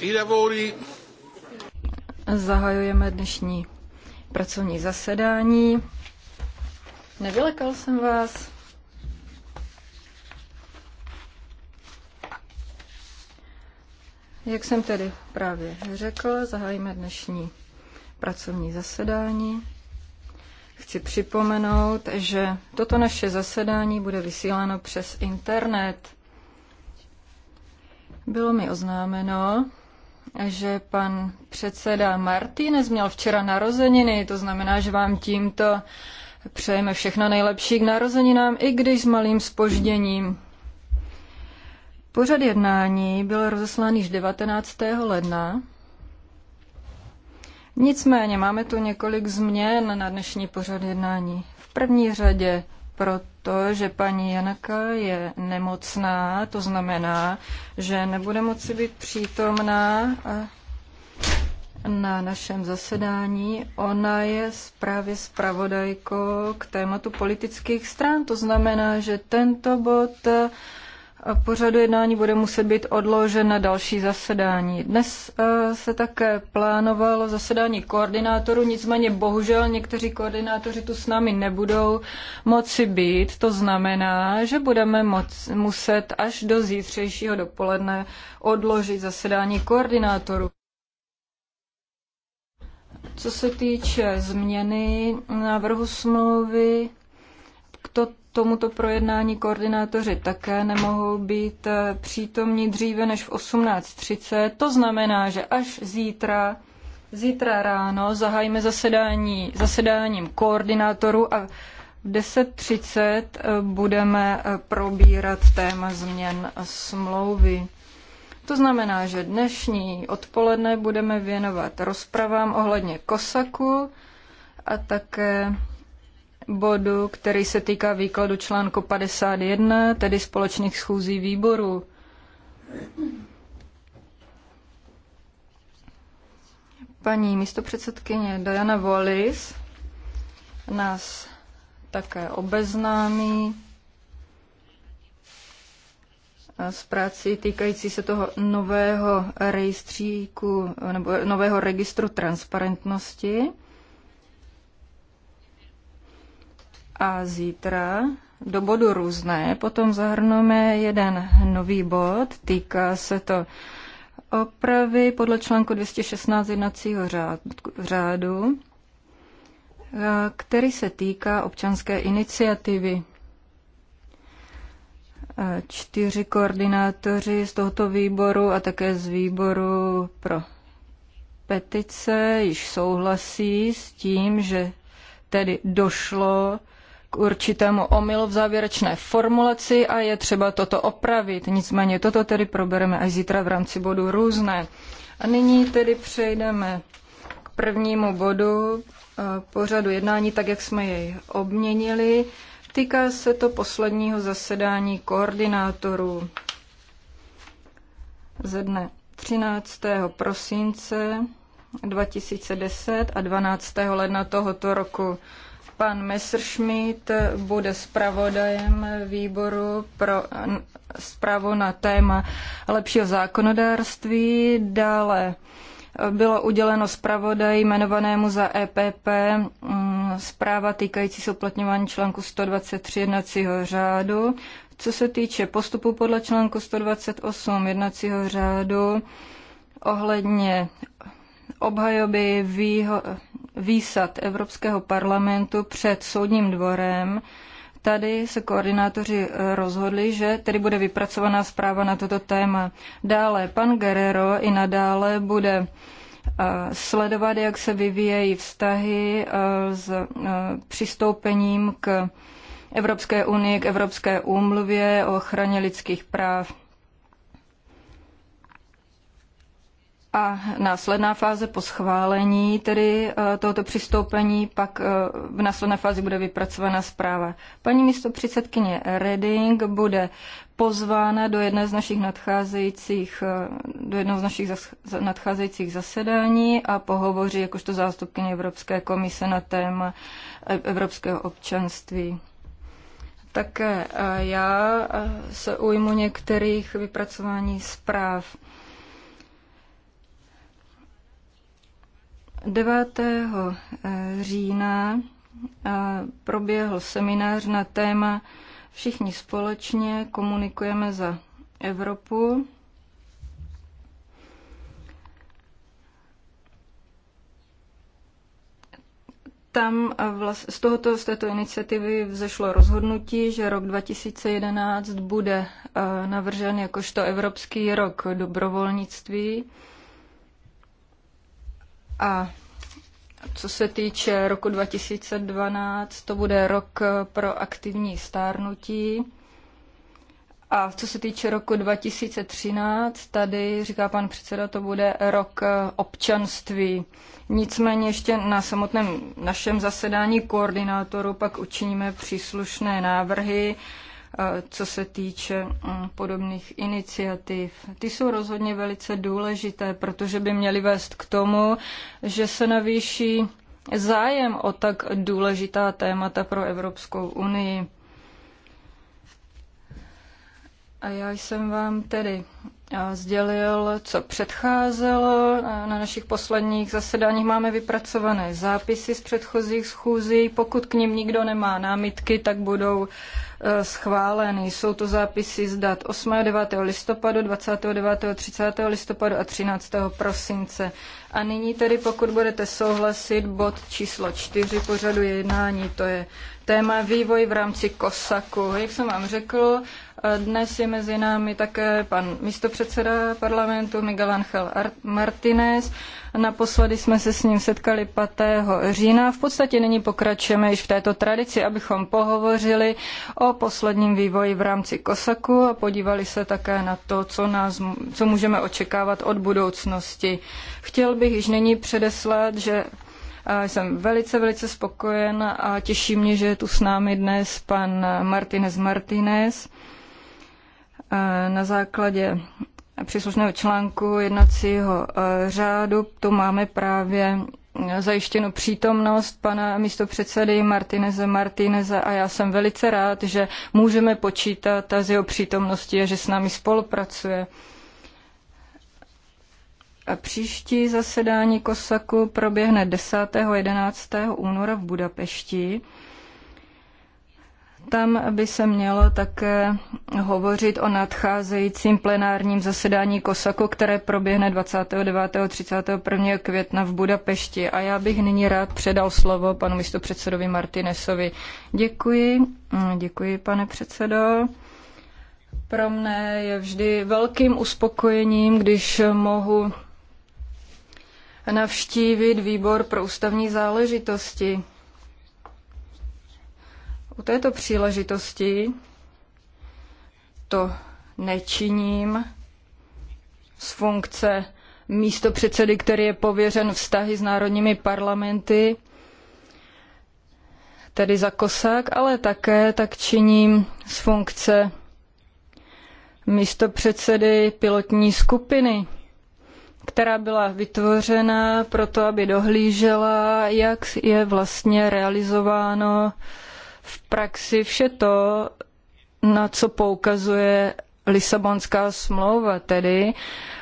i lavori. Zahajujeme dnešní pracovní zasedání. Nevylekal jsem vás. Jak jsem tedy právě řekl, zahájíme dnešní pracovní zasedání. Chci připomenout, že toto naše zasedání bude vysíláno přes internet. Bylo mi oznámeno, že pan předseda Martínez měl včera narozeniny, to znamená, že vám tímto přejeme všechno nejlepší k narozeninám, i když s malým spožděním. Pořad jednání byl rozeslán již 19. ledna. Nicméně máme tu několik změn na dnešní pořad jednání. V první řadě pro to, že paní Janaka je nemocná, to znamená, že nebude moci být přítomná na našem zasedání. Ona je právě zpravodajkou k tématu politických stran, to znamená, že tento bod pořadu jednání bude muset být odložen na další zasedání. Dnes eh, se také plánovalo zasedání koordinátorů, nicméně bohužel někteří koordinátoři tu s námi nebudou moci být. To znamená, že budeme moc, muset až do zítřejšího dopoledne odložit zasedání koordinátorů. Co se týče změny návrhu smlouvy, to tomuto projednání koordinátoři také nemohou být eh, přítomní dříve než v 18.30. To znamená, že až zítra, zítra ráno zahájíme zasedání, zasedáním koordinátorů a v 10.30 eh, budeme eh, probírat téma změn smlouvy. To znamená, že dnešní odpoledne budeme věnovat rozpravám ohledně Kosaku a také bodu, který se týká výkladu článku 51, tedy společných schůzí výborů. Paní místopředsedkyně Diana Wallis nás také obeznámí s prací týkající se toho nového rejstříku nebo nového registru transparentnosti. a zítra do bodu různé. Potom zahrneme jeden nový bod, týká se to opravy podle článku 216 jednacího řádu, eh, který se týká občanské iniciativy. Eh, čtyři koordinátoři z tohoto výboru a také z výboru pro petice již souhlasí s tím, že tedy došlo k určitému omylu v závěrečné formulaci a je třeba toto opravit. Nicméně toto tedy probereme až zítra v rámci bodu různé. A nyní tedy přejdeme k prvnímu bodu eh, pořadu jednání, tak jak jsme jej obměnili. Týká se to posledního zasedání koordinátorů ze dne 13. prosince 2010 a 12. ledna tohoto roku. Pan Messerschmidt bude zpravodajem výboru pro zprávu na téma lepšího zákonodárství. Dále bylo uděleno zpravodaji jmenovanému za EPP mm, zpráva týkající se uplatňování článku 123 jednacího řádu. Co se týče postupu podle článku 128 jednacího řádu ohledně obhajoby výho- výsad Evropského parlamentu před soudním dvorem, Tady se koordinátoři rozhodli, že tedy bude vypracovaná zpráva na toto téma. Dále pan Guerrero i nadále bude eh, sledovat, jak se vyvíjejí vztahy eh, s eh, přistoupením k Evropské unii, k Evropské úmluvě o ochraně lidských práv. A následná fáze po schválení tedy eh, tohoto přistoupení, pak eh, v následné fázi bude vypracována zpráva. Paní místo předsedkyně Reding bude pozvána do jedné z našich nadcházejících, eh, do jednoho z našich zas, nadcházejících zasedání a pohovoří jakožto zástupkyně Evropské komise na téma evropského občanství. Také já se ujmu některých vypracování zpráv. 9. Eh, října eh, proběhl seminář na téma Všichni společně komunikujeme za Evropu. Tam eh, vlast, z, tohoto, z této iniciativy vzešlo rozhodnutí, že rok 2011 bude navržen jakožto Evropský rok dobrovolnictví. A co se týče roku 2012, to bude rok pro aktivní stárnutí. A co se týče roku 2013, tady, říká pan předseda, to bude rok občanství. Nicméně ještě na samotném našem zasedání koordinátoru pak učiníme příslušné návrhy. Eh, co se týče mm, podobných iniciativ. Ty jsou rozhodně velice důležité, protože by měly vést k tomu, že se navýší zájem o tak důležitá témata pro Evropskou unii. A já jsem vám tedy sdělil, co předcházelo. Na našich posledních zasedáních máme vypracované zápisy z předchozích schůzí. Pokud k nim nikdo nemá námitky, tak budou e, schváleny. Jsou to zápisy z dat 8. 9. listopadu, 29. 30. listopadu a 13. prosince. A nyní tedy, pokud budete souhlasit, bod číslo 4 pořadu jednání, to je téma vývoj v rámci Kosaku. Jak jsem vám řekl, dnes je mezi námi také pan místopředseda parlamentu Miguel Angel Martinez. Naposledy jsme se s ním setkali 5. října. V podstatě nyní pokračujeme již v této tradici, abychom pohovořili o posledním vývoji v rámci Kosaku a podívali se také na to, co, nás, co můžeme očekávat od budoucnosti. Chtěl bych již nyní předeslat, že jsem velice, velice spokojen a těší mě, že je tu s námi dnes pan Martinez Martinez na základě příslušného článku jednacího eh, řádu. Tu máme právě eh, zajištěnu přítomnost pana místopředsedy Martineze Martineze a já jsem velice rád, že můžeme počítat z jeho přítomnosti a že s námi spolupracuje. A příští zasedání Kosaku proběhne 10. 11. února v Budapešti. Tam by se mělo také hovořit o nadcházejícím plenárním zasedání Kosaku, které proběhne 29. a 31. května v Budapešti. A já bych nyní rád předal slovo panu místopředsedovi Martinesovi. Děkuji, mm, děkuji pane předsedo. Pro mne je vždy velkým uspokojením, když mohu navštívit výbor pro ústavní záležitosti. U této příležitosti to nečiním z funkce místo předsedy, který je pověřen vztahy s národními parlamenty, tedy za Kosák, ale také tak činím z funkce místo předsedy pilotní skupiny, která byla vytvořena proto, aby dohlížela, jak je vlastně realizováno v praxi vše to, na co poukazuje Lisabonská smlouva, tedy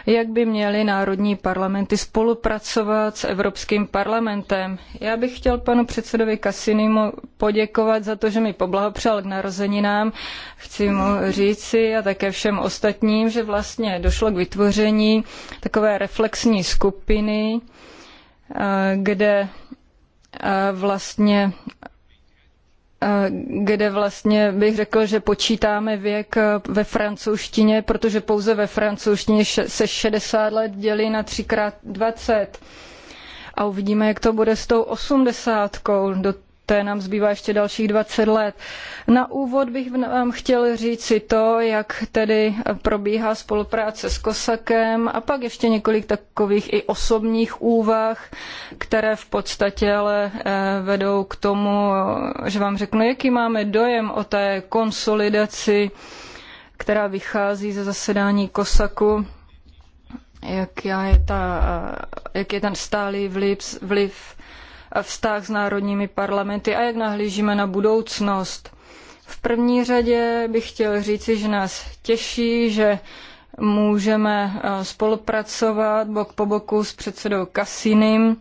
jak by měly národní parlamenty spolupracovat s Evropským parlamentem. Já bych chtěl panu předsedovi Kasinimu poděkovat za to, že mi poblahopřál k narozeninám. Chci mu říci a také všem ostatním, že vlastně došlo k vytvoření takové reflexní skupiny, eh, kde eh, vlastně Eh, kde vlastně bych řekl, že počítáme věk eh, ve francouzštině, protože pouze ve francouzštině se 60 let dělí na 3x20. A uvidíme, jak to bude s tou osmdesátkou. Do té nám zbývá ještě dalších 20 let. Na úvod bych vám chtěl říct si to, jak tedy probíhá spolupráce s Kosakem a pak ještě několik takových i osobních úvah, které v podstatě ale eh, vedou k tomu, že vám řeknu, jaký máme dojem o té konsolidaci, která vychází ze zasedání Kosaku jak, je ta, eh, jak je ten stálý vliv, vliv vztah s národními parlamenty a jak nahlížíme na budoucnost. V první řadě bych chtěl říci, že nás těší, že můžeme eh, spolupracovat bok po boku s předsedou Kasinem.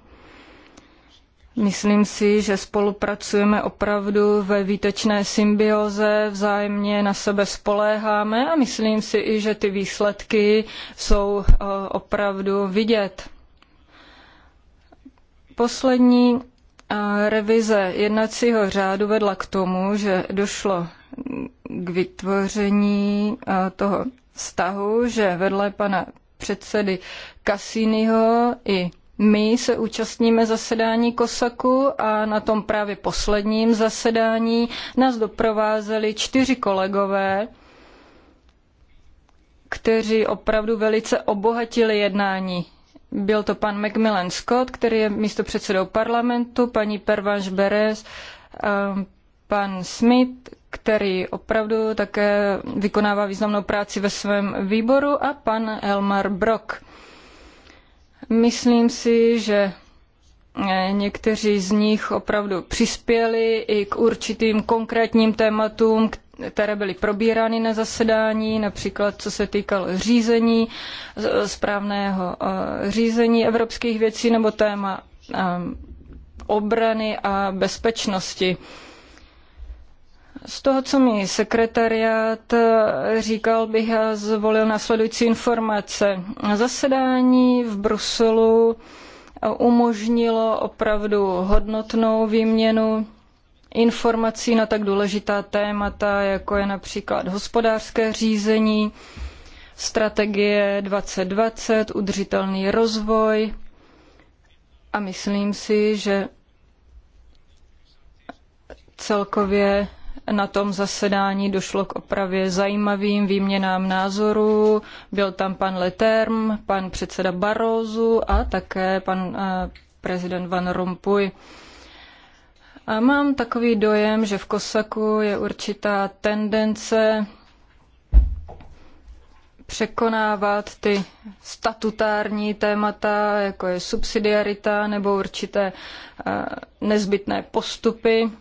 Myslím si, že spolupracujeme opravdu ve výtečné symbioze, vzájemně na sebe spoléháme a myslím si i, že ty výsledky jsou eh, opravdu vidět. Poslední eh, revize jednacího řádu vedla k tomu, že došlo k vytvoření eh, toho vztahu, že vedle pana předsedy Cassiniho i my se účastníme zasedání Kosaku a na tom právě posledním zasedání nás doprovázeli čtyři kolegové, kteří opravdu velice obohatili jednání. Byl to pan Macmillan Scott, který je místo předsedou parlamentu, paní Pervanš Beres, pan Smith, který opravdu také vykonává významnou práci ve svém výboru, a pan Elmar Brok. Myslím si, že eh, někteří z nich opravdu přispěli i k určitým konkrétním tématům, které byly probírány na zasedání, například co se týkalo řízení, správného eh, řízení evropských věcí nebo téma eh, obrany a bezpečnosti. Z toho, co mi sekretariát eh, říkal, bych zvolil následující informace. Zasedání v Bruselu umožnilo opravdu hodnotnou výměnu informací na tak důležitá témata, jako je například hospodářské řízení, strategie 2020, udržitelný rozvoj. A myslím si, že celkově na tom zasedání došlo k opravě zajímavým výměnám názorů. Byl tam pan Leterm, pan předseda Barrozu a také pan eh, prezident Van Rompuy. A mám takový dojem, že v Kosaku je určitá tendence překonávat ty statutární témata, jako je subsidiarita nebo určité eh, nezbytné postupy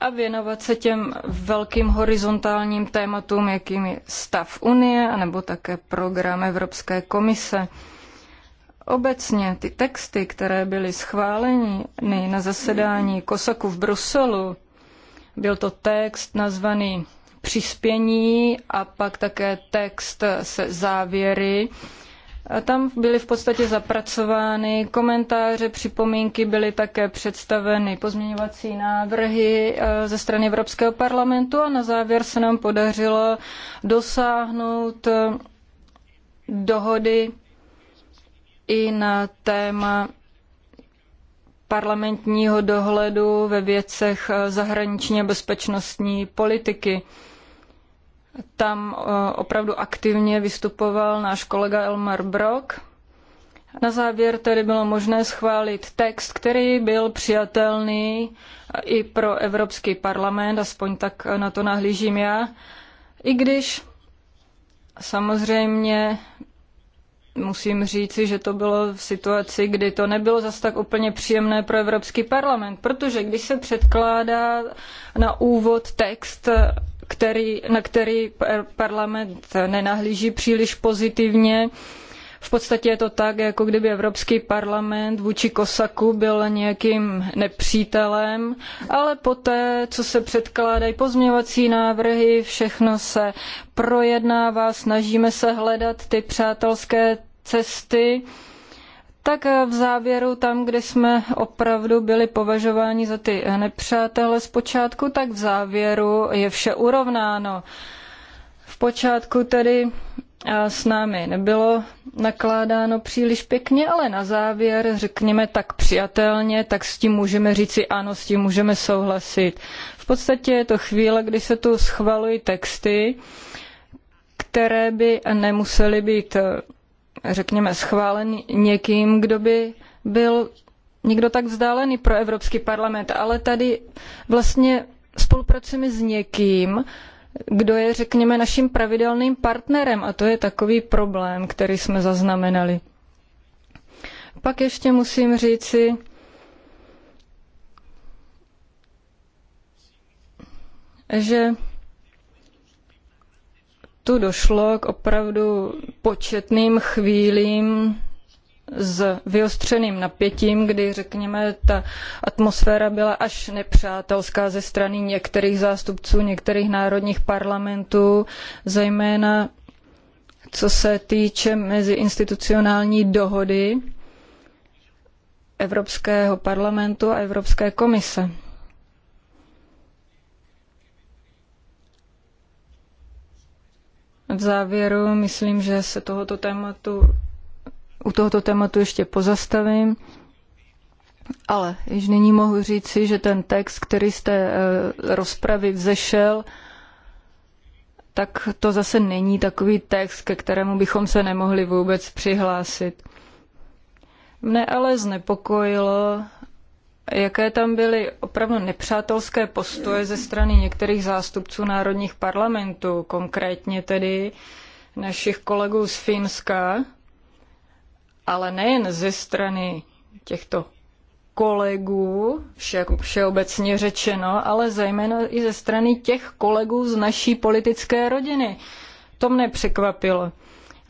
a věnovat se těm velkým horizontálním tématům, jakým je stav Unie, anebo také program Evropské komise. Obecně ty texty, které byly schváleny na zasedání Kosaku v Bruselu, byl to text nazvaný Přispění a pak také text se závěry. A tam byly v podstatě zapracovány komentáře, připomínky, byly také představeny pozměňovací návrhy eh, ze strany Evropského parlamentu a na závěr se nám podařilo dosáhnout eh, dohody i na téma parlamentního dohledu ve věcech zahraniční a bezpečnostní politiky. Tam eh, opravdu aktivně vystupoval náš kolega Elmar Brok. Na závěr tedy bylo možné schválit text, který byl přijatelný i pro Evropský parlament, aspoň tak na to nahlížím já, i když samozřejmě musím říci, že to bylo v situaci, kdy to nebylo zas tak úplně příjemné pro Evropský parlament, protože když se předkládá na úvod text, který, na který parlament nenahlíží příliš pozitivně, v podstatě je to tak, jako kdyby Evropský parlament vůči Kosaku byl nějakým nepřítelem, ale poté, co se předkládají pozměňovací návrhy, všechno se projednává, snažíme se hledat ty přátelské cesty. Tak v závěru tam, kde jsme opravdu byli považováni za ty nepřátele zpočátku, tak v závěru je vše urovnáno. V počátku tedy s námi nebylo nakládáno příliš pěkně, ale na závěr řekněme tak přijatelně, tak s tím můžeme říci ano, s tím můžeme souhlasit. V podstatě je to chvíle, kdy se tu schvalují texty, které by nemusely být, řekněme, schváleny někým, kdo by byl někdo tak vzdálený pro Evropský parlament, ale tady vlastně spolupracujeme s někým, kdo je, řekněme, naším pravidelným partnerem a to je takový problém, který jsme zaznamenali. Pak ještě musím říci, že tu došlo k opravdu početným chvílím s vyostřeným napětím, kdy, řekněme, ta atmosféra byla až nepřátelská ze strany některých zástupců některých národních parlamentů, zejména co se týče meziinstitucionální dohody Evropského parlamentu a Evropské komise. V závěru myslím, že se tohoto tématu u tohoto tématu ještě pozastavím. Ale již nyní mohu říci, že ten text, který z té eh, rozpravy vzešel, tak to zase není takový text, ke kterému bychom se nemohli vůbec přihlásit. Mne ale znepokojilo, jaké tam byly opravdu nepřátelské postoje ze strany některých zástupců národních parlamentů, konkrétně tedy našich kolegů z Finska, ale nejen ze strany těchto kolegů, vše, všeobecně řečeno, ale zejména i ze strany těch kolegů z naší politické rodiny. To mne překvapilo.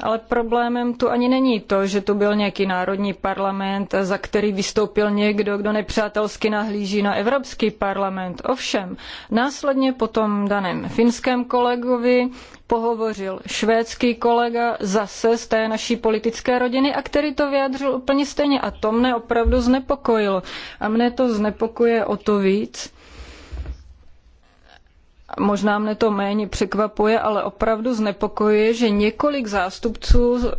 Ale problémem tu ani není to, že tu byl nějaký národní parlament, za který vystoupil někdo, kdo nepřátelsky nahlíží na Evropský parlament. Ovšem, následně po tom daném finském kolegovi pohovořil švédský kolega zase z té naší politické rodiny a který to vyjádřil úplně stejně. A to mne opravdu znepokojilo. A mne to znepokuje o to víc, Možná mne to méně překvapuje, ale opravdu znepokojuje, že několik zástupců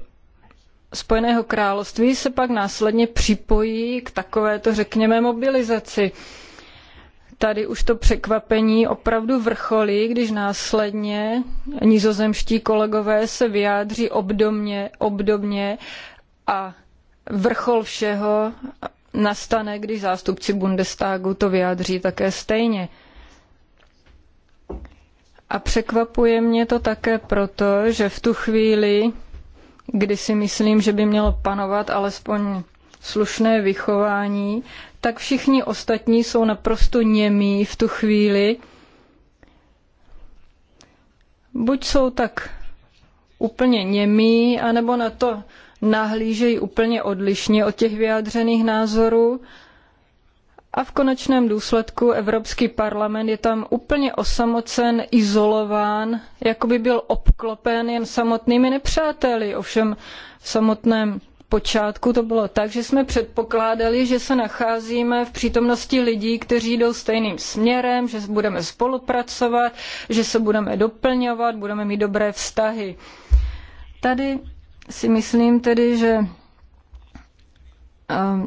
Spojeného království se pak následně připojí k takovéto, řekněme, mobilizaci. Tady už to překvapení opravdu vrcholí, když následně nizozemští kolegové se vyjádří obdobně, obdobně a vrchol všeho nastane, když zástupci Bundestagu to vyjádří také stejně. A překvapuje mě to také proto, že v tu chvíli, kdy si myslím, že by mělo panovat alespoň slušné vychování, tak všichni ostatní jsou naprosto němí v tu chvíli. Buď jsou tak úplně němí, anebo na to nahlížejí úplně odlišně od těch vyjádřených názorů a v konečném důsledku Evropský parlament je tam úplně osamocen, izolován, jako by byl obklopen jen samotnými nepřáteli. Ovšem v samotném počátku to bylo tak, že jsme předpokládali, že se nacházíme v přítomnosti lidí, kteří jdou stejným směrem, že budeme spolupracovat, že se budeme doplňovat, budeme mít dobré vztahy. Tady si myslím tedy, že eh,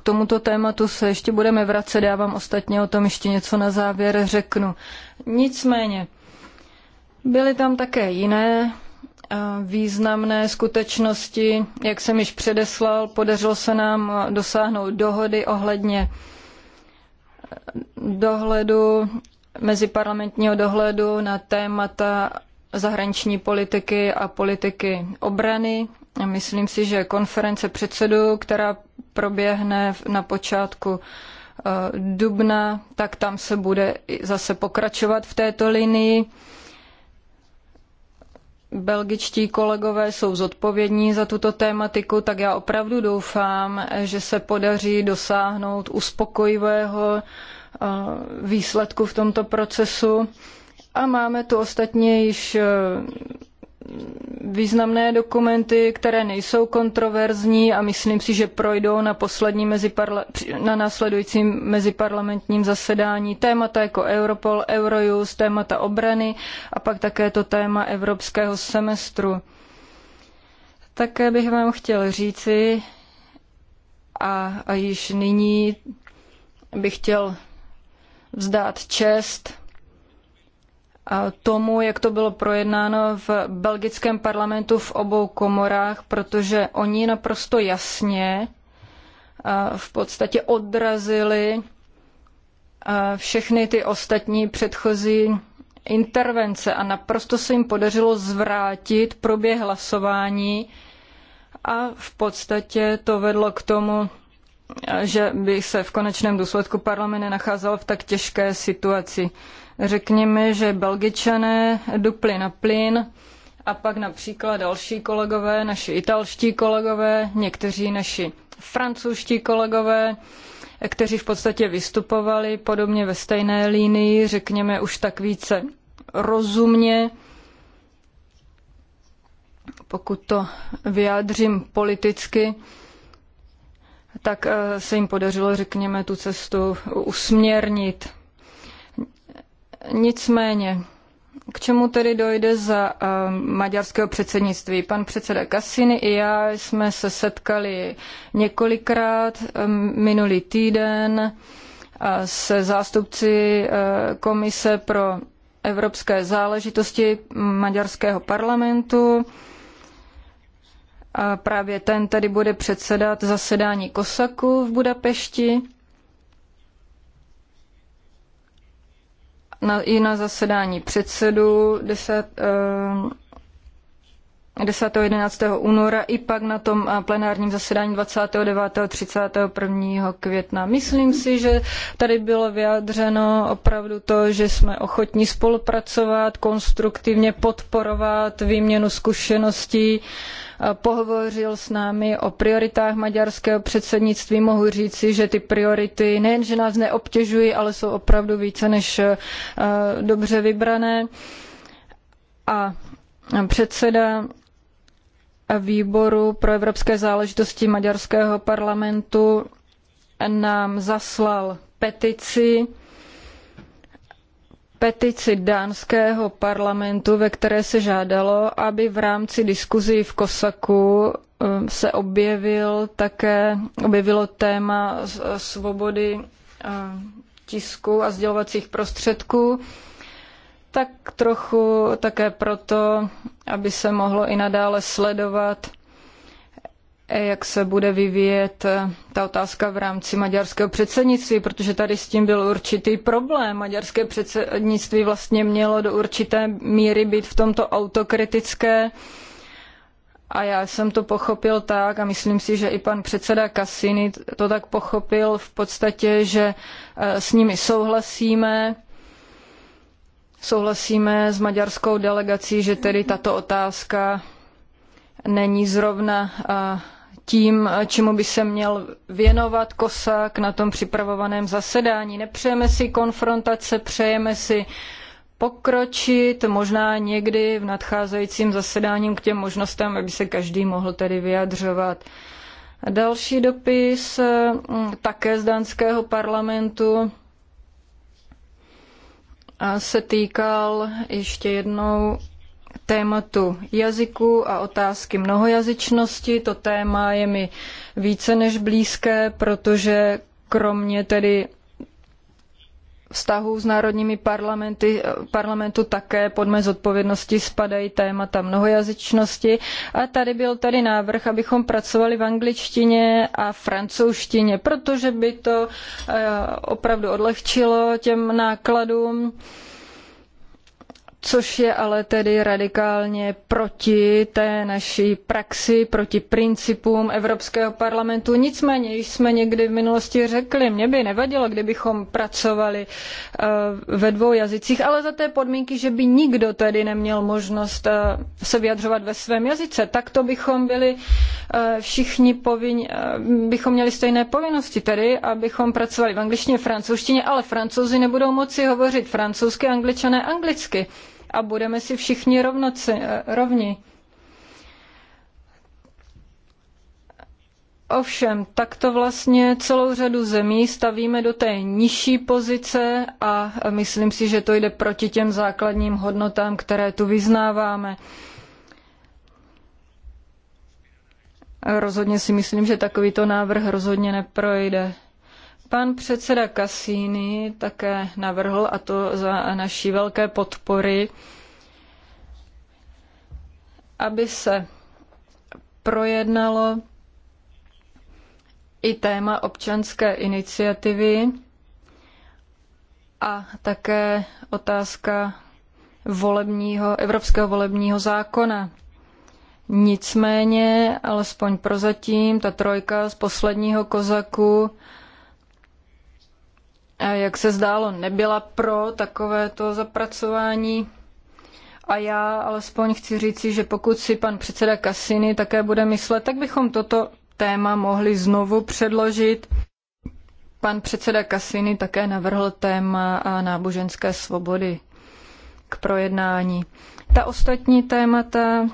k tomuto tématu se ještě budeme vracet, já vám ostatně o tom ještě něco na závěr řeknu. Nicméně, byly tam také jiné eh, významné skutečnosti. Jak jsem již předeslal, podařilo se nám eh, dosáhnout dohody ohledně eh, dohledu, meziparlamentního dohledu na témata zahraniční politiky a politiky obrany. Myslím si, že konference předsedů, která proběhne na počátku eh, dubna, tak tam se bude zase pokračovat v této linii. Belgičtí kolegové jsou zodpovědní za tuto tématiku, tak já opravdu doufám, že se podaří dosáhnout uspokojivého eh, výsledku v tomto procesu. A máme tu ostatně již eh, významné dokumenty, které nejsou kontroverzní a myslím si, že projdou na, poslední meziparla- na následujícím meziparlamentním zasedání témata jako Europol, Eurojust, témata obrany a pak také to téma evropského semestru. Také bych vám chtěl říci, a, a již nyní bych chtěl vzdát čest tomu, jak to bylo projednáno v belgickém parlamentu v obou komorách, protože oni naprosto jasně v podstatě odrazili všechny ty ostatní předchozí intervence a naprosto se jim podařilo zvrátit proběh hlasování a v podstatě to vedlo k tomu, že by se v konečném důsledku parlament nenacházel v tak těžké situaci. Řekněme, že Belgičané dupli na plyn a pak například další kolegové, naši italští kolegové, někteří naši francouzští kolegové, kteří v podstatě vystupovali podobně ve stejné línii, řekněme už tak více rozumně, pokud to vyjádřím politicky, tak eh, se jim podařilo, řekněme, tu cestu usměrnit. Nicméně, k čemu tedy dojde za eh, maďarského předsednictví? Pan předseda Cassini i já jsme se setkali několikrát eh, minulý týden se zástupci eh, Komise pro evropské záležitosti maďarského parlamentu. A právě ten tedy bude předsedat zasedání Kosaku v Budapešti. na, i na zasedání předsedu 10. 10. 11. února i pak na tom eh, plenárním zasedání 29. 31. května. Myslím si, že tady bylo vyjádřeno opravdu to, že jsme ochotní spolupracovat, konstruktivně podporovat výměnu zkušeností pohovořil s námi o prioritách maďarského předsednictví. Mohu říci, že ty priority nejenže nás neobtěžují, ale jsou opravdu více než eh, dobře vybrané. A předseda výboru pro evropské záležitosti maďarského parlamentu nám zaslal petici, petici dánského parlamentu, ve které se žádalo, aby v rámci diskuzí v Kosaku eh, se objevil také, objevilo téma eh, svobody eh, tisku a sdělovacích prostředků, tak trochu také proto, aby se mohlo i nadále sledovat jak se bude vyvíjet ta otázka v rámci maďarského předsednictví, protože tady s tím byl určitý problém. Maďarské předsednictví vlastně mělo do určité míry být v tomto autokritické. A já jsem to pochopil tak, a myslím si, že i pan předseda Cassini to tak pochopil v podstatě, že eh, s nimi souhlasíme, souhlasíme s maďarskou delegací, že tedy tato otázka není zrovna eh, tím, čemu by se měl věnovat Kosák na tom připravovaném zasedání. Nepřejeme si konfrontace, přejeme si pokročit, možná někdy v nadcházejícím zasedáním k těm možnostem, aby se každý mohl tedy vyjadřovat. Další dopis mm, také z dánského parlamentu se týkal ještě jednou tématu jazyku a otázky mnohojazyčnosti. To téma je mi více než blízké, protože kromě tedy vztahů s národními parlamenty, parlamentu také pod mé zodpovědnosti spadají témata mnohojazyčnosti. A tady byl tady návrh, abychom pracovali v angličtině a francouzštině, protože by to eh, opravdu odlehčilo těm nákladům což je ale tedy radikálně proti té naší praxi, proti principům Evropského parlamentu. Nicméně již jsme někdy v minulosti řekli, mě by nevadilo, kdybychom pracovali eh, ve dvou jazycích, ale za té podmínky, že by nikdo tedy neměl možnost eh, se vyjadřovat ve svém jazyce. Tak to bychom byli eh, všichni povinni, bychom měli stejné povinnosti, tedy abychom pracovali v angličtině, francouzštině, ale francouzi nebudou moci hovořit francouzsky, angličané anglicky a budeme si všichni rovnoci, eh, rovni. Ovšem, takto vlastně celou řadu zemí stavíme do té nižší pozice a myslím si, že to jde proti těm základním hodnotám, které tu vyznáváme. Rozhodně si myslím, že takovýto návrh rozhodně neprojde. Pan předseda Cassini také navrhl, a to za naší velké podpory, aby se projednalo i téma občanské iniciativy a také otázka volebního, evropského volebního zákona. Nicméně, alespoň prozatím, ta trojka z posledního kozaku jak se zdálo, nebyla pro takovéto zapracování. A já alespoň chci říci, že pokud si pan předseda Kasiny také bude myslet, tak bychom toto téma mohli znovu předložit. Pan předseda Kasiny také navrhl téma a náboženské svobody k projednání. Ta ostatní témata,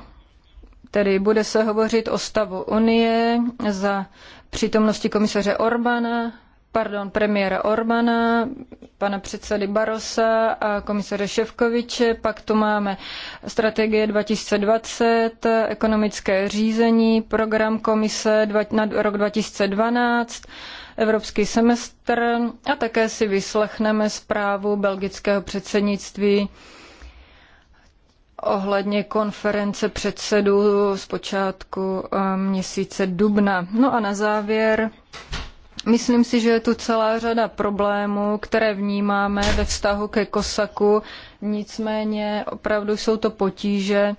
tedy bude se hovořit o stavu Unie za přítomnosti komisaře Orbana, pardon, premiéra Ormana, pana předsedy Barosa a komisaře Ševkoviče, pak tu máme strategie 2020, ekonomické řízení, program komise na rok 2012, evropský semestr a také si vyslechneme zprávu belgického předsednictví ohledně konference předsedů z počátku eh, měsíce dubna. No a na závěr Myslím si, že je tu celá řada problémů, které vnímáme ve vztahu ke Kosaku, nicméně opravdu jsou to potíže,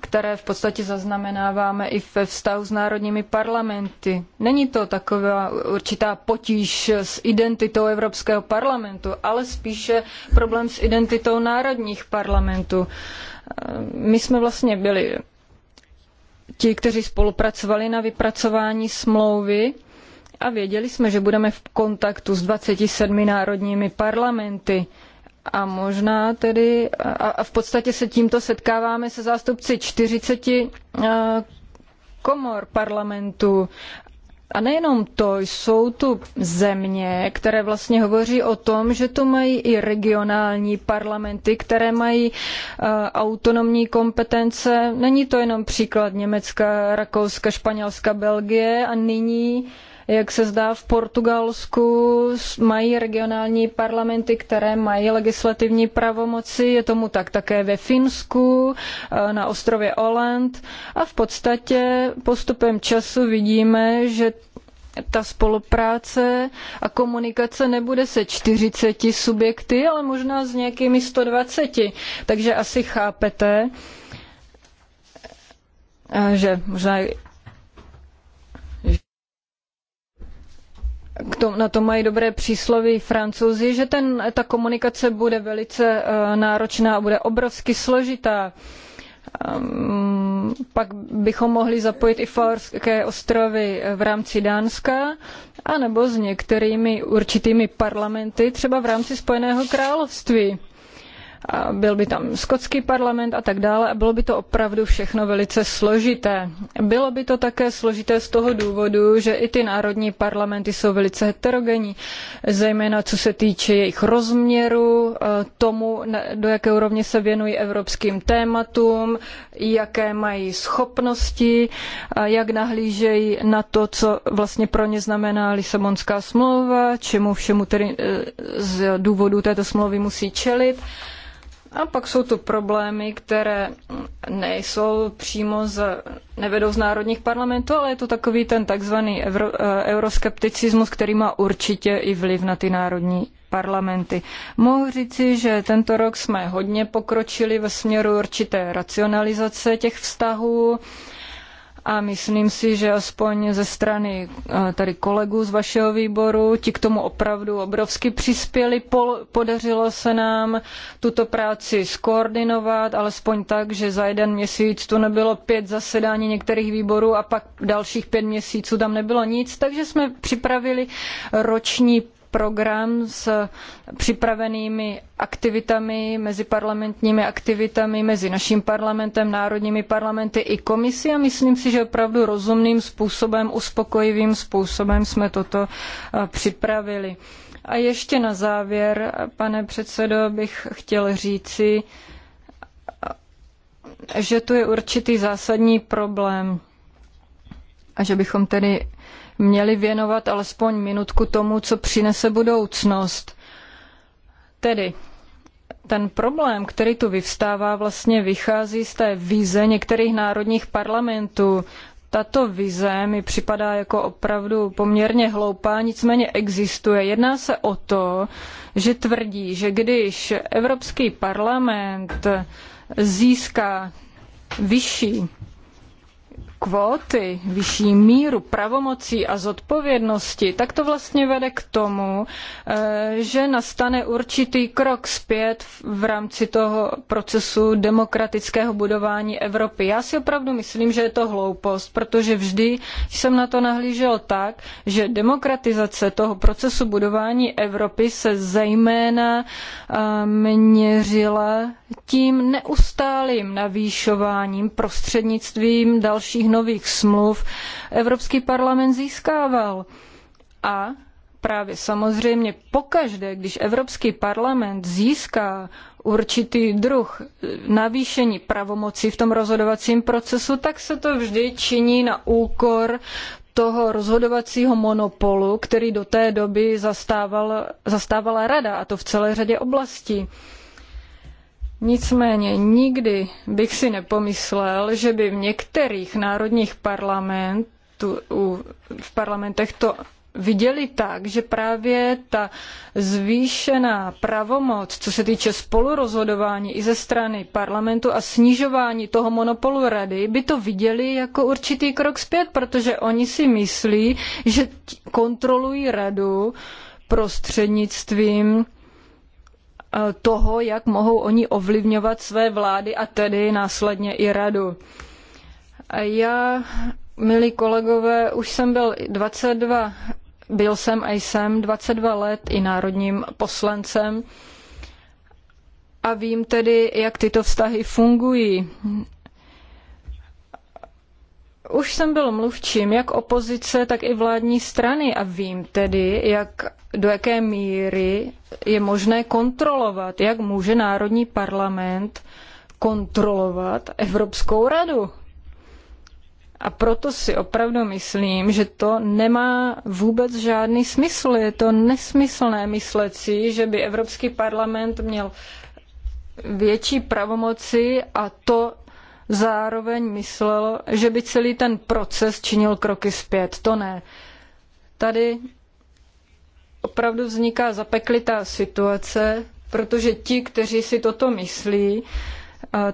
které v podstatě zaznamenáváme i ve vztahu s národními parlamenty. Není to taková určitá potíž s identitou Evropského parlamentu, ale spíše problém s identitou národních parlamentů. My jsme vlastně byli ti, kteří spolupracovali na vypracování smlouvy a věděli jsme, že budeme v kontaktu s 27 národními parlamenty. A možná tedy, a v podstatě se tímto setkáváme se zástupci 40 eh, komor parlamentu. A nejenom to, jsou tu země, které vlastně hovoří o tom, že tu mají i regionální parlamenty, které mají eh, autonomní kompetence. Není to jenom příklad Německa, Rakouska, Španělska, Belgie a nyní jak se zdá, v Portugalsku mají regionální parlamenty, které mají legislativní pravomoci. Je tomu tak také ve Finsku, eh, na ostrově Oland. A v podstatě postupem času vidíme, že ta spolupráce a komunikace nebude se 40 subjekty, ale možná s nějakými 120. Takže asi chápete, eh, že možná k tom, na to mají dobré přísloví francouzi, že ten, ta komunikace bude velice eh, náročná a bude obrovsky složitá. Ehm, pak bychom mohli zapojit i Faorské ostrovy eh, v rámci Dánska, anebo s některými určitými parlamenty, třeba v rámci Spojeného království a byl by tam skotský parlament a tak dále a bylo by to opravdu všechno velice složité. Bylo by to také složité z toho důvodu, že i ty národní parlamenty jsou velice heterogenní, zejména co se týče jejich rozměru, eh, tomu, do jaké úrovně se věnují evropským tématům, jaké mají schopnosti, jak nahlížejí na to, co vlastně pro ně znamená Lisabonská smlouva, čemu všemu tedy eh, z důvodu této smlouvy musí čelit. A pak jsou tu problémy, které nejsou přímo z, nevedou z národních parlamentů, ale je to takový ten takzvaný euro, eh, euroskepticismus, který má určitě i vliv na ty národní parlamenty. Mohu říci, že tento rok jsme hodně pokročili ve směru určité racionalizace těch vztahů. Uh, a myslím si, že aspoň ze strany eh, tady kolegů z vašeho výboru, ti k tomu opravdu obrovsky přispěli, podařilo se nám tuto práci skoordinovat, alespoň tak, že za jeden měsíc tu nebylo pět zasedání některých výborů a pak dalších pět měsíců tam nebylo nic, takže jsme připravili roční program s připravenými aktivitami, meziparlamentními aktivitami mezi naším parlamentem, národními parlamenty i komisí a myslím si, že opravdu rozumným způsobem, uspokojivým způsobem jsme toto eh, připravili. A ještě na závěr, pane předsedo, bych chtěl říci, že tu je určitý zásadní problém a že bychom tedy měli věnovat alespoň minutku tomu, co přinese budoucnost. Tedy ten problém, který tu vyvstává, vlastně vychází z té vize některých národních parlamentů. Tato vize mi připadá jako opravdu poměrně hloupá, nicméně existuje. Jedná se o to, že tvrdí, že když Evropský parlament získá vyšší kvóty, vyšší míru pravomocí a zodpovědnosti, tak to vlastně vede k tomu, eh, že nastane určitý krok zpět v rámci toho procesu demokratického budování Evropy. Já si opravdu myslím, že je to hloupost, protože vždy jsem na to nahlížel tak, že demokratizace toho procesu budování Evropy se zejména eh, měřila tím neustálým navýšováním prostřednictvím dalších nových smluv Evropský parlament získával. A právě samozřejmě pokaždé, když Evropský parlament získá určitý druh navýšení pravomocí v tom rozhodovacím procesu, tak se to vždy činí na úkor toho rozhodovacího monopolu, který do té doby zastávala, zastávala rada, a to v celé řadě oblastí. Nicméně nikdy bych si nepomyslel, že by v některých národních parlamentů, v parlamentech to viděli tak, že právě ta zvýšená pravomoc, co se týče spolurozhodování i ze strany parlamentu a snižování toho monopolu rady, by to viděli jako určitý krok zpět, protože oni si myslí, že kontrolují radu prostřednictvím Eh, toho, jak mohou oni ovlivňovat své vlády a tedy následně i radu. A já, milí kolegové, už jsem byl 22, byl jsem a jsem 22 let i národním poslancem a vím tedy, jak tyto vztahy fungují. Už jsem byl mluvčím jak opozice, tak i vládní strany a vím tedy, jak, do jaké míry je možné kontrolovat, jak může Národní parlament kontrolovat Evropskou radu. A proto si opravdu myslím, že to nemá vůbec žádný smysl. Je to nesmyslné myslet si, že by Evropský parlament měl větší pravomoci a to zároveň myslel, že by celý ten proces činil kroky zpět. To ne. Tady opravdu vzniká zapeklitá situace, protože ti, kteří si toto myslí,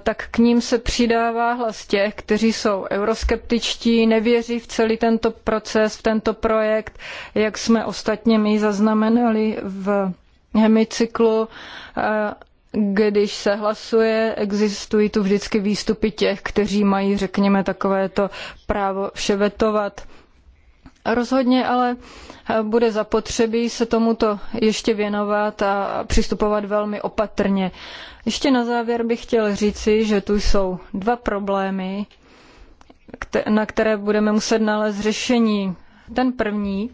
tak k ním se přidává hlas těch, kteří jsou euroskeptičtí, nevěří v celý tento proces, v tento projekt, jak jsme ostatně my zaznamenali v hemicyklu když se hlasuje, existují tu vždycky výstupy těch, kteří mají, řekněme, takovéto právo vševetovat. Rozhodně ale eh, bude zapotřebí se tomuto ještě věnovat a přistupovat velmi opatrně. Ještě na závěr bych chtěl říci, že tu jsou dva problémy, na které budeme muset nalézt řešení. Ten první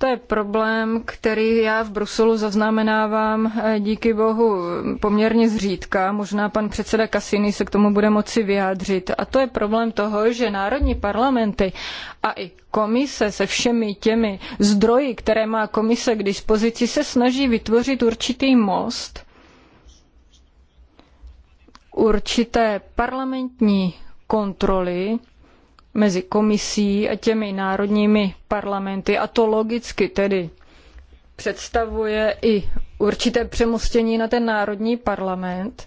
to je problém, který já v Bruselu zaznamenávám eh, díky bohu poměrně zřídka. Možná pan předseda Cassini se k tomu bude moci vyjádřit. A to je problém toho, že národní parlamenty a i komise se všemi těmi zdroji, které má komise k dispozici, se snaží vytvořit určitý most, určité parlamentní kontroly, mezi komisí a těmi národními parlamenty a to logicky tedy představuje i určité přemostění na ten národní parlament.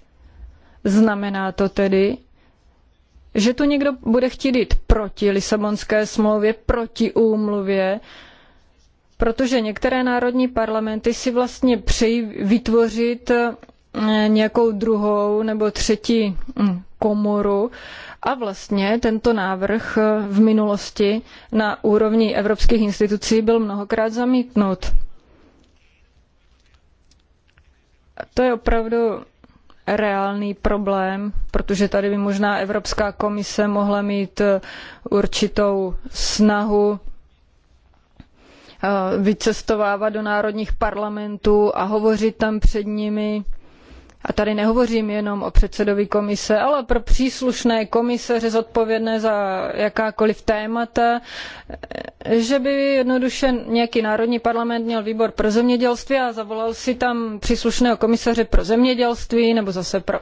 Znamená to tedy, že tu někdo bude chtít jít proti Lisabonské smlouvě, proti úmluvě, protože některé národní parlamenty si vlastně přejí vytvořit eh, nějakou druhou nebo třetí hm, komoru, a vlastně tento návrh eh, v minulosti na úrovni evropských institucí byl mnohokrát zamítnut. To je opravdu reálný problém, protože tady by možná Evropská komise mohla mít eh, určitou snahu eh, vycestovávat do národních parlamentů a hovořit tam před nimi a tady nehovořím jenom o předsedovi komise, ale pro příslušné komisaře zodpovědné za jakákoliv témata, že by jednoduše nějaký národní parlament měl výbor pro zemědělství a zavolal si tam příslušného komisaře pro zemědělství nebo zase pro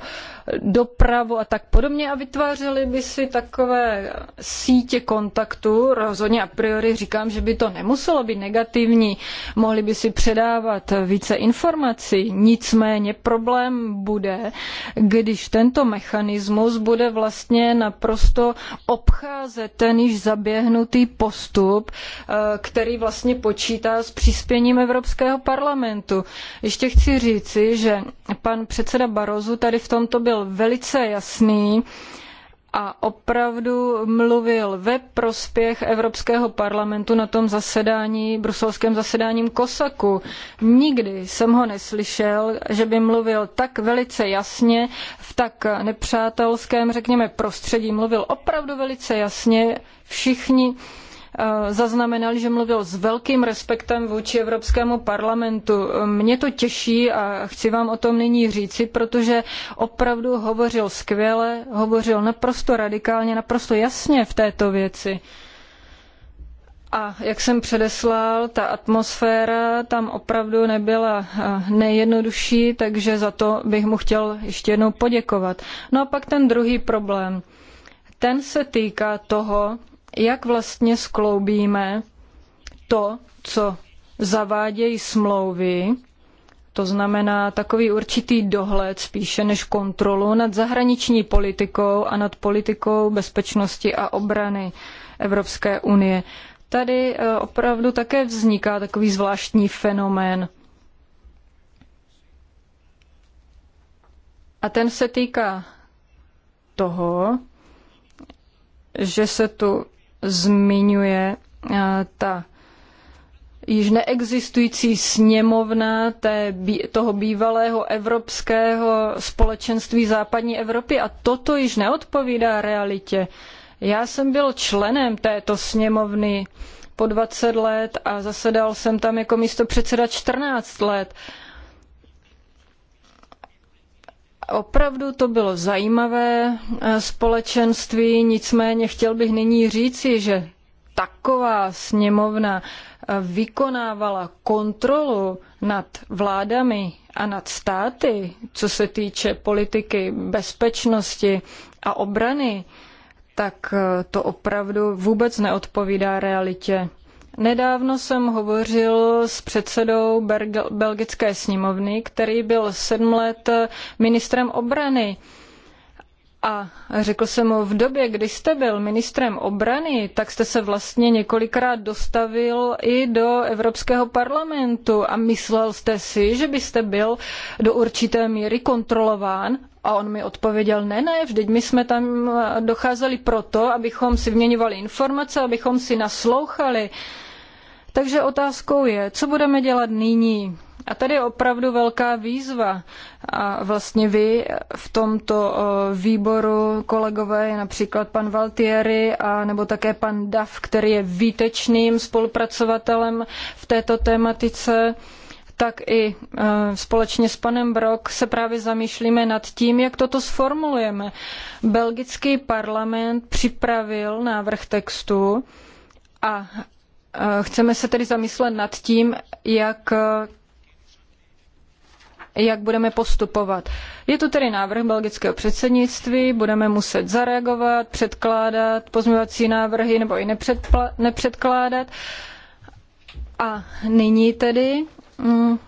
dopravu a tak podobně a vytvářeli by si takové sítě kontaktů. Rozhodně a priori říkám, že by to nemuselo být negativní, mohli by si předávat více informací. Nicméně problém bude, když tento mechanismus bude vlastně naprosto obcházet ten již zaběhnutý postup, eh, který vlastně počítá s přispěním Evropského parlamentu. Ještě chci říci, že pan předseda Barozu tady v tomto byl byl velice jasný a opravdu mluvil ve prospěch Evropského parlamentu na tom zasedání, bruselském zasedáním Kosaku. Nikdy jsem ho neslyšel, že by mluvil tak velice jasně, v tak nepřátelském, řekněme, prostředí. Mluvil opravdu velice jasně, všichni zaznamenal, že mluvil s velkým respektem vůči Evropskému parlamentu. Mě to těší a chci vám o tom nyní říci, protože opravdu hovořil skvěle, hovořil naprosto radikálně, naprosto jasně v této věci. A jak jsem předeslal, ta atmosféra tam opravdu nebyla eh, nejjednodušší, takže za to bych mu chtěl ještě jednou poděkovat. No a pak ten druhý problém. Ten se týká toho, jak vlastně skloubíme to, co zavádějí smlouvy, to znamená takový určitý dohled spíše než kontrolu nad zahraniční politikou a nad politikou bezpečnosti a obrany Evropské unie. Tady eh, opravdu také vzniká takový zvláštní fenomén. A ten se týká toho, že se tu zmiňuje eh, ta již neexistující sněmovna té, toho bývalého evropského společenství západní Evropy a toto již neodpovídá realitě. Já jsem byl členem této sněmovny po 20 let a zasedal jsem tam jako místo předseda 14 let. Opravdu to bylo zajímavé eh, společenství, nicméně chtěl bych nyní říci, že taková sněmovna eh, vykonávala kontrolu nad vládami a nad státy, co se týče politiky bezpečnosti a obrany, tak eh, to opravdu vůbec neodpovídá realitě. Nedávno jsem hovořil s předsedou belgické sněmovny, který byl sedm let ministrem obrany. A řekl jsem mu, v době, kdy jste byl ministrem obrany, tak jste se vlastně několikrát dostavil i do Evropského parlamentu a myslel jste si, že byste byl do určité míry kontrolován. A on mi odpověděl, ne, ne, vždyť my jsme tam eh, docházeli proto, abychom si vyměňovali informace, abychom si naslouchali. Uh, takže otázkou je, co budeme dělat nyní? A tady je opravdu velká výzva. A vlastně vy v tomto výboru, kolegové, je například pan Valtieri a nebo také pan Dav, který je výtečným spolupracovatelem v této tematice, tak i e, společně s panem Brok se právě zamýšlíme nad tím, jak toto sformulujeme. Belgický parlament připravil návrh textu a Eh, chceme se tedy zamyslet nad tím, jak eh, jak budeme postupovat. Je to tedy návrh belgického předsednictví, budeme muset zareagovat, předkládat pozměňovací návrhy nebo i nepředkládat. A nyní tedy mm,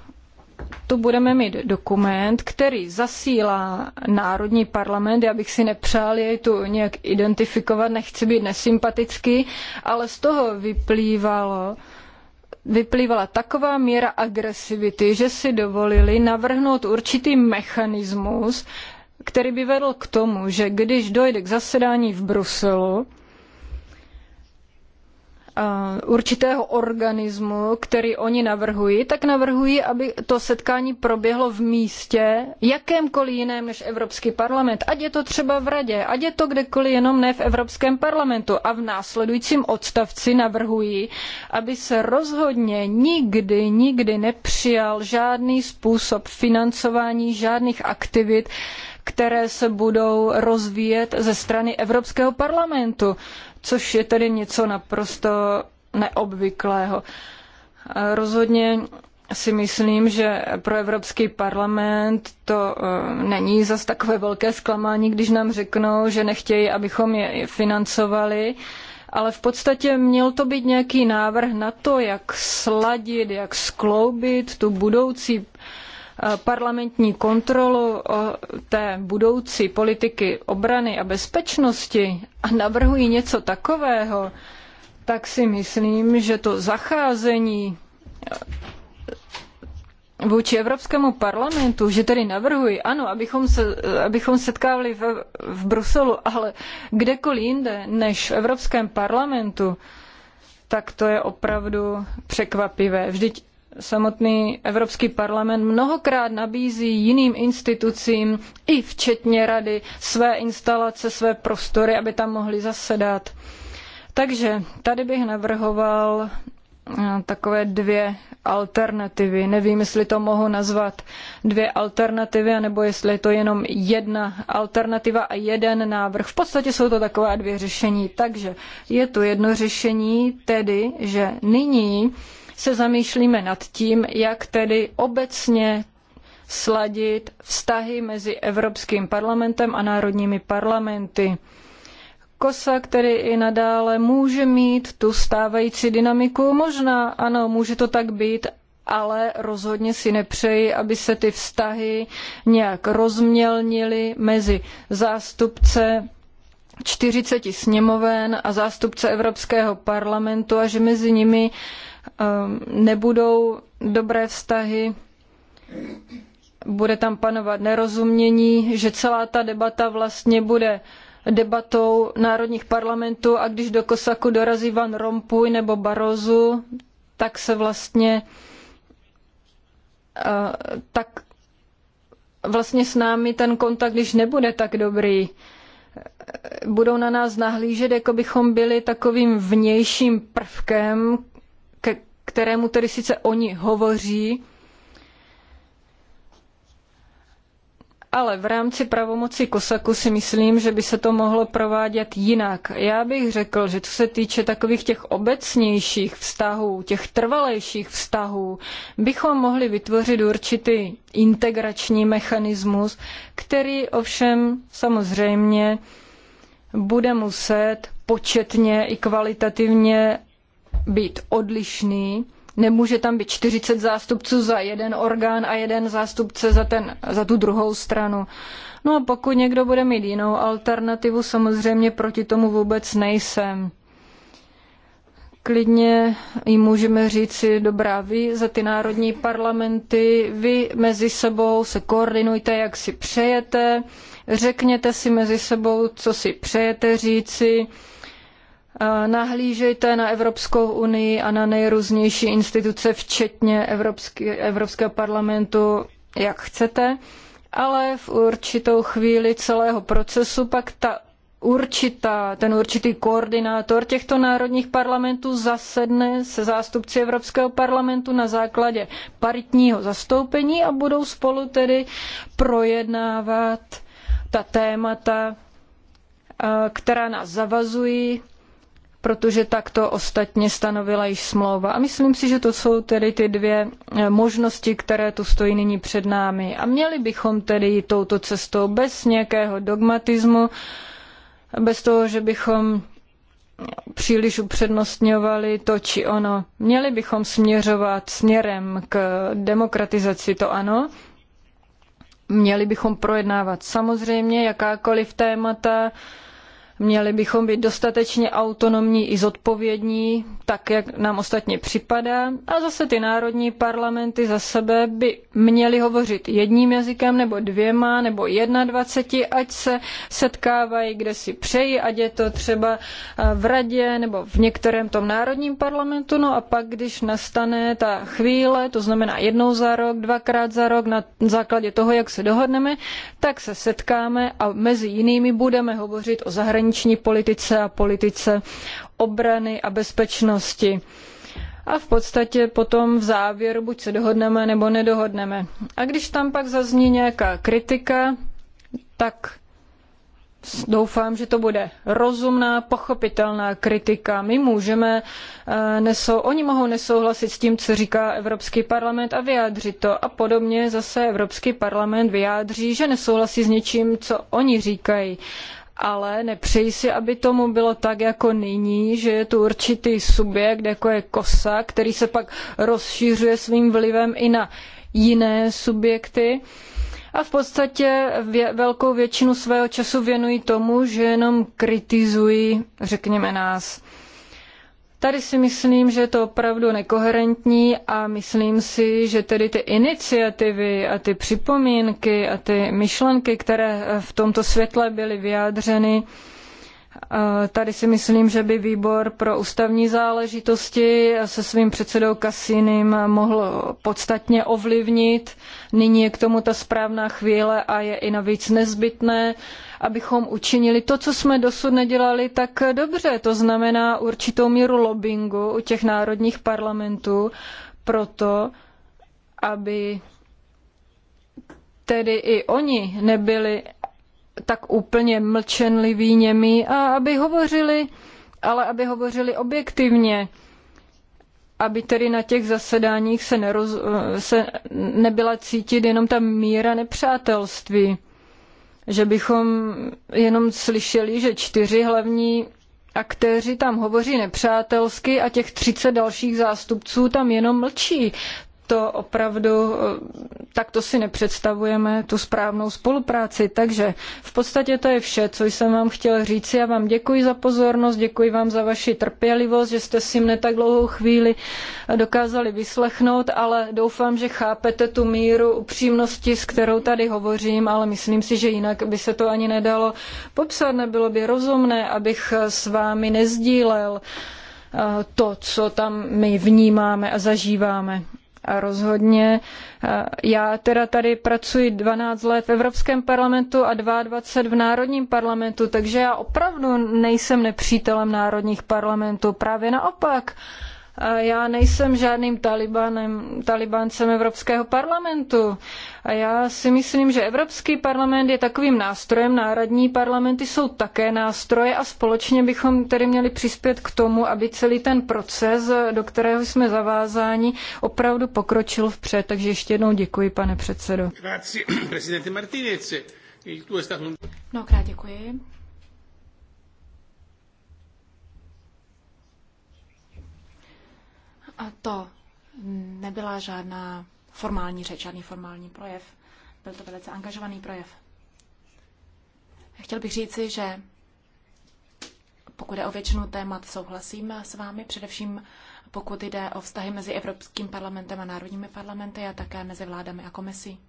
tu budeme mít dokument, který zasílá Národní parlament. Já bych si nepřál jej tu nějak identifikovat, nechci být nesympatický, ale z toho vyplývalo, vyplývala taková míra agresivity, že si dovolili navrhnout určitý mechanismus, který by vedl k tomu, že když dojde k zasedání v Bruselu, Eh, určitého organismu, který oni navrhují, tak navrhují, aby to setkání proběhlo v místě jakémkoliv jiném než Evropský parlament. Ať je to třeba v radě, ať je to kdekoliv jenom ne v Evropském parlamentu. A v následujícím odstavci navrhují, aby se rozhodně nikdy, nikdy nepřijal žádný způsob financování žádných aktivit, které se budou rozvíjet ze strany Evropského parlamentu, což je tedy něco naprosto neobvyklého. Rozhodně si myslím, že pro Evropský parlament to eh, není zas takové velké zklamání, když nám řeknou, že nechtějí, abychom je financovali, ale v podstatě měl to být nějaký návrh na to, jak sladit, jak skloubit tu budoucí parlamentní kontrolu té budoucí politiky obrany a bezpečnosti a navrhují něco takového, tak si myslím, že to zacházení e, vůči Evropskému parlamentu, že tedy navrhuji, ano, abychom se, abychom setkávali v, v Bruselu, ale kdekoliv jinde než v Evropském parlamentu, tak to je opravdu překvapivé. Vždyť samotný Evropský parlament mnohokrát nabízí jiným institucím, i včetně rady, své instalace, své prostory, aby tam mohli zasedat. Takže tady bych navrhoval eh, takové dvě alternativy. Nevím, jestli to mohu nazvat dvě alternativy, nebo jestli je to jenom jedna alternativa a jeden návrh. V podstatě jsou to taková dvě řešení. Takže je tu jedno řešení, tedy, že nyní se zamýšlíme nad tím, jak tedy obecně sladit vztahy mezi Evropským parlamentem a národními parlamenty. Kosa, který i nadále může mít tu stávající dynamiku, možná ano, může to tak být, ale rozhodně si nepřeji, aby se ty vztahy nějak rozmělnily mezi zástupce 40 sněmoven a zástupce Evropského parlamentu a že mezi nimi uh, Ehm, nebudou dobré vztahy, bude tam panovat nerozumění, že celá ta debata vlastně bude debatou národních parlamentů a když do Kosaku dorazí Van Rompuy nebo Barozu, tak se vlastně eh, tak vlastně s námi ten kontakt, když nebude tak dobrý, eh, budou na nás nahlížet, jako bychom byli takovým vnějším prvkem, kterému tedy sice oni hovoří, ale v rámci pravomoci Kosaku si myslím, že by se to mohlo provádět jinak. Já bych řekl, že co se týče takových těch obecnějších vztahů, těch trvalejších vztahů, bychom mohli vytvořit určitý integrační mechanismus, který ovšem samozřejmě bude muset početně i kvalitativně být odlišný. Nemůže tam být 40 zástupců za jeden orgán a jeden zástupce za, ten, za tu druhou stranu. No a pokud někdo bude mít jinou alternativu, samozřejmě proti tomu vůbec nejsem klidně jim můžeme říci, dobrá, vy za ty národní parlamenty, vy mezi sebou se koordinujte, jak si přejete, řekněte si mezi sebou, co si přejete říci, Nahlížejte na Evropskou unii a na nejrůznější instituce, včetně Evropský, Evropského parlamentu, jak chcete, ale v určitou chvíli celého procesu pak ta určitá, ten určitý koordinátor těchto národních parlamentů zasedne se zástupci Evropského parlamentu na základě paritního zastoupení a budou spolu tedy projednávat ta témata, která nás zavazují protože tak to ostatně stanovila již smlouva. A myslím si, že to jsou tedy ty dvě eh, možnosti, které tu stojí nyní před námi. A měli bychom tedy jít touto cestou bez nějakého dogmatismu, bez toho, že bychom příliš upřednostňovali to či ono. Měli bychom směřovat směrem k demokratizaci, to ano. Měli bychom projednávat samozřejmě jakákoliv témata, Měli bychom být dostatečně autonomní i zodpovědní, tak jak nám ostatně připadá. A zase ty národní parlamenty za sebe by měly hovořit jedním jazykem nebo dvěma nebo 21, ať se setkávají, kde si přejí, ať je to třeba eh, v radě nebo v některém tom národním parlamentu. No a pak, když nastane ta chvíle, to znamená jednou za rok, dvakrát za rok, na základě toho, jak se dohodneme, tak se setkáme a mezi jinými budeme hovořit o zahraničí zahraniční politice a politice obrany a bezpečnosti. A v podstatě potom v závěru buď se dohodneme nebo nedohodneme. A když tam pak zazní nějaká kritika, tak Doufám, že to bude rozumná, pochopitelná kritika. My můžeme, eh, nesou, oni mohou nesouhlasit s tím, co říká Evropský parlament a vyjádřit to. A podobně zase Evropský parlament vyjádří, že nesouhlasí s něčím, co oni říkají ale nepřeji si, aby tomu bylo tak jako nyní, že je tu určitý subjekt, jako je kosa, který se pak rozšířuje svým vlivem i na jiné subjekty. A v podstatě vě velkou většinu svého času věnují tomu, že jenom kritizují, řekněme nás. Tady si myslím, že je to opravdu nekoherentní a myslím si, že tedy ty iniciativy a ty připomínky a ty myšlenky, které v tomto světle byly vyjádřeny, eh, Tady si myslím, že by výbor pro ústavní záležitosti se svým předsedou Kasínem mohl podstatně ovlivnit. Nyní je k tomu ta správná chvíle a je i navíc nezbytné, abychom učinili to, co jsme dosud nedělali tak dobře. To znamená určitou míru lobbingu u těch národních parlamentů proto, aby tedy i oni nebyli tak úplně mlčenliví němi a aby hovořili, ale aby hovořili objektivně, aby tedy na těch zasedáních se, neroz, se nebyla cítit jenom ta míra nepřátelství že bychom jenom slyšeli, že čtyři hlavní aktéři tam hovoří nepřátelsky a těch 30 dalších zástupců tam jenom mlčí to opravdu, eh, tak to si nepředstavujeme, tu správnou spolupráci. Takže v podstatě to je vše, co jsem vám chtěl říct. Já vám děkuji za pozornost, děkuji vám za vaši trpělivost, že jste si mne tak dlouhou chvíli eh, dokázali vyslechnout, ale doufám, že chápete tu míru upřímnosti, s kterou tady hovořím, ale myslím si, že jinak by se to ani nedalo popsat. Nebylo by rozumné, abych eh, s vámi nezdílel to, co tam my vnímáme a zažíváme. A rozhodně. Eh, já teda tady pracuji 12 let v Evropském parlamentu a 22 v Národním parlamentu, takže já opravdu nejsem nepřítelem Národních parlamentů, právě naopak. Eh, já nejsem žádným talibanem, talibancem Evropského parlamentu. A já si myslím, že Evropský parlament je takovým nástrojem, národní parlamenty jsou také nástroje a společně bychom tedy měli přispět k tomu, aby celý ten proces, do kterého jsme zavázáni, opravdu pokročil vpřed. Takže ještě jednou děkuji, pane předsedo. Mnohokrát děkuji. A to nebyla žádná formální řeč, žádný formální projev. Byl to velice angažovaný projev. Chtěl bych říci, že pokud je o většinu témat, souhlasím s vámi, především pokud jde o vztahy mezi Evropským parlamentem a národními parlamenty a také mezi vládami a komisí.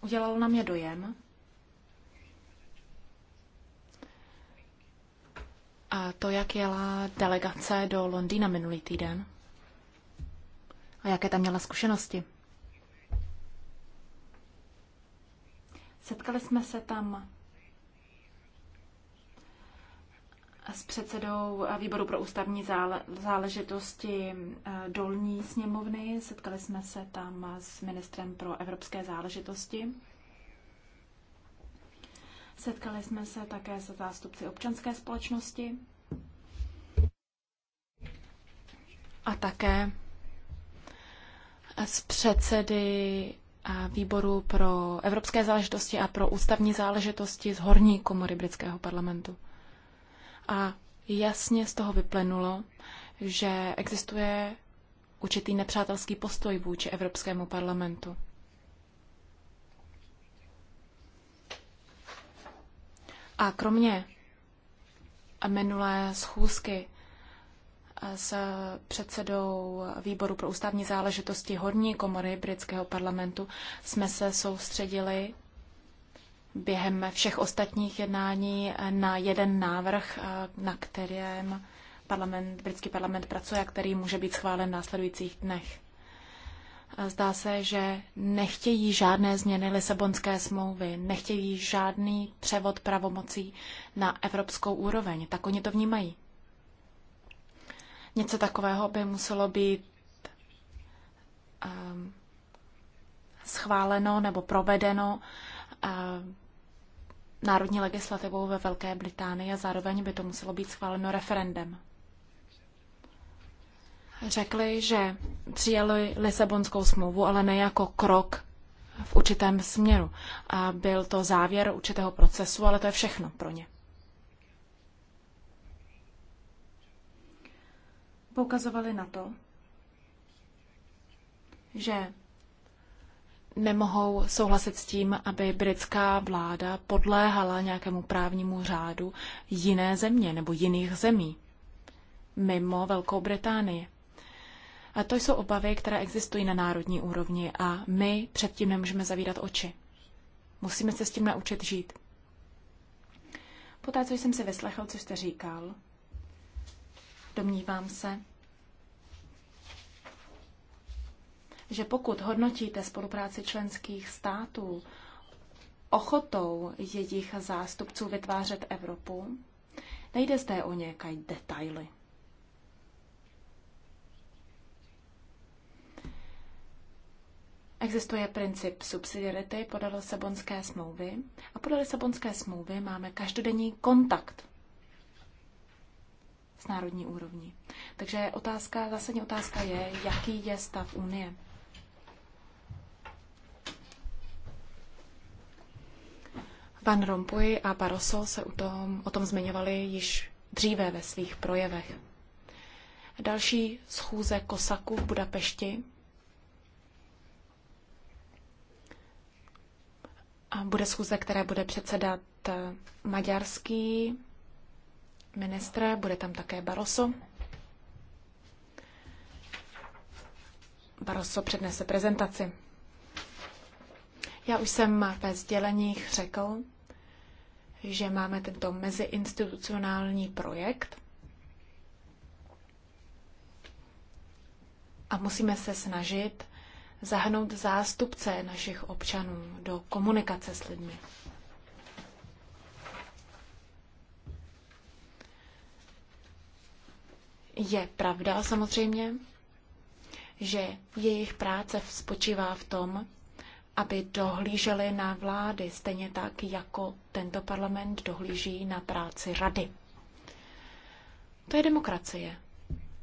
Udělalo na mě dojem, a to, jak jela delegace do Londýna minulý týden a jaké tam měla zkušenosti. Setkali jsme se tam s předsedou výboru pro ústavní záležitosti eh, dolní sněmovny. Setkali jsme se tam s ministrem pro evropské záležitosti. Setkali jsme se také se zástupci občanské společnosti a také s předsedy výboru pro evropské záležitosti a pro ústavní záležitosti z horní komory britského parlamentu. A jasně z toho vyplynulo, že existuje určitý nepřátelský postoj vůči Evropskému parlamentu. A kromě minulé schůzky s předsedou výboru pro ústavní záležitosti Horní komory britského parlamentu jsme se soustředili během všech ostatních jednání na jeden návrh, eh, na kterém parlament, britský parlament pracuje a který může být schválen v následujících dnech. Eh, zdá se, že nechtějí žádné změny Lisabonské smlouvy, nechtějí žádný převod pravomocí na evropskou úroveň. Tak oni to vnímají. Něco takového by muselo být ehm, schváleno nebo provedeno ehm, národní legislativou ve Velké Británii a zároveň by to muselo být schváleno referendem. Řekli, že přijeli Lisabonskou smlouvu, ale ne jako krok v určitém směru. A byl to závěr určitého procesu, ale to je všechno pro ně. poukazovali na to, že nemohou souhlasit s tím, aby britská vláda podléhala nějakému právnímu řádu jiné země nebo jiných zemí mimo Velkou Británii. A to jsou obavy, které existují na národní úrovni a my předtím nemůžeme zavírat oči. Musíme se s tím naučit žít. Poté, co jsem si vyslechl, co jste říkal, Domnívám se, že pokud hodnotíte spolupráci členských států ochotou jejich zástupců vytvářet Evropu, nejde zde o nějaké detaily. Existuje princip subsidiarity podle Lisabonské smlouvy a podle Lisabonské smlouvy máme každodenní kontakt z národní úrovni. Takže otázka, zásadní otázka je, jaký je stav Unie. Pan Rompuy a Barroso se o tom, o tom zmiňovali již dříve ve svých projevech. Další schůze Kosaku v Budapešti a bude schůze, které bude předsedat eh, maďarský ministra, bude tam také Barroso. Barroso přednese prezentaci. Já už jsem ve sděleních řekl, že máme tento meziinstitucionální projekt a musíme se snažit zahnout zástupce našich občanů do komunikace s lidmi. Je pravda samozřejmě, že jejich práce spočívá v tom, aby dohlíželi na vlády, stejně tak, jako tento parlament dohlíží na práci rady. To je demokracie.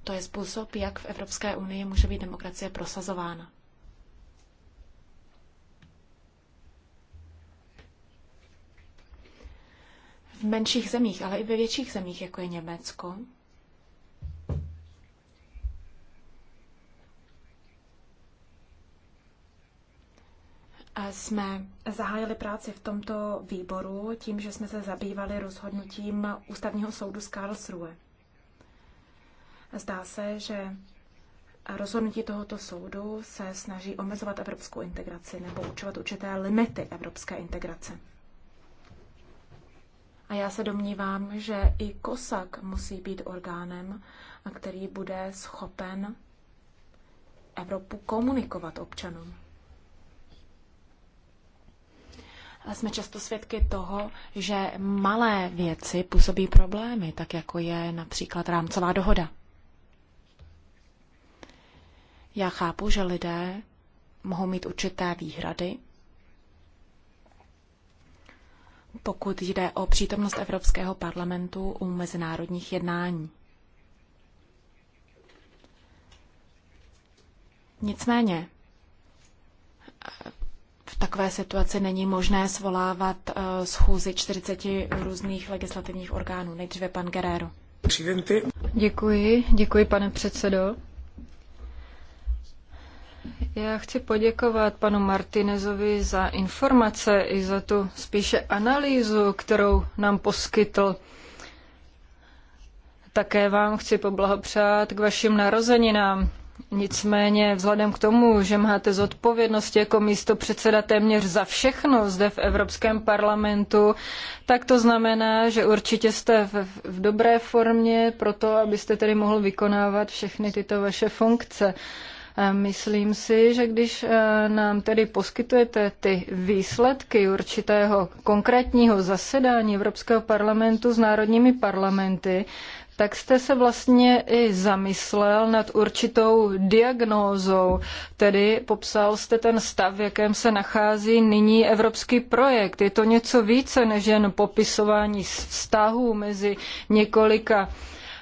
To je způsob, jak v Evropské unii může být demokracie prosazována. V menších zemích, ale i ve větších zemích, jako je Německo, jsme zahájili práci v tomto výboru tím, že jsme se zabývali rozhodnutím ústavního soudu z Karlsruhe. Zdá se, že rozhodnutí tohoto soudu se snaží omezovat evropskou integraci nebo určovat určité limity evropské integrace. A já se domnívám, že i Kosak musí být orgánem, který bude schopen Evropu komunikovat občanům. jsme často svědky toho, že malé věci působí problémy, tak jako je například rámcová dohoda. Já chápu, že lidé mohou mít určité výhrady, pokud jde o přítomnost Evropského parlamentu u mezinárodních jednání. Nicméně, takové situaci není možné svolávat eh, schůzi 40 různých legislativních orgánů. Nejdříve pan Guerrero. Děkuji, děkuji pane předsedo. Já chci poděkovat panu Martinezovi za informace i za tu spíše analýzu, kterou nám poskytl. Také vám chci poblahopřát k vašim narozeninám. Nicméně vzhledem k tomu, že máte zodpovědnost jako místo předseda téměř za všechno zde v Evropském parlamentu, tak to znamená, že určitě jste v, v dobré formě pro to, abyste tedy mohl vykonávat všechny tyto vaše funkce. Myslím si, že když eh, nám tedy poskytujete ty výsledky určitého konkrétního zasedání Evropského parlamentu s národními parlamenty, tak jste se vlastně i zamyslel nad určitou diagnózou, tedy popsal jste ten stav, v jakém se nachází nyní evropský projekt. Je to něco více než jen popisování vztahů mezi několika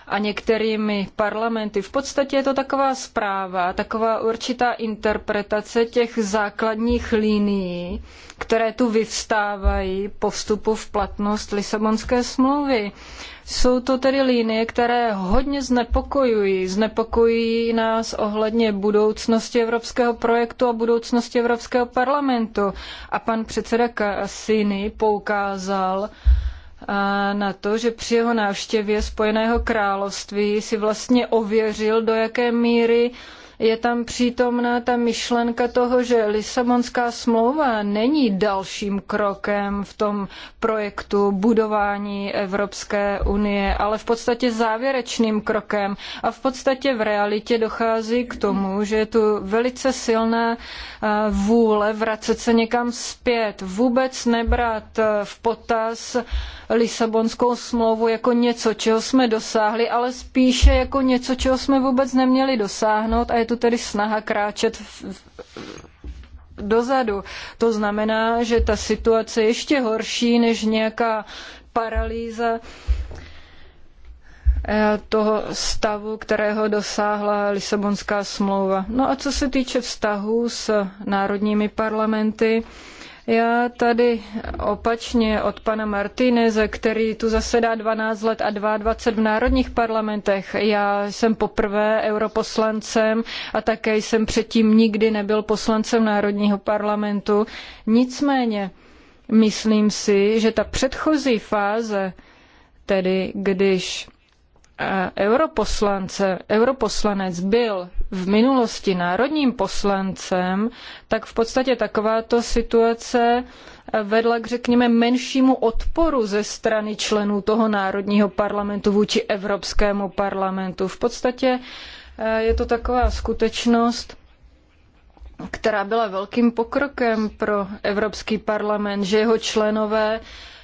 a některými parlamenty. V podstatě je to taková zpráva, taková určitá interpretace těch základních linií, které tu vyvstávají po vstupu v platnost Lisabonské smlouvy. Jsou to tedy linie, které hodně znepokojují. Znepokojují nás ohledně budoucnosti evropského projektu a budoucnosti Evropského parlamentu. A pan předseda Cassini poukázal eh, na to, že při jeho návštěvě Spojeného království si vlastně ověřil, do jaké míry je tam přítomná ta myšlenka toho, že Lisabonská smlouva není dalším krokem v tom projektu budování Evropské unie, ale v podstatě závěrečným krokem. A v podstatě v realitě dochází k tomu, že je tu velice silná eh, vůle vracet se někam zpět, vůbec nebrat eh, v potaz, Lisabonskou smlouvu jako něco, čeho jsme dosáhli, ale spíše jako něco, čeho jsme vůbec neměli dosáhnout a je tu tedy snaha kráčet v dozadu. To znamená, že ta situace je ještě horší než nějaká paralýza eh, toho stavu, kterého dosáhla Lisabonská smlouva. No a co se týče vztahů s národními parlamenty, já tady opačně od pana Martineze, který tu zasedá 12 let a 22 v národních parlamentech. Já jsem poprvé europoslancem a také jsem předtím nikdy nebyl poslancem národního parlamentu. Nicméně, myslím si, že ta předchozí fáze, tedy když europoslance, europoslanec byl v minulosti národním poslancem, tak v podstatě takováto situace vedla k, řekněme, menšímu odporu ze strany členů toho národního parlamentu vůči Evropskému parlamentu. V podstatě e, je to taková skutečnost, která byla velkým pokrokem pro Evropský parlament, že jeho členové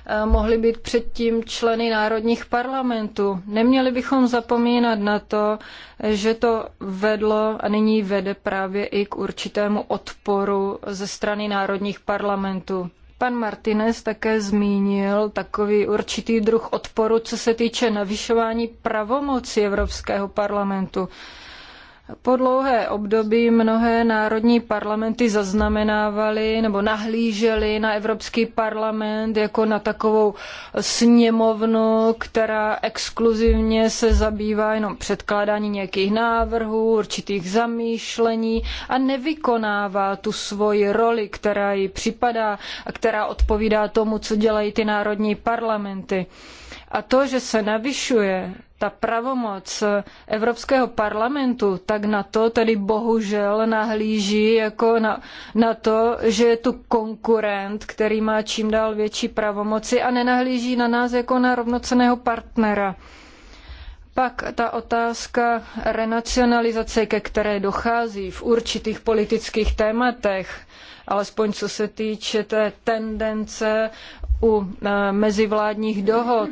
Eh, mohli být předtím členy národních parlamentů. Neměli bychom zapomínat na to, že to vedlo a nyní vede právě i k určitému odporu ze strany národních parlamentů. Pan Martinez také zmínil takový určitý druh odporu, co se týče navyšování pravomoci Evropského parlamentu. Po dlouhé období mnohé národní parlamenty zaznamenávaly nebo nahlížely na Evropský parlament jako na takovou sněmovnu, která exkluzivně se zabývá jenom předkládání nějakých návrhů, určitých zamýšlení a nevykonává tu svoji roli, která jí připadá a která odpovídá tomu, co dělají ty národní parlamenty. A to, že se navyšuje ta pravomoc Evropského parlamentu, tak na to tedy bohužel nahlíží jako na, na to, že je tu konkurent, který má čím dál větší pravomoci a nenahlíží na nás jako na rovnocenného partnera. Pak ta otázka renacionalizace, ke které dochází v určitých politických tématech, alespoň co se týče té tendence u eh, mezivládních dohod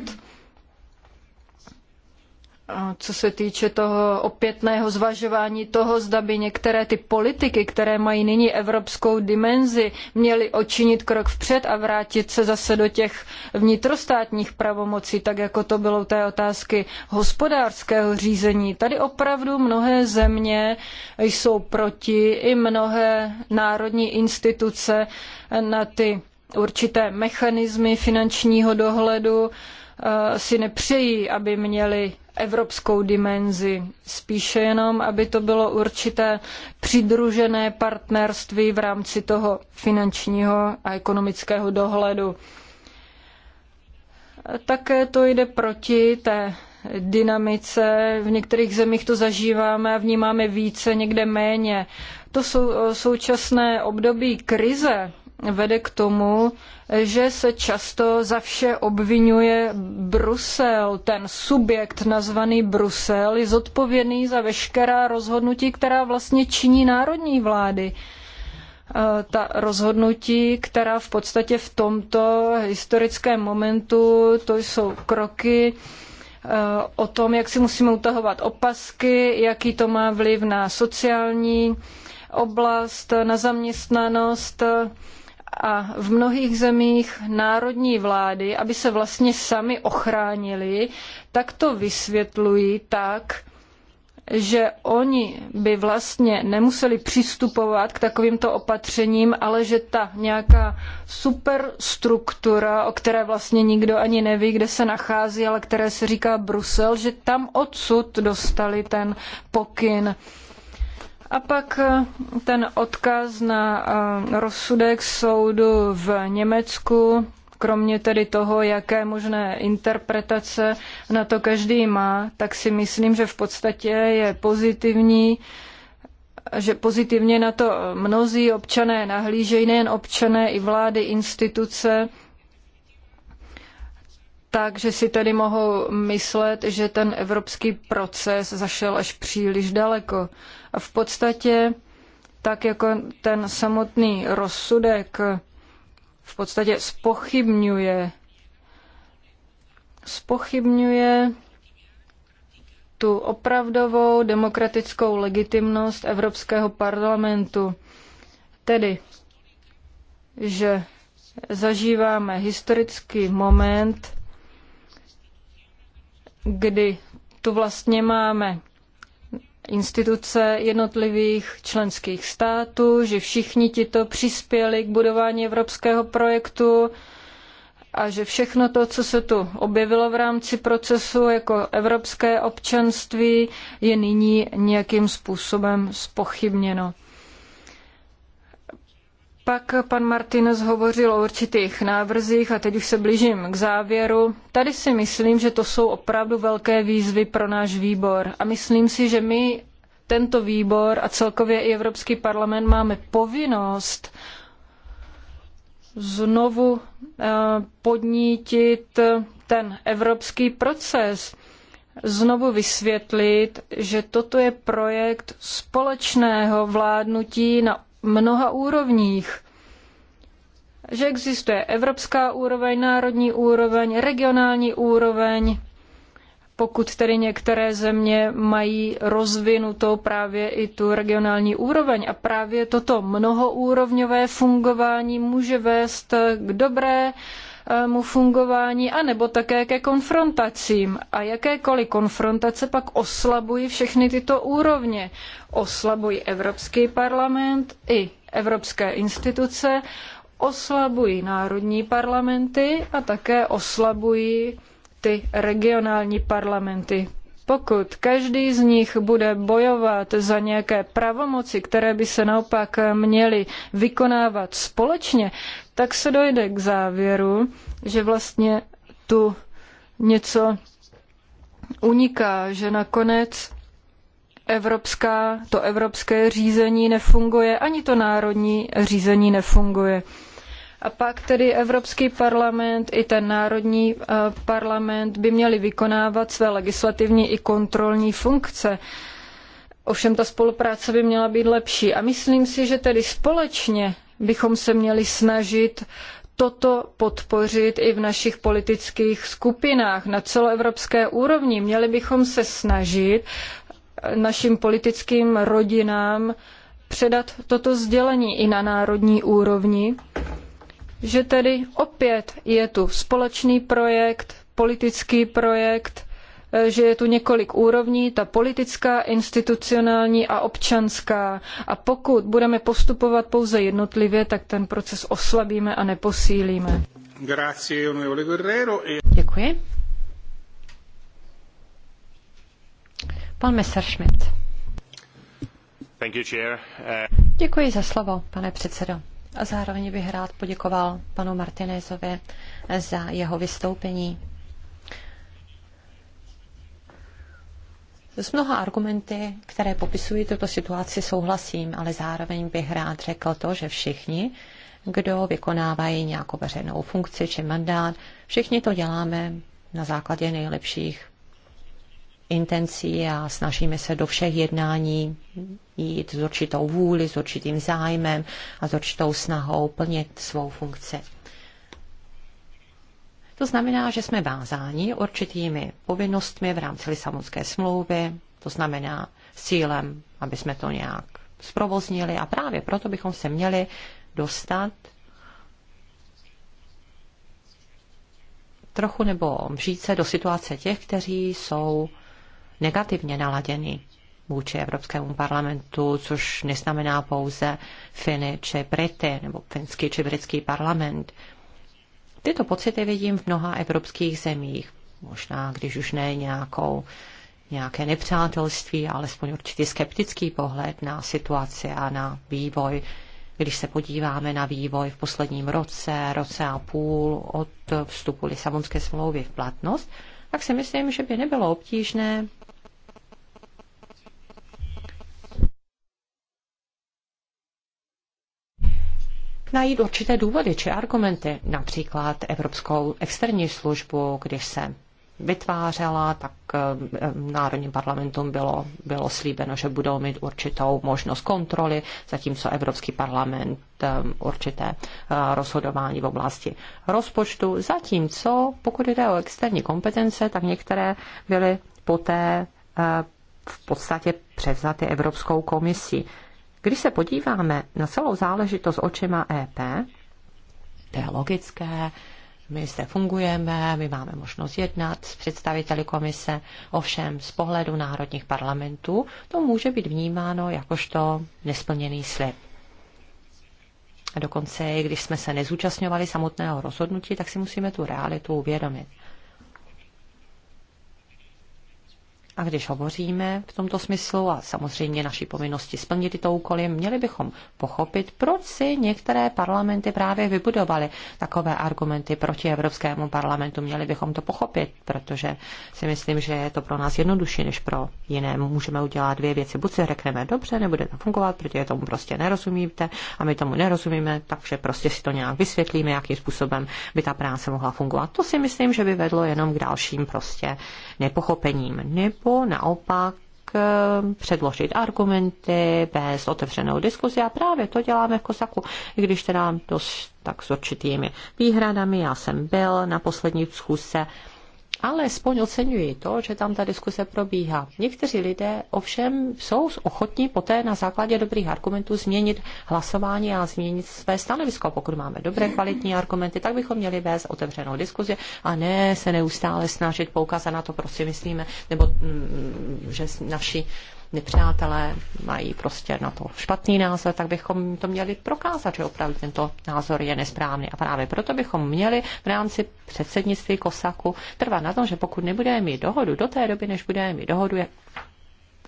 co se týče toho opětného zvažování toho, zda by některé ty politiky, které mají nyní evropskou dimenzi, měly očinit krok vpřed a vrátit se zase do těch vnitrostátních pravomocí, tak jako to bylo u té otázky hospodářského řízení. Tady opravdu mnohé země jsou proti, i mnohé národní instituce na ty určité mechanismy finančního dohledu eh, si nepřejí, aby měli evropskou dimenzi. Spíše jenom, aby to bylo určité přidružené partnerství v rámci toho finančního a ekonomického dohledu. Také to jde proti té dynamice. V některých zemích to zažíváme a vnímáme více, někde méně. To jsou eh, současné období krize, vede k tomu, že se často za vše obvinuje Brusel. Ten subjekt nazvaný Brusel je zodpovědný za veškerá rozhodnutí, která vlastně činí národní vlády ta rozhodnutí, která v podstatě v tomto historickém momentu, to jsou kroky e, o tom, jak si musíme utahovat opasky, jaký to má vliv na sociální oblast, na zaměstnanost, a v mnohých zemích národní vlády, aby se vlastně sami ochránili, tak to vysvětlují tak, že oni by vlastně nemuseli přistupovat k takovýmto opatřením, ale že ta nějaká superstruktura, o které vlastně nikdo ani neví, kde se nachází, ale které se říká Brusel, že tam odsud dostali ten pokyn. A pak eh, ten odkaz na eh, rozsudek soudu v Německu, kromě tedy toho, jaké možné interpretace na to každý má, tak si myslím, že v podstatě je pozitivní, že pozitivně na to mnozí občané nahlížejí, nejen občané, i vlády, instituce, tak, že si tedy mohou myslet, že ten evropský proces zašel až příliš daleko. A v podstatě tak jako ten samotný rozsudek v podstatě spochybňuje spochybňuje tu opravdovou demokratickou legitimnost Evropského parlamentu. Tedy, že zažíváme historický moment, kdy tu vlastně máme instituce jednotlivých členských států, že všichni tito přispěli k budování evropského projektu a že všechno to, co se tu objevilo v rámci procesu jako evropské občanství, je nyní nějakým způsobem spochybněno. Pak pan Martinez hovořil o určitých návrzích a teď už se blížím k závěru. Tady si myslím, že to jsou opravdu velké výzvy pro náš výbor a myslím si, že my tento výbor a celkově i Evropský parlament máme povinnost znovu eh, podnítit ten evropský proces, znovu vysvětlit, že toto je projekt společného vládnutí na mnoha úrovních že existuje evropská úroveň, národní úroveň, regionální úroveň, pokud tedy některé země mají rozvinutou právě i tu regionální úroveň. A právě toto mnohoúrovňové fungování může vést k dobré Eh, mu fungování, anebo také ke konfrontacím. A jakékoliv konfrontace pak oslabují všechny tyto úrovně. Oslabují Evropský parlament i evropské instituce, oslabují národní parlamenty a také oslabují ty regionální parlamenty. Pokud každý z nich bude bojovat za nějaké pravomoci, které by se naopak měly vykonávat společně, tak se dojde k závěru, že vlastně tu něco uniká, že nakonec evropská, to evropské řízení nefunguje, ani to národní řízení nefunguje. A pak tedy Evropský parlament i ten národní eh, parlament by měli vykonávat své legislativní i kontrolní funkce. Ovšem ta spolupráce by měla být lepší. A myslím si, že tedy společně bychom se měli snažit toto podpořit i v našich politických skupinách na celoevropské úrovni. Měli bychom se snažit našim politickým rodinám předat toto sdělení i na národní úrovni, že tedy opět je tu společný projekt, politický projekt, Eh, že je tu několik úrovní, ta politická, institucionální a občanská. A pokud budeme postupovat pouze jednotlivě, tak ten proces oslabíme a neposílíme. E- Děkuji. Pan Messerschmidt. Eh, Děkuji za slovo, pane předsedo. A zároveň bych rád poděkoval panu Martinezovi za jeho vystoupení. S mnoha argumenty, které popisují tuto situaci, souhlasím, ale zároveň bych rád řekl to, že všichni, kdo vykonávají nějakou veřejnou funkci či mandát, všichni to děláme na základě nejlepších intencí a snažíme se do všech jednání jít s určitou vůli, s určitým zájmem a s určitou snahou plnit svou funkci. To znamená, že jsme vázáni určitými povinnostmi v rámci Lisabonské smlouvy, to znamená s cílem, aby jsme to nějak zprovoznili a právě proto bychom se měli dostat trochu nebo vžít se do situace těch, kteří jsou negativně naladěni vůči Evropskému parlamentu, což neznamená pouze Finy či Brity, nebo finský či britský parlament. Tyto pocity vidím v mnoha evropských zemích. Možná, když už ne nějakou, nějaké nepřátelství, alespoň určitý skeptický pohled na situaci a na vývoj. Když se podíváme na vývoj v posledním roce, roce a půl od vstupu Lisabonské smlouvy v platnost, tak si myslím, že by nebylo obtížné najít určité důvody či argumenty, například Evropskou externí službu, když se vytvářela, tak eh, eh, národním parlamentům bylo, bylo slíbeno, že budou mít určitou možnost kontroly, zatímco Evropský parlament eh, určité rozhodování v oblasti rozpočtu. Zatímco, pokud jde o externí kompetence, tak některé byly poté v podstatě převzaty Evropskou komisí. Když se podíváme na celou záležitost očima EP, to je logické, my zde fungujeme, my máme možnost jednat s představiteli komise, ovšem z pohledu národních parlamentů to může být vnímáno jakožto nesplněný slib. A dokonce, i když jsme se nezúčastňovali samotného rozhodnutí, tak si musíme tu realitu uvědomit. A když hovoříme v tomto smyslu, a samozřejmě naší povinnosti splnit tyto úkoly, měli bychom pochopit, proč si některé parlamenty právě vybudovaly takové argumenty proti Evropskému parlamentu. Měli bychom to pochopit, protože si myslím, že je to pro nás jednodušší než pro jiné. Můžeme udělat dvě věci. Buď si řekneme, dobře, nebude to fungovat, protože tomu prostě nerozumíte a my tomu nerozumíme, takže prostě si to nějak vysvětlíme, jakým způsobem by ta práce mohla fungovat. To si myslím, že by vedlo jenom k dalším prostě nepochopením, nebo naopak eh, předložit argumenty, vést otevřenou diskuzi a právě to děláme v Kosaku, i když teda dost tak s určitými výhradami. Já jsem byl na poslední schůzce ale alespoň oceňuji to, že tam ta diskuse probíhá. Někteří lidé ovšem jsou ochotní poté na základě dobrých argumentů změnit hlasování a změnit své stanovisko. Pokud máme dobré kvalitní argumenty, tak bychom měli vést otevřenou diskuzi a ne se neustále snažit poukázat na to, proč si myslíme, nebo mm, že naši nepřátelé mají prostě na to špatný názor, tak bychom to měli prokázat, že opravdu tento názor je nesprávný. A právě proto bychom měli v rámci předsednictví Kosaku trvat na tom, že pokud nebudeme mít dohodu do té doby, než budeme mít dohodu, je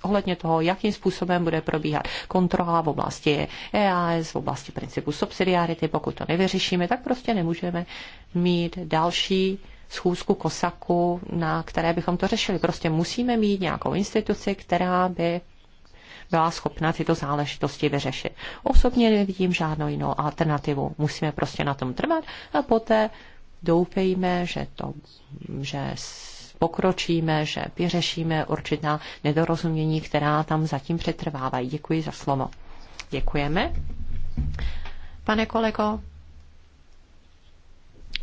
ohledně toho, jakým způsobem bude probíhat kontrola v oblasti EAS, v oblasti principu subsidiarity. Pokud to nevyřešíme, tak prostě nemůžeme mít další schůzku kosaku, na které bychom to řešili. Prostě musíme mít nějakou instituci, která by byla schopna tyto záležitosti vyřešit. Osobně nevidím žádnou jinou alternativu. Musíme prostě na tom trvat a poté doufejme, že, to, že pokročíme, že vyřešíme určitá nedorozumění, která tam zatím přetrvávají. Děkuji za slovo. Děkujeme. Pane kolego,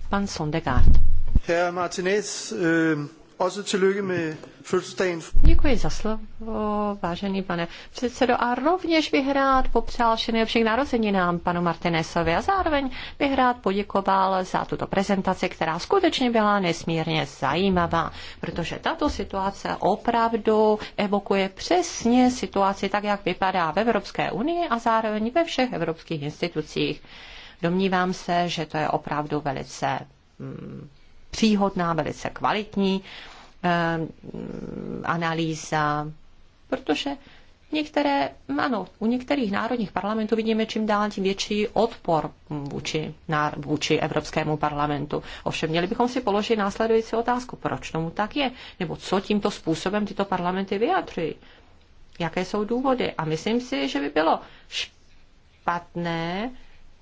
pan Sondegard. Herr Martinez, øh, Děkuji za slovo, vážený pane předsedo. A rovněž bych rád popřál vše nejlepších narozeninám panu Martinesovi a zároveň bych rád poděkoval za tuto prezentaci, která skutečně byla nesmírně zajímavá, protože tato situace opravdu evokuje přesně situaci tak, jak vypadá v Evropské unii a zároveň ve všech evropských institucích. Domnívám se, že to je opravdu velice hmm, příhodná, velice kvalitní eh, analýza, protože některé, ano, u některých národních parlamentů vidíme čím dál tím větší odpor vůči, na, vůči Evropskému parlamentu. Ovšem, měli bychom si položit následující otázku, proč tomu tak je, nebo co tímto způsobem tyto parlamenty vyjadřují, jaké jsou důvody. A myslím si, že by bylo špatné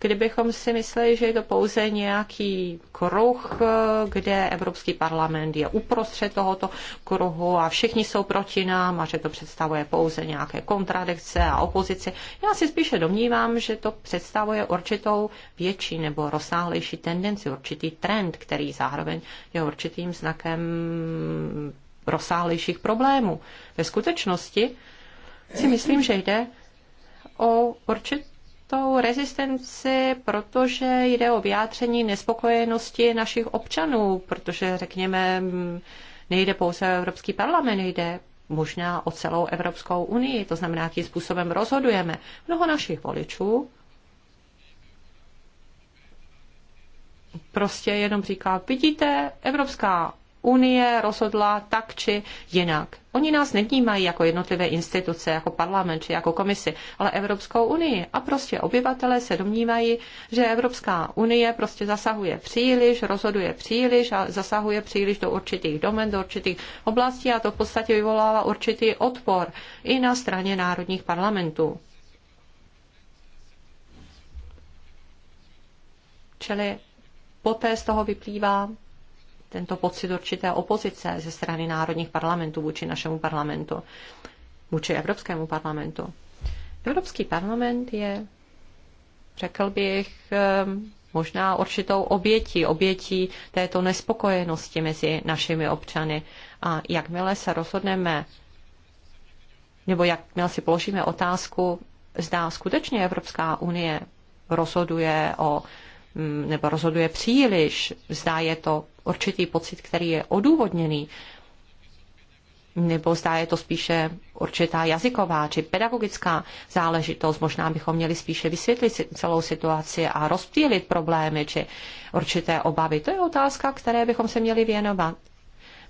kdybychom si mysleli, že je to pouze nějaký kruh, kde Evropský parlament je uprostřed tohoto kruhu a všichni jsou proti nám a že to představuje pouze nějaké kontradikce a opozici. Já si spíše domnívám, že to představuje určitou větší nebo rozsáhlejší tendenci, určitý trend, který zároveň je určitým znakem rozsáhlejších problémů. Ve skutečnosti si myslím, že jde o určit tou rezistenci, protože jde o vyjádření nespokojenosti našich občanů, protože, řekněme, nejde pouze o Evropský parlament, jde možná o celou Evropskou unii, to znamená, jakým způsobem rozhodujeme. Mnoho našich voličů prostě jenom říká, vidíte, Evropská unie rozhodla tak či jinak. Oni nás nevnímají jako jednotlivé instituce, jako parlament či jako komisi, ale Evropskou unii. A prostě obyvatelé se domnívají, že Evropská unie prostě zasahuje příliš, rozhoduje příliš a zasahuje příliš do určitých domen, do určitých oblastí a to v podstatě vyvolává určitý odpor i na straně národních parlamentů. Čili poté z toho vyplývá tento pocit určité opozice ze strany národních parlamentů vůči našemu parlamentu, vůči Evropskému parlamentu. Evropský parlament je, řekl bych, možná určitou obětí, obětí této nespokojenosti mezi našimi občany. A jakmile se rozhodneme, nebo jakmile si položíme otázku, zdá skutečně Evropská unie rozhoduje o mm, nebo rozhoduje příliš, zdá je to určitý pocit, který je odůvodněný, nebo zdá je to spíše určitá jazyková či pedagogická záležitost. Možná bychom měli spíše vysvětlit celou situaci a rozptýlit problémy či určité obavy. To je otázka, které bychom se měli věnovat.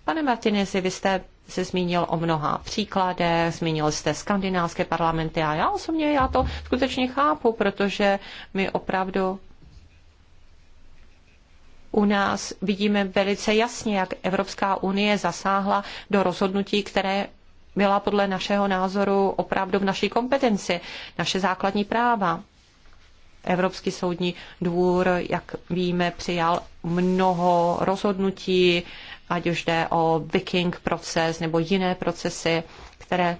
Pane Martinezi, vy jste se zmínil o mnoha příkladech, zmínil jste skandinávské parlamenty a já osobně já to skutečně chápu, protože my opravdu u nás vidíme velice jasně, jak Evropská unie zasáhla do rozhodnutí, které byla podle našeho názoru opravdu v naší kompetenci, naše základní práva. Evropský soudní dvůr, jak víme, přijal mnoho rozhodnutí, ať už jde o Viking proces nebo jiné procesy, které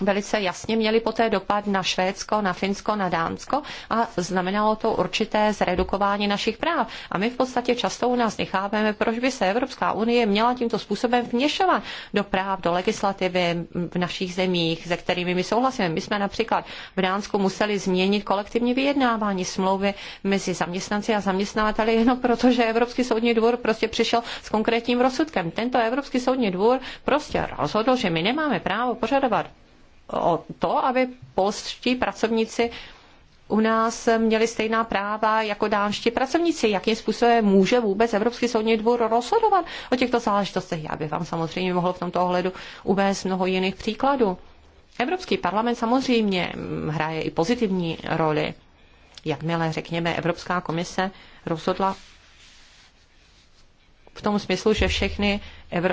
velice jasně měly poté dopad na Švédsko, na Finsko, na Dánsko a znamenalo to určité zredukování našich práv. A my v podstatě často u nás nechápeme, proč by se Evropská unie měla tímto způsobem vměšovat do práv, do legislativy v našich zemích, se kterými my souhlasíme. My jsme například v Dánsku museli změnit kolektivní vyjednávání smlouvy mezi zaměstnanci a zaměstnavateli jenom proto, že Evropský soudní dvůr prostě přišel s konkrétním rozsudkem. Tento Evropský soudní dvůr prostě rozhodl, že my nemáme právo požadovat o to, aby polští pracovníci u nás měli stejná práva jako dánští pracovníci. Jakým způsobem může vůbec Evropský soudní dvůr rozhodovat o těchto záležitostech? Já bych vám samozřejmě mohl v tomto ohledu uvést mnoho jiných příkladů. Evropský parlament samozřejmě hraje i pozitivní roli. Jakmile, řekněme, Evropská komise rozhodla v tom smyslu, že všechny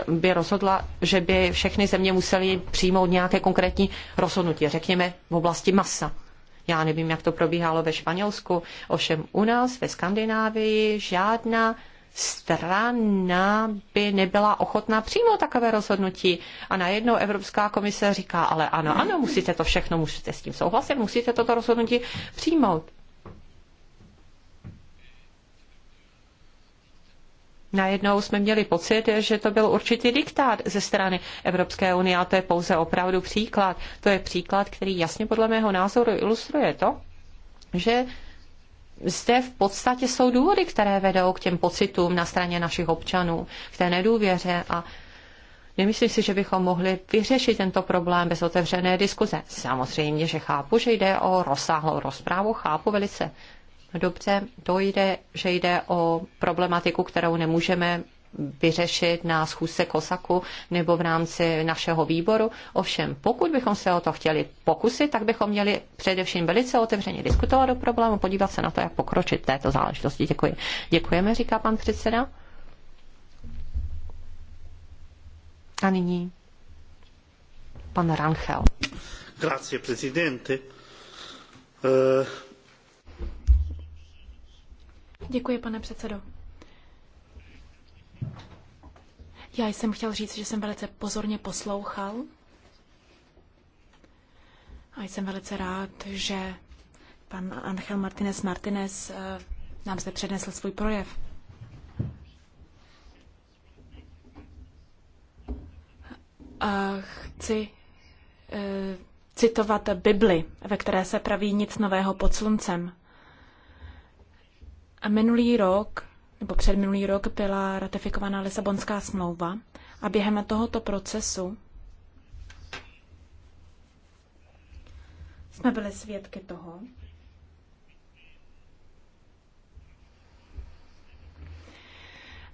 by rozhodla, že by všechny země musely přijmout nějaké konkrétní rozhodnutí, řekněme v oblasti masa. Já nevím, jak to probíhalo ve Španělsku, ovšem u nás ve Skandinávii žádná strana by nebyla ochotná přijmout takové rozhodnutí. A najednou Evropská komise říká, ale ano, ano, musíte to všechno, musíte s tím souhlasit, musíte toto rozhodnutí přijmout. najednou jsme měli pocit, že to byl určitý diktát ze strany Evropské unie a to je pouze opravdu příklad. To je příklad, který jasně podle mého názoru ilustruje to, že zde v podstatě jsou důvody, které vedou k těm pocitům na straně našich občanů, k té nedůvěře a Nemyslím si, že bychom mohli vyřešit tento problém bez otevřené diskuze. Samozřejmě, že chápu, že jde o rozsáhlou rozprávu, chápu velice Dobře, to jde, že jde o problematiku, kterou nemůžeme vyřešit na schůzce Kosaku nebo v rámci našeho výboru. Ovšem, pokud bychom se o to chtěli pokusit, tak bychom měli především velice otevřeně diskutovat o problému, podívat se na to, jak pokročit této záležitosti. Děkuji. Děkujeme, říká pan předseda. A nyní pan Ranchel. Grazie, prezidente. Uh... Děkuji, pane předsedo. Já jsem chtěl říct, že jsem velice pozorně poslouchal a jsem velice rád, že pan Angel Martinez Martinez eh, nám zde přednesl svůj projev. A chci eh, citovat Bibli, ve které se praví nic nového pod sluncem. A minulý rok, nebo předminulý rok, byla ratifikována Lisabonská smlouva a během tohoto procesu jsme byli svědky toho,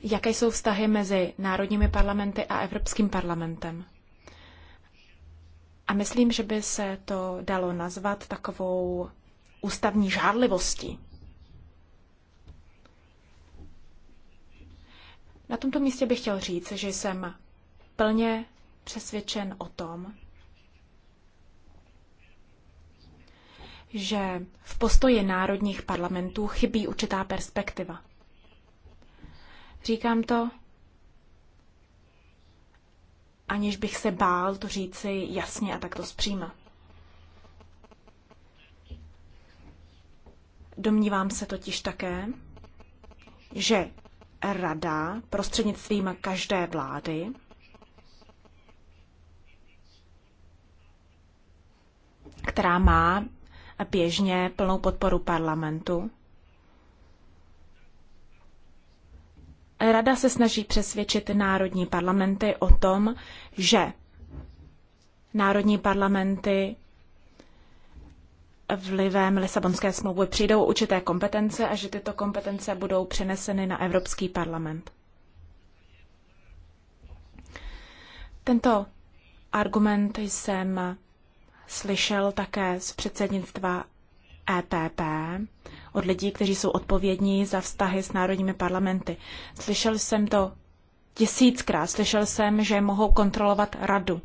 jaké jsou vztahy mezi národními parlamenty a Evropským parlamentem. A myslím, že by se to dalo nazvat takovou ústavní žádlivostí. Na tomto místě bych chtěl říct, že jsem plně přesvědčen o tom, že v postoji národních parlamentů chybí určitá perspektiva. Říkám to, aniž bych se bál to říci jasně a takto zpříma. Domnívám se totiž také, že rada prostřednictvím každé vlády která má běžně plnou podporu parlamentu. Rada se snaží přesvědčit národní parlamenty o tom, že národní parlamenty vlivem Lisabonské smlouvy přijdou určité kompetence a že tyto kompetence budou přeneseny na Evropský parlament. Tento argument jsem slyšel také z předsednictva EPP od lidí, kteří jsou odpovědní za vztahy s národními parlamenty. Slyšel jsem to tisíckrát. Slyšel jsem, že mohou kontrolovat radu.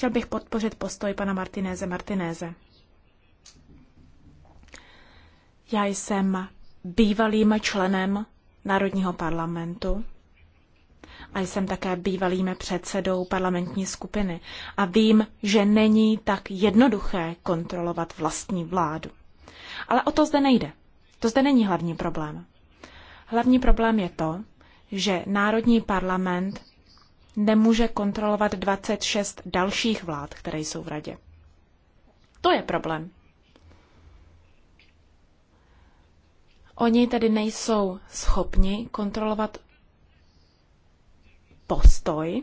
Chtěl bych podpořit postoj pana Martinéze Martinéze. Já jsem bývalým členem Národního parlamentu a jsem také bývalým předsedou parlamentní skupiny a vím, že není tak jednoduché kontrolovat vlastní vládu. Ale o to zde nejde. To zde není hlavní problém. Hlavní problém je to, že Národní parlament nemůže kontrolovat 26 dalších vlád, které jsou v radě. To je problém. Oni tedy nejsou schopni kontrolovat postoj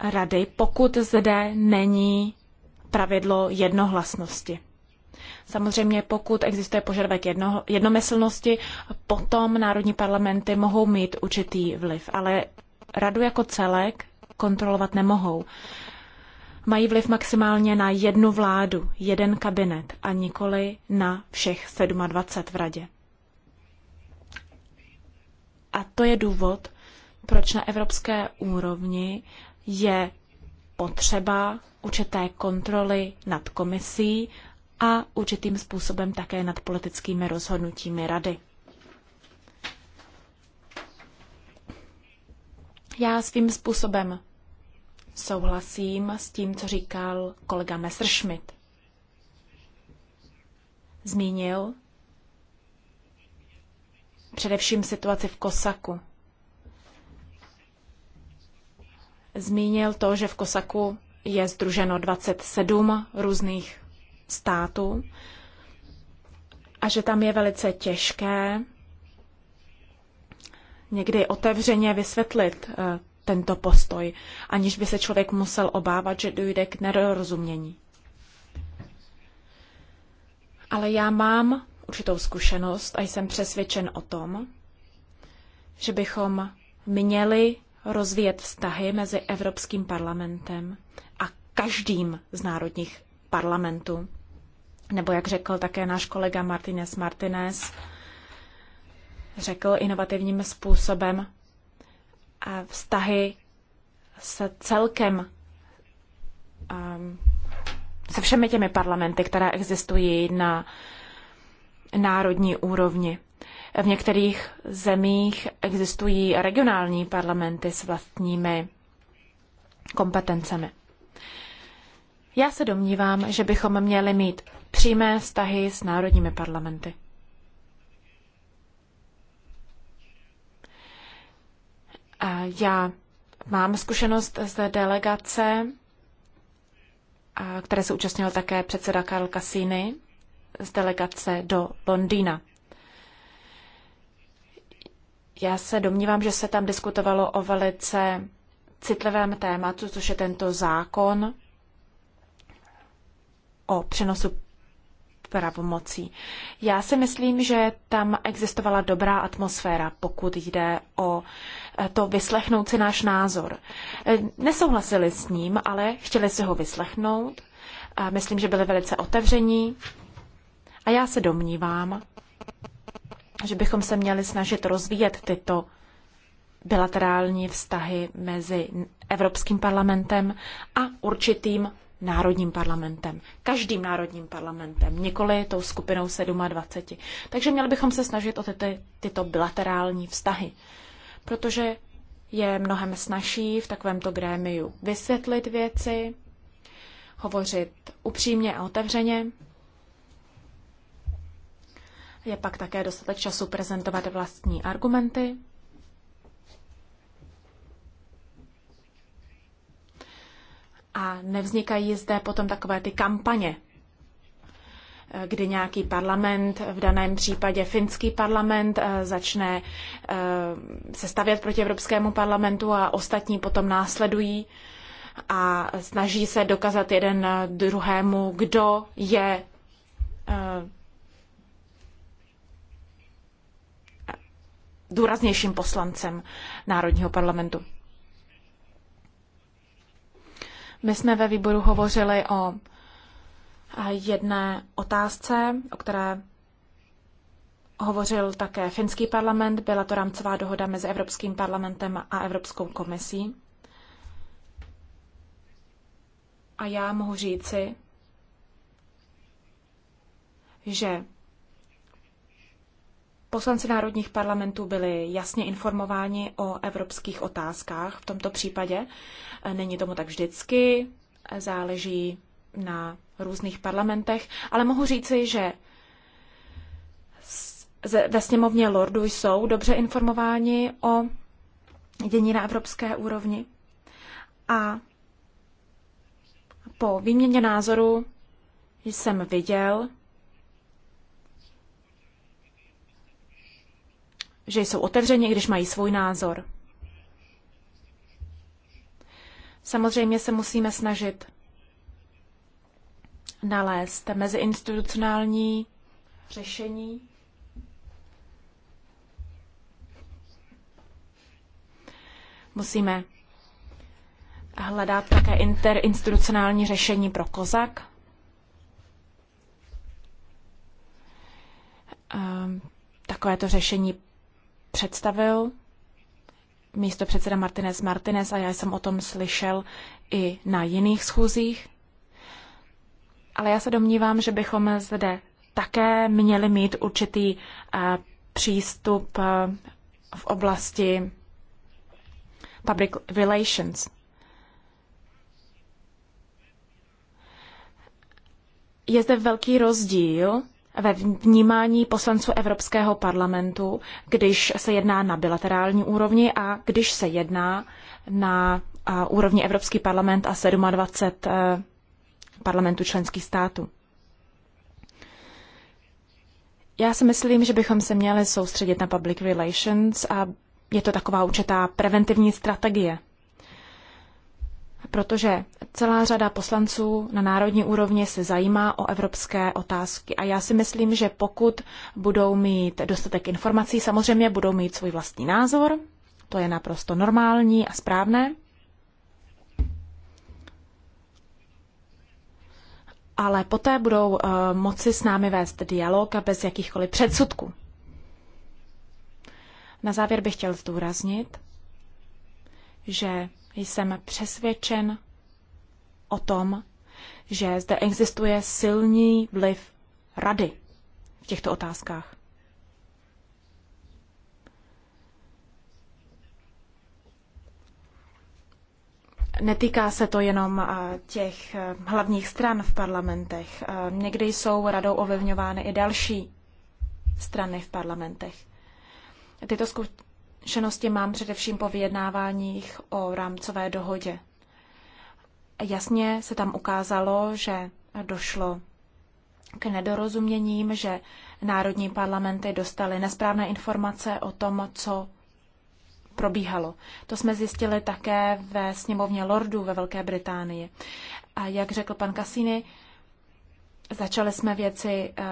rady, pokud zde není pravidlo jednohlasnosti. Samozřejmě pokud existuje požadavek jedno, jednomyslnosti, potom národní parlamenty mohou mít určitý vliv, ale radu jako celek kontrolovat nemohou. Mají vliv maximálně na jednu vládu, jeden kabinet a nikoli na všech 27 v radě. A to je důvod, proč na evropské úrovni je potřeba určité kontroly nad komisí a určitým způsobem také nad politickými rozhodnutími rady. Já svým způsobem souhlasím s tím, co říkal kolega Messerschmidt. Zmínil především situaci v Kosaku. Zmínil to, že v Kosaku je združeno 27 různých státu a že tam je velice těžké někdy otevřeně vysvětlit eh, tento postoj, aniž by se člověk musel obávat, že dojde k nedorozumění. Ale já mám určitou zkušenost a jsem přesvědčen o tom, že bychom měli rozvíjet vztahy mezi Evropským parlamentem a každým z národních parlamentů nebo jak řekl také náš kolega Martinez Martinez, řekl inovativním způsobem a vztahy se celkem um, se všemi těmi parlamenty, které existují na národní úrovni. V některých zemích existují regionální parlamenty s vlastními kompetencemi. Já se domnívám, že bychom měli mít přímé vztahy s národními parlamenty. A já mám zkušenost z delegace, které se účastnil také předseda Karl Cassini, z delegace do Londýna. Já se domnívám, že se tam diskutovalo o velice citlivém tématu, což je tento zákon o přenosu pravomocí. Já si myslím, že tam existovala dobrá atmosféra, pokud jde o eh, to vyslechnout si náš názor. Eh, nesouhlasili s ním, ale chtěli si ho vyslechnout. A myslím, že byli velice otevření. A já se domnívám, že bychom se měli snažit rozvíjet tyto bilaterální vztahy mezi Evropským parlamentem a určitým národním parlamentem, každým národním parlamentem, nikoli tou skupinou 27. Takže měli bychom se snažit o tyto, tyto bilaterální vztahy, protože je mnohem snažší v takovémto grémiu vysvětlit věci, hovořit upřímně a otevřeně. Je pak také dostatek času prezentovat vlastní argumenty A nevznikají zde potom takové ty kampaně, kdy nějaký parlament, v daném případě finský parlament, eh, začne eh, se stavět proti Evropskému parlamentu a ostatní potom následují a snaží se dokázat jeden druhému, kdo je eh, důraznějším poslancem Národního parlamentu. My jsme ve výboru hovořili o jedné otázce, o které hovořil také finský parlament. Byla to rámcová dohoda mezi Evropským parlamentem a Evropskou komisí. A já mohu říci, že Poslanci národních parlamentů byli jasně informováni o evropských otázkách v tomto případě. Není tomu tak vždycky, záleží na různých parlamentech, ale mohu říci, že ve sněmovně Lordů jsou dobře informováni o dění na evropské úrovni. A po výměně názoru jsem viděl, že jsou otevřeni, když mají svůj názor. Samozřejmě se musíme snažit nalézt meziinstitucionální řešení. Musíme hledat také interinstitucionální řešení pro kozak. Ehm, takovéto řešení představil místo předseda Martinez Martinez a já jsem o tom slyšel i na jiných schůzích. Ale já se domnívám, že bychom zde také měli mít určitý eh, přístup eh, v oblasti public relations. Je zde velký rozdíl ve vnímání poslanců Evropského parlamentu, když se jedná na bilaterální úrovni a když se jedná na úrovni Evropský parlament a 27 e, parlamentů členských států. Já si myslím, že bychom se měli soustředit na public relations a je to taková určitá preventivní strategie protože celá řada poslanců na národní úrovni se zajímá o evropské otázky a já si myslím, že pokud budou mít dostatek informací, samozřejmě budou mít svůj vlastní názor, to je naprosto normální a správné. Ale poté budou uh, moci s námi vést dialog a bez jakýchkoliv předsudků. Na závěr bych chtěl zdůraznit, že jsem přesvědčen o tom, že zde existuje silný vliv rady v těchto otázkách. Netýká se to jenom těch hlavních stran v parlamentech. Někdy jsou radou ovlivňovány i další strany v parlamentech. Tyto Zkušenosti mám především po vyjednáváních o rámcové dohodě. Jasně se tam ukázalo, že došlo k nedorozuměním, že národní parlamenty dostaly nesprávné informace o tom, co probíhalo. To jsme zjistili také ve sněmovně Lordů ve Velké Británii. A jak řekl pan Cassini, začali jsme věci eh,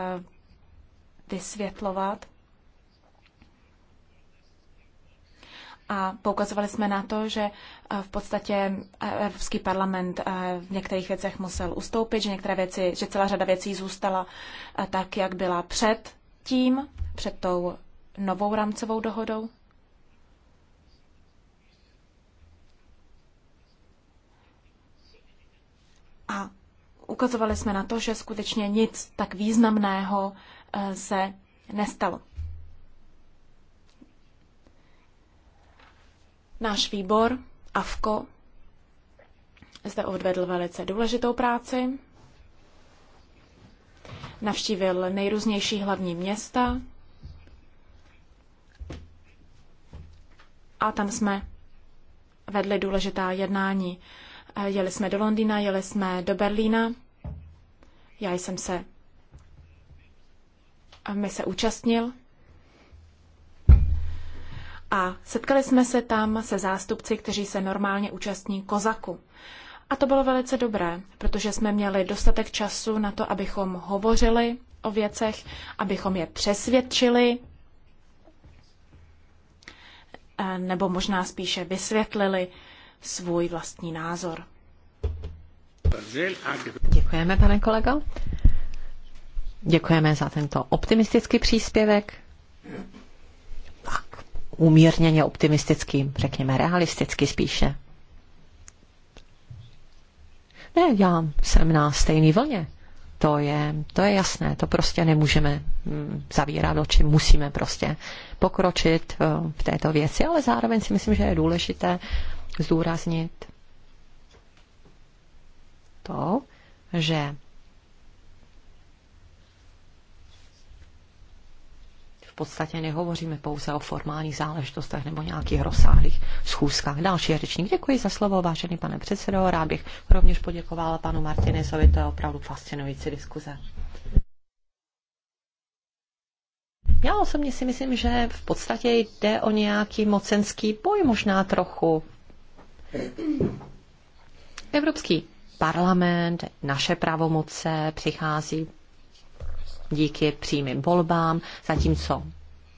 vysvětlovat a poukazovali jsme na to, že eh, v podstatě eh, Evropský parlament eh, v některých věcech musel ustoupit, že některé věci, že celá řada věcí zůstala tak, jak byla před tím, před tou novou rámcovou dohodou. A ukazovali jsme na to, že skutečně nic tak významného se nestalo. Náš výbor AFKO zde odvedl velice důležitou práci. Navštívil nejrůznější hlavní města a tam jsme vedli důležitá jednání. Eh, jeli jsme do Londýna, jeli jsme do Berlína. Já jsem se, eh, my se účastnil a setkali jsme se tam se zástupci, kteří se normálně účastní Kozaku. A to bylo velice dobré, protože jsme měli dostatek času na to, abychom hovořili o věcech, abychom je přesvědčili, eh, nebo možná spíše vysvětlili svůj vlastní názor. Děkujeme, pane kolego. Děkujeme za tento optimistický příspěvek umírněně optimistický, řekněme realisticky spíše. Ne, já jsem na stejný vlně. To je, to je jasné, to prostě nemůžeme mm, zavírat oči, musíme prostě pokročit eh, v této věci, ale zároveň si myslím, že je důležité zdůraznit to, že podstatě nehovoříme pouze o formálních záležitostech nebo nějakých rozsáhlých schůzkách. Další řečník. Děkuji za slovo, vážený pane předsedo. Rád bych rovněž poděkovala panu Martinezovi, to je opravdu fascinující diskuze. Já osobně si myslím, že v podstatě jde o nějaký mocenský boj možná trochu. Evropský parlament, naše pravomoce přichází díky přímým volbám, zatímco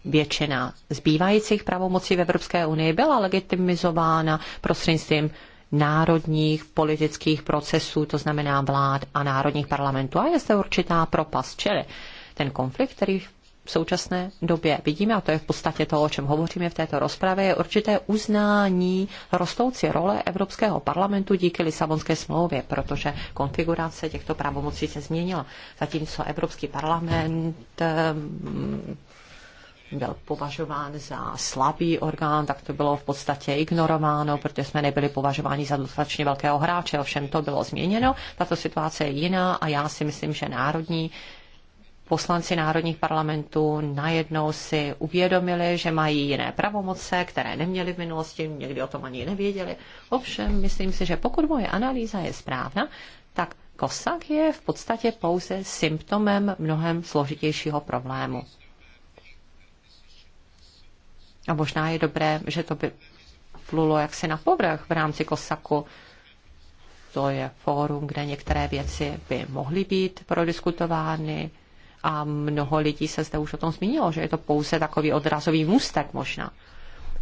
většina zbývajících pravomocí v Evropské unii byla legitimizována prostřednictvím národních politických procesů, to znamená vlád a národních parlamentů. A je zde určitá propast, čili ten konflikt, který v současné době vidíme, a to je v podstatě to, o čem hovoříme v této rozpravě, je určité uznání rostoucí role Evropského parlamentu díky Lisabonské smlouvě, protože konfigurace těchto pravomocí se změnila. Zatímco Evropský parlament ehm, byl považován za slabý orgán, tak to bylo v podstatě ignorováno, protože jsme nebyli považováni za dostatečně velkého hráče. Ovšem to bylo změněno, tato situace je jiná a já si myslím, že národní poslanci národních parlamentů najednou si uvědomili, že mají jiné pravomoce, které neměli v minulosti, někdy o tom ani nevěděli. Ovšem, myslím si, že pokud moje analýza je správná, tak kosak je v podstatě pouze symptomem mnohem složitějšího problému. A možná je dobré, že to by plulo jaksi na povrch v rámci kosaku, to je fórum, kde některé věci by mohly být prodiskutovány, a mnoho lidí se zde už o tom zmínilo, že je to pouze takový odrazový můstek možná.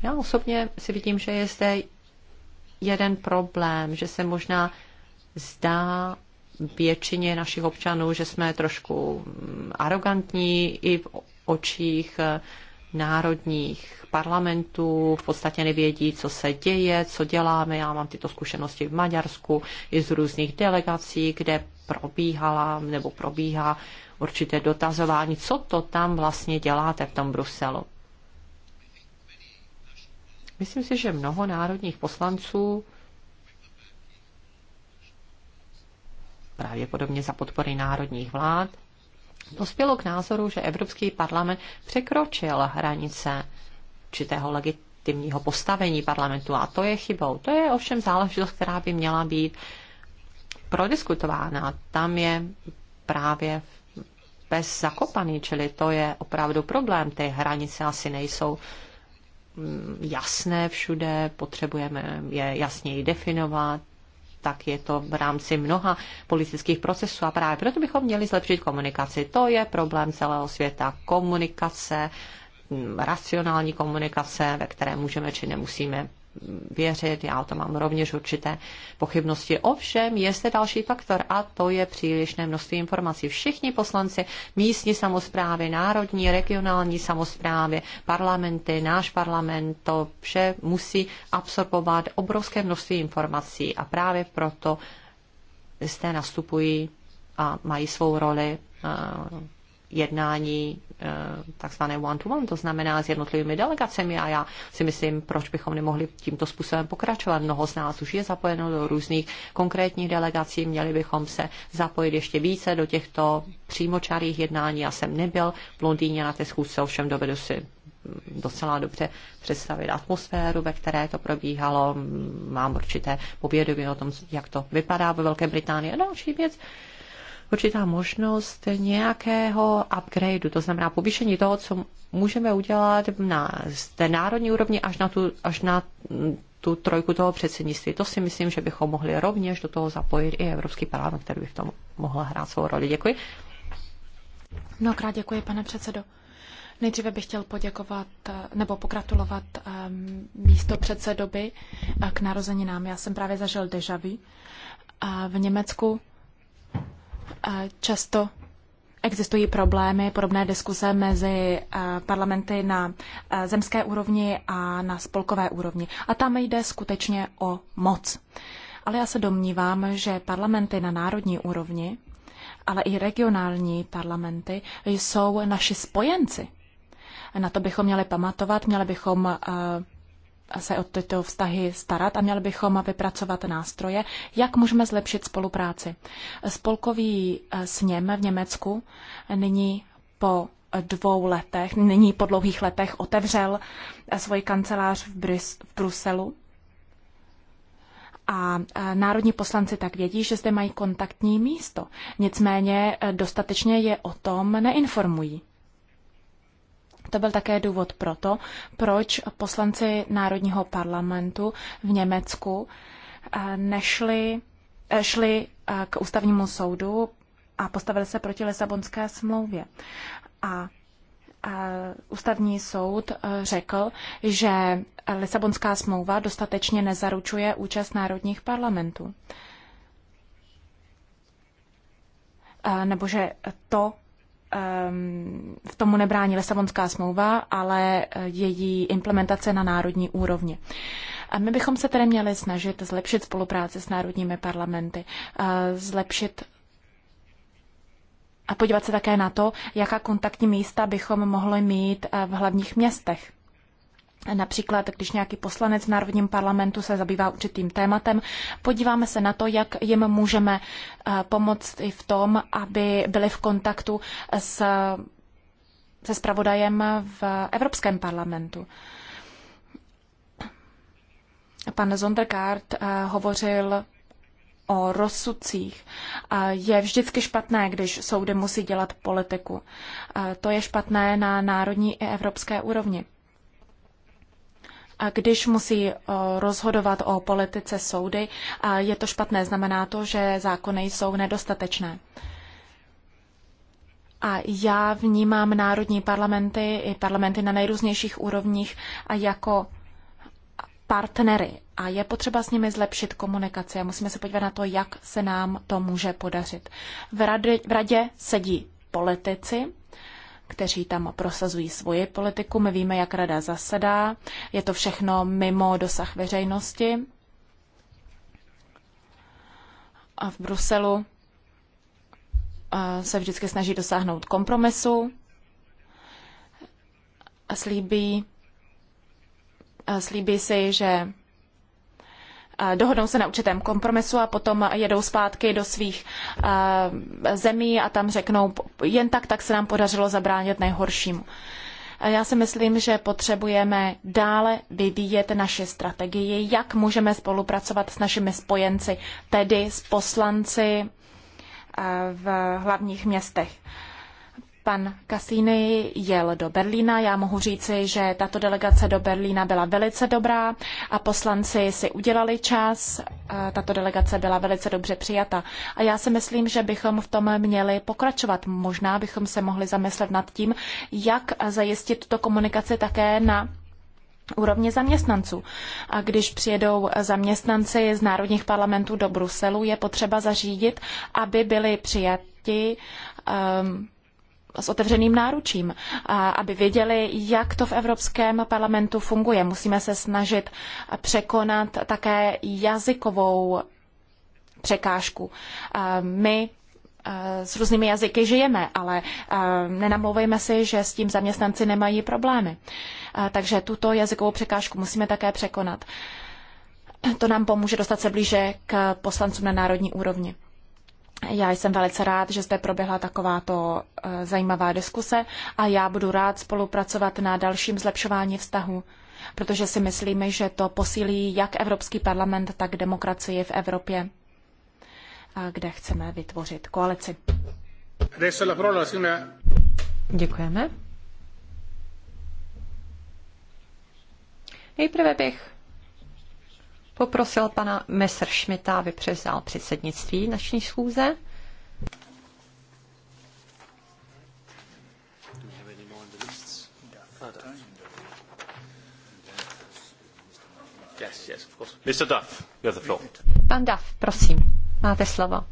Já osobně si vidím, že je zde jeden problém, že se možná zdá většině našich občanů, že jsme trošku mm, arrogantní i v očích eh, národních parlamentů, v podstatě nevědí, co se děje, co děláme. Já mám tyto zkušenosti v Maďarsku i z různých delegací, kde probíhala nebo probíhá určité dotazování, co to tam vlastně děláte v tom Bruselu. Myslím si, že mnoho národních poslanců pravděpodobně za podpory národních vlád dospělo k názoru, že Evropský parlament překročil hranice určitého legitimního postavení parlamentu a to je chybou. To je ovšem záležitost, která by měla být prodiskutována. Tam je právě v pes zakopaný, čili to je opravdu problém. Ty hranice asi nejsou mm, jasné všude, potřebujeme je jasněji definovat, tak je to v rámci mnoha politických procesů a právě proto bychom měli zlepšit komunikaci. To je problém celého světa. Komunikace, mm, racionální komunikace, ve které můžeme či nemusíme věřit, já to mám rovněž určité pochybnosti. Ovšem je zde další faktor a to je přílišné množství informací. Všichni poslanci místní samozprávy, národní, regionální samozprávy, parlamenty, náš parlament, to vše musí absorbovat obrovské množství informací a právě proto zde nastupují a mají svou roli eh, jednání Eh, takzvané one-to-one, to znamená s jednotlivými delegacemi a já si myslím, proč bychom nemohli tímto způsobem pokračovat. Mnoho z nás už je zapojeno do různých konkrétních delegací, měli bychom se zapojit ještě více do těchto přímočarých jednání. Já jsem nebyl v Londýně na té schůzce, ovšem dovedu si docela dobře představit atmosféru, ve které to probíhalo. Mám určité povědomí o tom, jak to vypadá ve Velké Británii. A další věc, určitá možnost nějakého upgradeu, to znamená povýšení toho, co můžeme udělat na té národní úrovni až na tu, až na tu trojku toho předsednictví. To si myslím, že bychom mohli rovněž do toho zapojit i Evropský parlament, který by v tom mohl hrát svou roli. Děkuji. Mnohokrát děkuji, pane předsedo. Nejdříve bych chtěl poděkovat eh, nebo pogratulovat ehm, místo předsedoby eh, k narozeninám. Já jsem právě zažil deja vu eh, v Německu často existují problémy, podobné diskuse mezi parlamenty na zemské úrovni a na spolkové úrovni. A tam jde skutečně o moc. Ale já se domnívám, že parlamenty na národní úrovni, ale i regionální parlamenty jsou naši spojenci. Na to bychom měli pamatovat, měli bychom se o tyto vztahy starat a měli bychom vypracovat nástroje, jak můžeme zlepšit spolupráci. Spolkový eh, sněm v Německu nyní po dvou letech, nyní po dlouhých letech otevřel eh, svoji kancelář v, Brys- v Bruselu. A eh, národní poslanci tak vědí, že zde mají kontaktní místo. Nicméně dostatečně je o tom neinformují. To byl také důvod pro to, proč poslanci Národního parlamentu v Německu eh, nešli, eh, šli eh, k ústavnímu soudu a postavili se proti Lisabonské smlouvě. A ústavní soud řekl, že Lisabonská smlouva dostatečně nezaručuje účast národních parlamentů. Nebo že to Ehm, v tomu nebrání Lisabonská smlouva, ale eh, její implementace na národní úrovni. A my bychom se tedy měli snažit zlepšit spolupráci s národními parlamenty, eh, zlepšit a podívat se také na to, jaká kontaktní místa bychom mohli mít eh, v hlavních městech. Například, když nějaký poslanec v Národním parlamentu se zabývá určitým tématem, podíváme se na to, jak jim můžeme eh, pomoct i v tom, aby byli v kontaktu s, se spravodajem v Evropském parlamentu. Pan Zondergaard eh, hovořil o rozsudcích. Eh, je vždycky špatné, když soudy musí dělat politiku. To je špatné na národní i evropské úrovni. A když musí eh, rozhodovat o politice soudy, je to špatné. Znamená to, že zákony jsou nedostatečné. A já vnímám národní parlamenty i parlamenty na nejrůznějších úrovních a jako partnery. A je potřeba s nimi zlepšit komunikaci a musíme se podívat na to, jak se nám to může podařit. V, rady, v radě sedí politici, kteří tam prosazují svoji politiku. My víme, jak rada zasedá. Je to všechno mimo dosah veřejnosti. A v Bruselu se vždycky snaží dosáhnout kompromisu a slíbí, slíbí si, že dohodnou se na určitém kompromisu a potom jedou zpátky do svých zemí a tam řeknou, jen tak, tak se nám podařilo zabránit nejhoršímu. Já si myslím, že potřebujeme dále vyvíjet naše strategii, jak můžeme spolupracovat s našimi spojenci, tedy s poslanci v hlavních městech. Pan Cassini jel do Berlína. Já mohu říci, že tato delegace do Berlína byla velice dobrá a poslanci si udělali čas. Tato delegace byla velice dobře přijata. A já si myslím, že bychom v tom měli pokračovat. Možná bychom se mohli zamyslet nad tím, jak zajistit tuto komunikaci také na úrovně zaměstnanců. A když přijedou zaměstnanci z národních parlamentů do Bruselu, je potřeba zařídit, aby byli přijati um, s otevřeným náručím, aby věděli, jak to v Evropském parlamentu funguje. Musíme se snažit překonat také jazykovou překážku. My s různými jazyky žijeme, ale nenamlouvejme si, že s tím zaměstnanci nemají problémy. Takže tuto jazykovou překážku musíme také překonat. To nám pomůže dostat se blíže k poslancům na národní úrovni. Já jsem velice rád, že zde proběhla takováto eh, zajímavá diskuse a já budu rád spolupracovat na dalším zlepšování vztahu, protože si myslíme, že to posílí jak Evropský parlament, tak demokracii v Evropě, kde chceme vytvořit koalici. Děkujeme. Nejprve bych poprosil pana Messerschmitta, aby převzal předsednictví naší schůze. Yes, yes, of course. Mr. Duff, you have the floor. Pan Duff, prosím, máte slovo.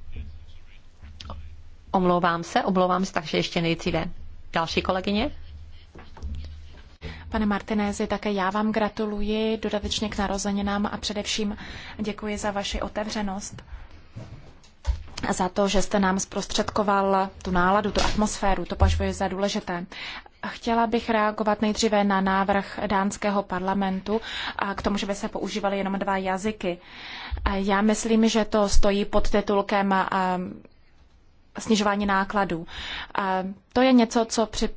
Omlouvám se, omlouvám se, takže ještě nejdříve další kolegyně. Pane Martinézi, také já vám gratuluji dodatečně k narozeninám a především děkuji za vaši otevřenost a za to, že jste nám zprostředkoval tu náladu, tu atmosféru, to považuji za důležité. Chtěla bych reagovat nejdříve na návrh dánského parlamentu a k tomu, že by se používaly jenom dva jazyky. Já myslím, že to stojí pod titulkem snižování nákladů. To je něco, co při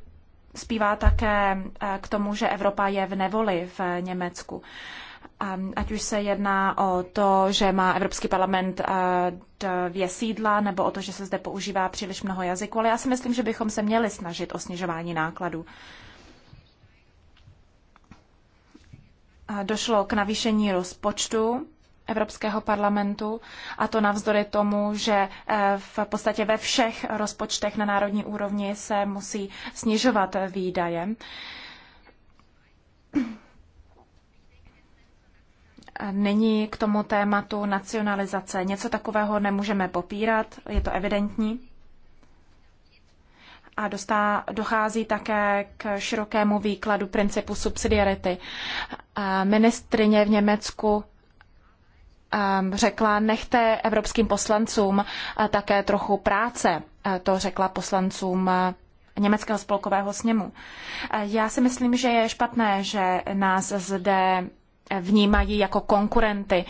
zpívá také eh, k tomu, že Evropa je v nevoli v eh, Německu. Ať už se jedná o to, že má Evropský parlament eh, dvě sídla, nebo o to, že se zde používá příliš mnoho jazyků, ale já si myslím, že bychom se měli snažit o snižování nákladů. Došlo k navýšení rozpočtu Evropského parlamentu a to navzdory tomu, že eh, v podstatě ve všech rozpočtech na národní úrovni se musí snižovat výdaje. Není k tomu tématu nacionalizace. Něco takového nemůžeme popírat, je to evidentní. A dostá, dochází také k širokému výkladu principu subsidiarity. Ministrině v Německu řekla, nechte evropským poslancům eh, také trochu práce. Eh, to řekla poslancům eh, Německého spolkového sněmu. Já si myslím, že je špatné, že nás zde vnímají jako konkurenty,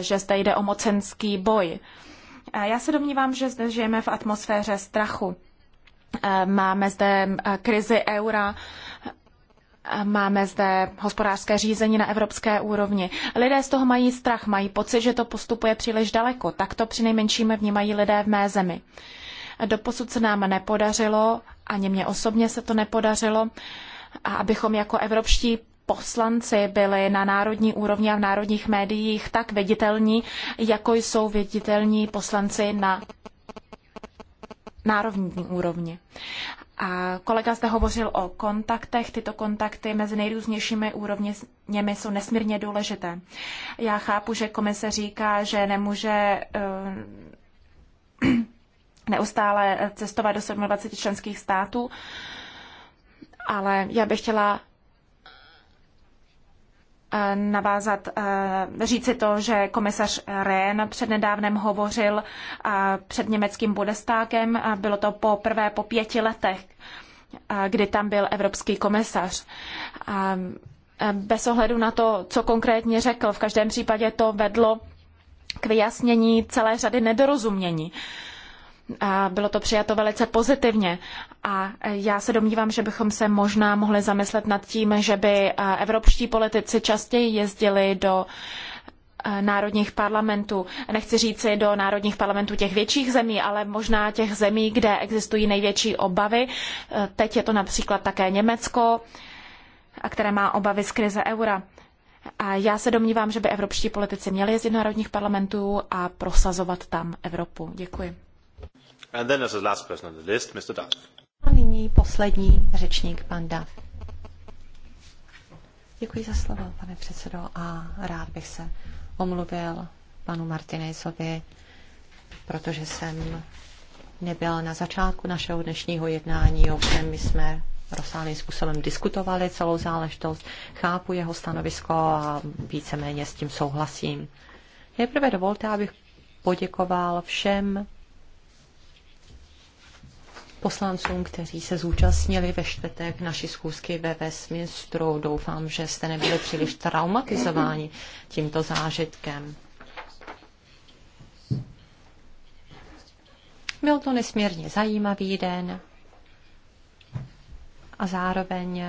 že zde jde o mocenský boj. Já se domnívám, že zde žijeme v atmosféře strachu. Máme zde krizi eura, Máme zde hospodářské řízení na evropské úrovni. Lidé z toho mají strach, mají pocit, že to postupuje příliš daleko. Tak to přinejmenším vnímají lidé v mé zemi. Doposud se nám nepodařilo, ani mně osobně se to nepodařilo, abychom jako evropští poslanci byli na národní úrovni a v národních médiích tak viditelní, jako jsou viditelní poslanci na národní úrovni. A kolega zde hovořil o kontaktech. Tyto kontakty mezi nejrůznějšími úrovněmi jsou nesmírně důležité. Já chápu, že komise říká, že nemůže eh, neustále cestovat do 27 členských států, ale já bych chtěla Eh, navázat, eh, říci to, že komisař Rehn přednedávnem hovořil eh, před německým Bundestagem. Bylo to poprvé po pěti letech, kdy tam byl evropský komisař. Bez ohledu na to, co konkrétně řekl, v každém případě to vedlo k vyjasnění celé řady nedorozumění. Uh, a bylo to přijato velice pozitivně a e, já se domnívám, že bychom se možná mohli zamyslet nad tím, že by e, evropští politici častěji jezdili do e, národních parlamentů. Nechci říci do národních parlamentů těch větších zemí, ale možná těch zemí, kde existují největší obavy. Teď je to například také Německo, které má obavy z krize eura. A já se domnívám, že by evropští politici měli jezdit do národních parlamentů a prosazovat tam Evropu. Děkuji. And then as the last person on the list, Mr. Duff. A nyní poslední řečník, pan Duff. Děkuji za slovo, pane předsedo, a rád bych se omluvil panu Martinezovi, protože jsem nebyl na začátku našeho dnešního jednání, ovšem my jsme rozsáhlým způsobem diskutovali celou záležitost, chápu jeho stanovisko a víceméně s tím souhlasím. Nejprve dovolte, abych poděkoval všem poslancům, kteří se zúčastnili ve čtvrtek naší schůzky ve Westminsteru. Doufám, že jste nebyli příliš traumatizováni tímto zážitkem. Byl to nesmírně zajímavý den a zároveň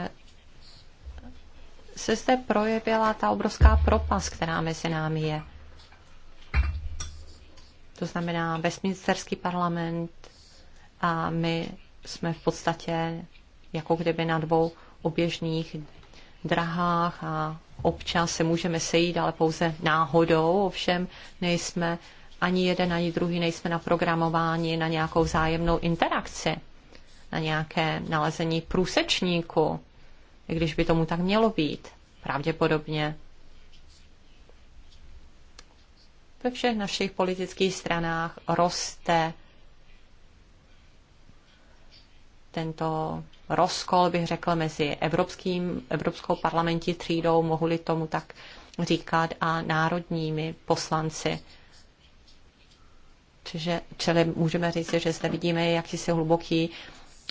se zde projevila ta obrovská propast, která mezi námi je. To znamená, Westminsterský parlament a my jsme v podstatě jako kdyby na dvou oběžných drahách a občas se můžeme sejít, ale pouze náhodou, ovšem nejsme ani jeden, ani druhý nejsme naprogramováni na nějakou vzájemnou interakci, na nějaké nalezení průsečníku, i když by tomu tak mělo být, pravděpodobně. Ve všech našich politických stranách roste tento rozkol, bych řekl, mezi evropským, evropskou parlamentní třídou, mohli tomu tak říkat, a národními poslanci. Čiže, čili můžeme říct, že zde vidíme jakýsi hluboký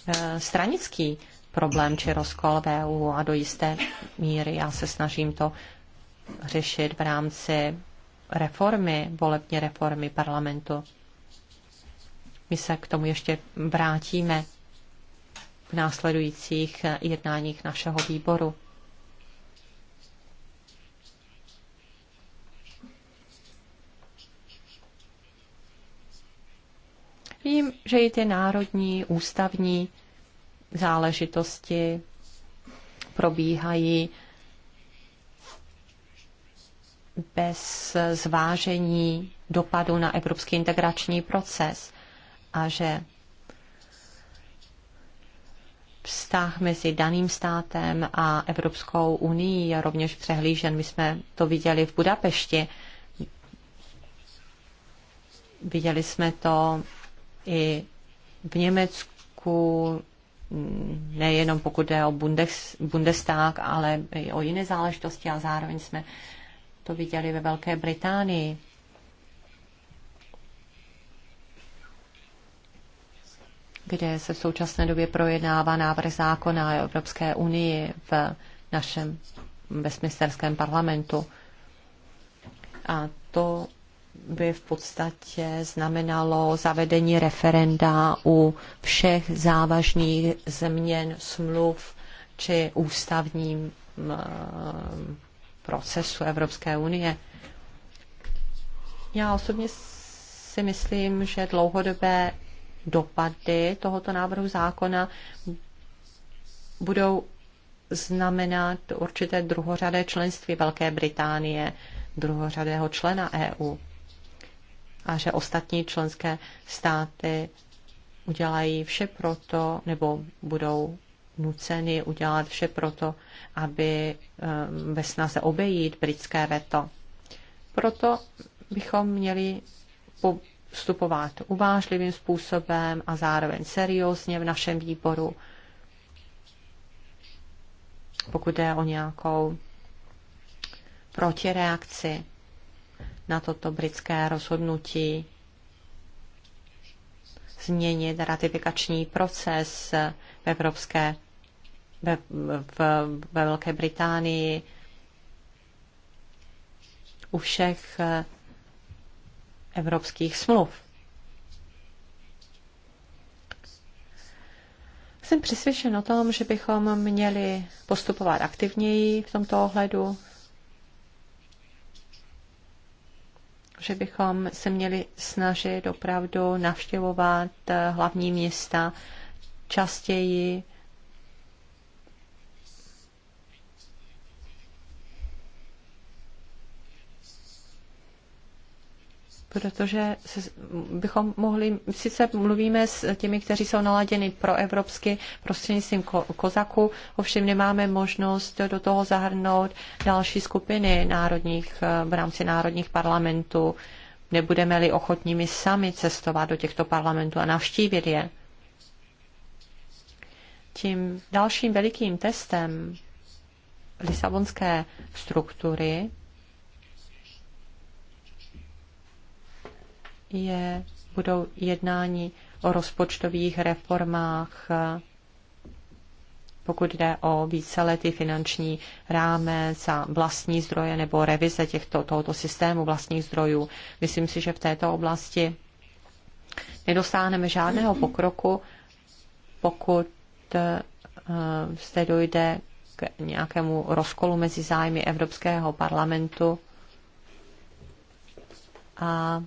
e, stranický problém či rozkol EU a do jisté míry já se snažím to řešit v rámci reformy, volební reformy parlamentu. My se k tomu ještě vrátíme v následujících jednáních našeho výboru. Vím, že i ty národní ústavní záležitosti probíhají bez zvážení dopadu na evropský integrační proces a že vztah mezi daným státem a Evropskou unii je rovněž přehlížen. My jsme to viděli v Budapešti. Viděli jsme to i v Německu, nejenom pokud jde o Bundes, Bundestag, ale i o jiné záležitosti a zároveň jsme to viděli ve Velké Británii. kde se v současné době projednává návrh zákona Evropské unii v našem vesmisterském parlamentu. A to by v podstatě znamenalo zavedení referenda u všech závažných změn smluv či ústavním eh, procesu Evropské unie. Já osobně si myslím, že dlouhodobé dopady tohoto návrhu zákona budou znamenat určité druhořadé členství Velké Británie, druhořadého člena EU a že ostatní členské státy udělají vše proto, nebo budou nuceny udělat vše proto, aby ehm, ve snaze obejít britské veto. Proto bychom měli vstupovat uvážlivým způsobem a zároveň seriózně v našem výboru, pokud jde o nějakou protireakci na toto britské rozhodnutí změnit ratifikační proces v Evropské, ve, v, ve Velké Británii u všech evropských smluv. Jsem přesvědčen o tom, že bychom měli postupovat aktivněji v tomto ohledu, že bychom se měli snažit opravdu navštěvovat hlavní města častěji, protože bychom mohli, sice mluvíme s těmi, kteří jsou naladěni pro evropsky prostřednictvím ko- kozaku, ovšem nemáme možnost do toho zahrnout další skupiny národních, eh, v rámci národních parlamentů. Nebudeme-li ochotními sami cestovat do těchto parlamentů a navštívit je. Tím dalším velikým testem Lisabonské struktury je, budou jednání o rozpočtových reformách, pokud jde o víceletý finanční rámec za vlastní zdroje nebo revize těchto, tohoto systému vlastních zdrojů. Myslím si, že v této oblasti nedosáhneme žádného pokroku, pokud eh, zde dojde k nějakému rozkolu mezi zájmy Evropského parlamentu a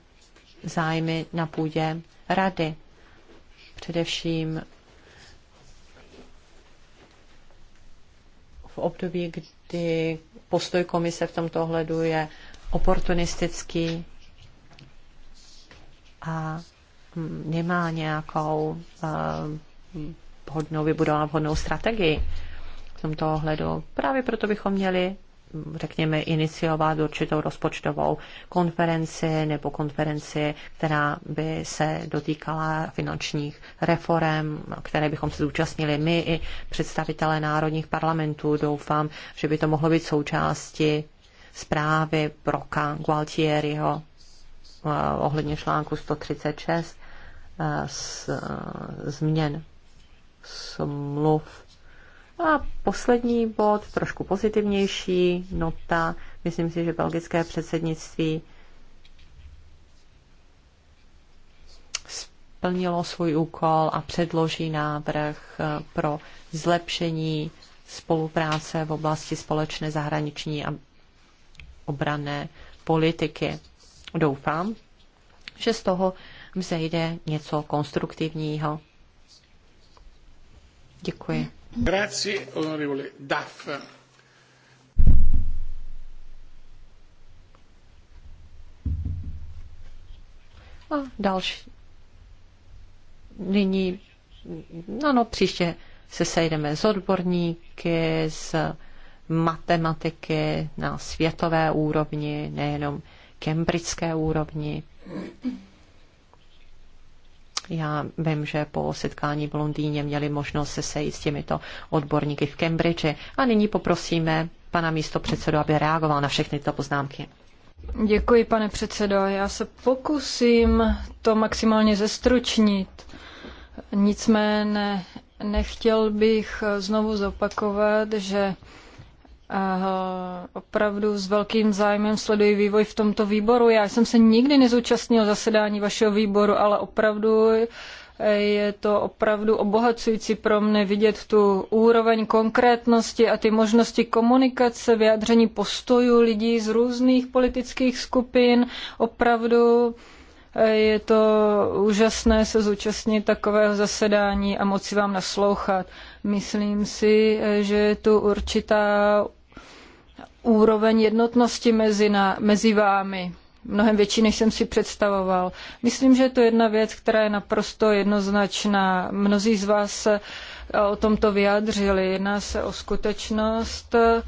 zájmy na půdě rady. Především v období, kdy postoj komise v tomto ohledu je oportunistický a nemá nějakou uh, eh, hodnou, vybudovat vhodnou strategii v tomto ohledu. Právě proto bychom měli řekněme, iniciovat určitou rozpočtovou konferenci nebo konferenci, která by se dotýkala finančních reform, které bychom se zúčastnili my i představitelé národních parlamentů. Doufám, že by to mohlo být součástí zprávy Broka Gualtieriho eh, ohledně článku 136 z, eh, eh, změn smluv a poslední bod, trošku pozitivnější nota. Myslím si, že belgické předsednictví splnilo svůj úkol a předloží návrh eh, pro zlepšení spolupráce v oblasti společné zahraniční a obrané politiky. Doufám, že z toho vzejde něco konstruktivního. Děkuji. Grazie, onorevole Duff. A další. Nyní, no, no, příště se sejdeme s odborníky, s matematiky na světové úrovni, nejenom kembrické úrovni. Já vím, že po setkání v Londýně měli možnost se sejít s těmito odborníky v Cambridge. A nyní poprosíme pana místo předsedu, aby reagoval na všechny tyto poznámky. Děkuji, pane předsedo. Já se pokusím to maximálně zestručnit. Nicméně nechtěl bych znovu zopakovat, že opravdu s velkým zájmem sleduji vývoj v tomto výboru. Já jsem se nikdy nezúčastnil zasedání vašeho výboru, ale opravdu e, je to opravdu obohacující pro mne vidět tu úroveň konkrétnosti a ty možnosti komunikace, vyjádření postojů lidí z různých politických skupin. Opravdu e, je to úžasné se zúčastnit takového zasedání a moci vám naslouchat. Myslím si, e, že je tu určitá úroveň jednotnosti mezi, na, mezi vámi mnohem větší, než jsem si představoval. Myslím, že je to jedna věc, která je naprosto jednoznačná. Mnozí z vás se eh, o tomto vyjádřili. Jedná se o skutečnost, eh,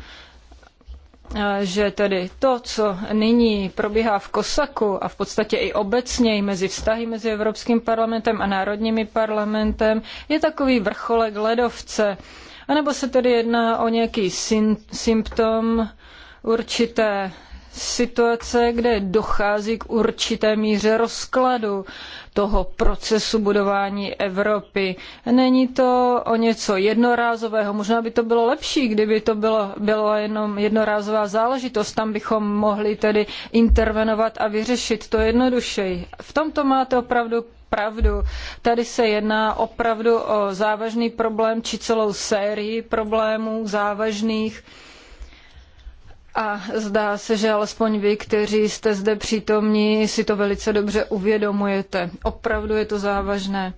že tedy to, co nyní probíhá v Kosaku a v podstatě i obecně mezi vztahy mezi Evropským parlamentem a národními parlamentem, je takový vrcholek ledovce. A nebo se tedy jedná o nějaký symptom, určité situace, kde dochází k určité míře rozkladu toho procesu budování Evropy. Není to o něco jednorázového, možná by to bylo lepší, kdyby to bylo, bylo jenom jednorázová záležitost, tam bychom mohli tedy intervenovat a vyřešit to jednodušeji. V tomto máte opravdu pravdu. Tady se jedná opravdu o závažný problém či celou sérii problémů závažných a zdá se, že alespoň vy, kteří jste zde přítomní, si to velice dobře uvědomujete. Opravdu je to závažné.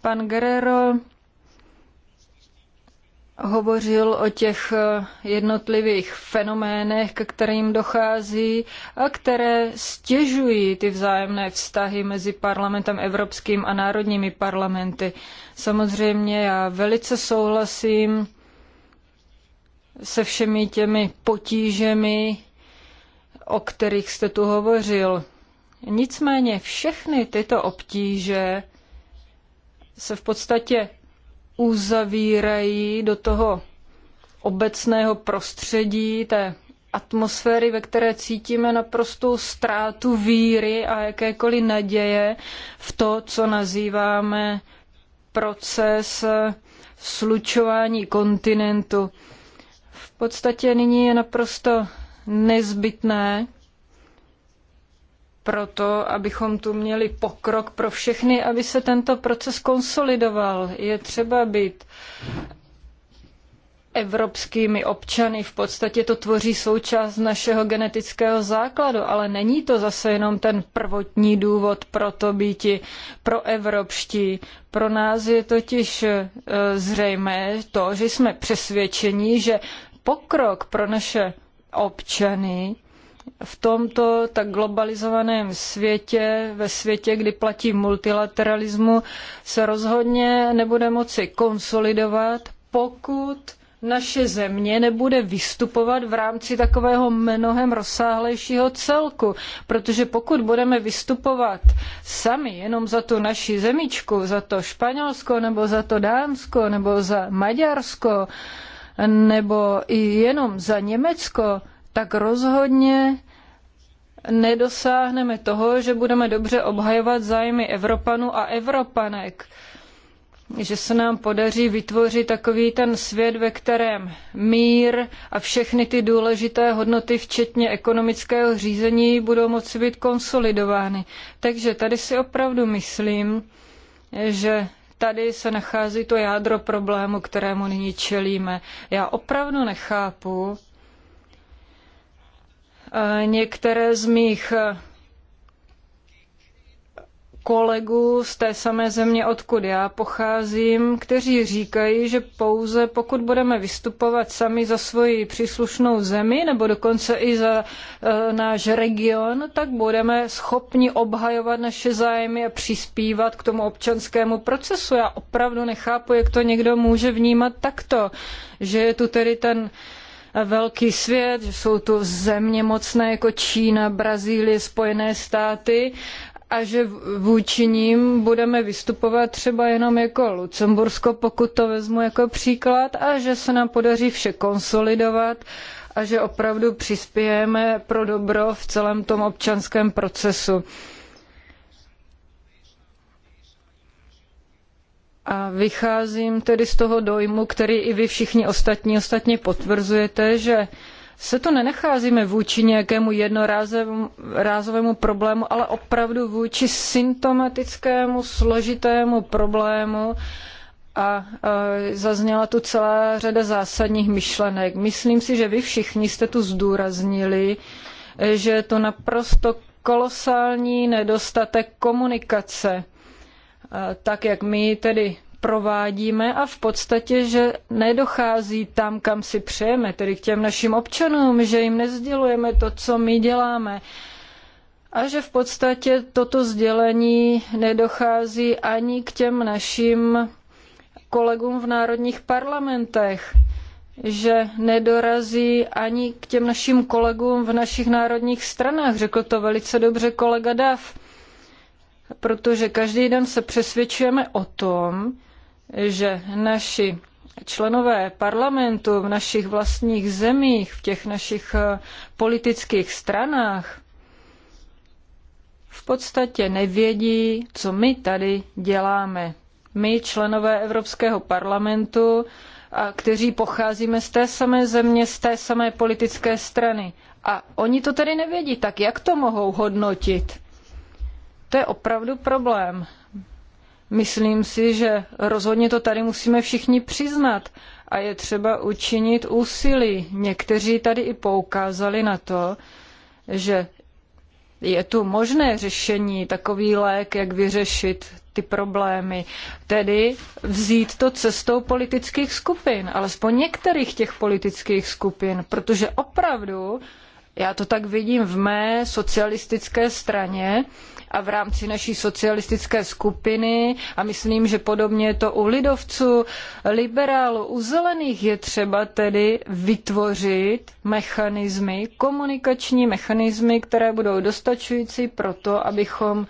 Pan Guerrero hovořil o těch eh, jednotlivých fenoménech, ke kterým dochází a které stěžují ty vzájemné vztahy mezi parlamentem evropským a národními parlamenty. Samozřejmě já velice souhlasím se všemi těmi potížemi, o kterých jste tu hovořil. Nicméně všechny tyto obtíže se v podstatě uzavírají do toho obecného prostředí, té atmosféry, ve které cítíme naprostou ztrátu víry a jakékoliv naděje v to, co nazýváme proces slučování kontinentu. V podstatě nyní je naprosto nezbytné proto, abychom tu měli pokrok pro všechny, aby se tento proces konsolidoval. Je třeba být evropskými občany. V podstatě to tvoří součást našeho genetického základu, ale není to zase jenom ten prvotní důvod pro to býti evropští. Pro nás je totiž eh, zřejmé to, že jsme přesvědčeni, že pokrok pro naše občany v tomto tak globalizovaném světě, ve světě, kdy platí multilateralismu, se rozhodně nebude moci konsolidovat, pokud naše země nebude vystupovat v rámci takového mnohem rozsáhlejšího celku, protože pokud budeme vystupovat sami jenom za tu naši zemičku, za to Španělsko nebo za to Dánsko nebo za Maďarsko, nebo i jenom za Německo, tak rozhodně nedosáhneme toho, že budeme dobře obhajovat zájmy Evropanů a Evropanek. Že se nám podaří vytvořit takový ten svět, ve kterém mír a všechny ty důležité hodnoty, včetně ekonomického řízení, budou moci být konsolidovány. Takže tady si opravdu myslím, že tady se nachází to jádro problému, kterému nyní čelíme. Já opravdu nechápu eh, některé z mých eh, kolegů z té samé země, odkud já pocházím, kteří říkají, že pouze pokud budeme vystupovat sami za svoji příslušnou zemi, nebo dokonce i za e, náš region, tak budeme schopni obhajovat naše zájmy a přispívat k tomu občanskému procesu. Já opravdu nechápu, jak to někdo může vnímat takto, že je tu tedy ten e, velký svět, že jsou tu země mocné jako Čína, Brazílie, Spojené státy a že vůči ním budeme vystupovat třeba jenom jako Lucembursko, pokud to vezmu jako příklad, a že se nám podaří vše konsolidovat a že opravdu přispějeme pro dobro v celém tom občanském procesu. A vycházím tedy z toho dojmu, který i vy všichni ostatní ostatně potvrzujete, že se tu nenacházíme vůči nějakému jednorázovému problému, ale opravdu vůči symptomatickému, složitému problému, a zazněla tu celá řada zásadních myšlenek. Myslím si, že vy všichni jste tu zdůraznili, že je to naprosto kolosální nedostatek komunikace. Tak jak my tedy provádíme a v podstatě, že nedochází tam, kam si přejeme, tedy k těm našim občanům, že jim nezdělujeme to, co my děláme. A že v podstatě toto sdělení nedochází ani k těm našim kolegům v národních parlamentech, že nedorazí ani k těm našim kolegům v našich národních stranách. Řekl to velice dobře kolega Dav protože každý den se přesvědčujeme o tom, že naši členové parlamentu v našich vlastních zemích, v těch našich eh, politických stranách, v podstatě nevědí, co my tady děláme. My, členové Evropského parlamentu, a kteří pocházíme z té samé země, z té samé politické strany. A oni to tedy nevědí, tak jak to mohou hodnotit? To je opravdu problém. Myslím si, že rozhodně to tady musíme všichni přiznat a je třeba učinit úsilí. Někteří tady i poukázali na to, že je tu možné řešení, takový lék, jak vyřešit ty problémy. Tedy vzít to cestou politických skupin, alespoň některých těch politických skupin, protože opravdu já to tak vidím v mé socialistické straně a v rámci naší socialistické skupiny a myslím, že podobně je to u lidovců, liberálů, u zelených je třeba tedy vytvořit mechanismy, komunikační mechanismy, které budou dostačující pro to, abychom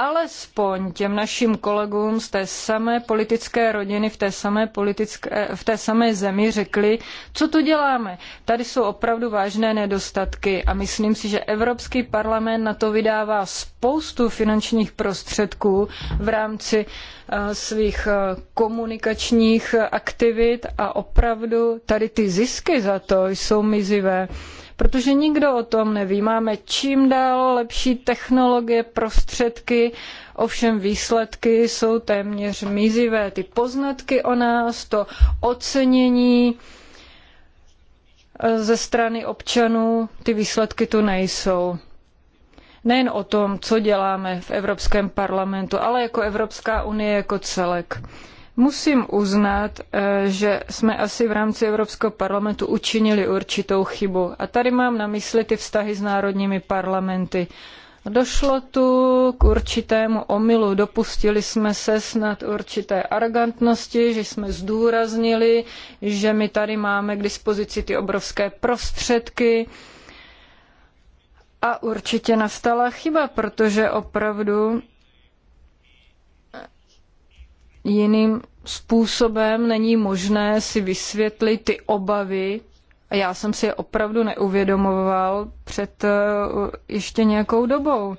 alespoň těm našim kolegům z té samé politické rodiny, v té samé, politické, v té samé zemi řekli, co tu děláme. Tady jsou opravdu vážné nedostatky a myslím si, že Evropský parlament na to vydává spoustu finančních prostředků v rámci eh, svých eh, komunikačních aktivit a opravdu tady ty zisky za to jsou mizivé protože nikdo o tom neví. Máme čím dál lepší technologie, prostředky, ovšem výsledky jsou téměř mizivé. Ty poznatky o nás, to ocenění eh, ze strany občanů, ty výsledky tu nejsou nejen o tom, co děláme v Evropském parlamentu, ale jako Evropská unie jako celek. Musím uznat, eh, že jsme asi v rámci Evropského parlamentu učinili určitou chybu. A tady mám na mysli ty vztahy s národními parlamenty. Došlo tu k určitému omylu. Dopustili jsme se snad určité arrogantnosti, že jsme zdůraznili, že my tady máme k dispozici ty obrovské prostředky. A určitě nastala chyba, protože opravdu jiným způsobem není možné si vysvětlit ty obavy, a já jsem si je opravdu neuvědomoval před eh, ještě nějakou dobou.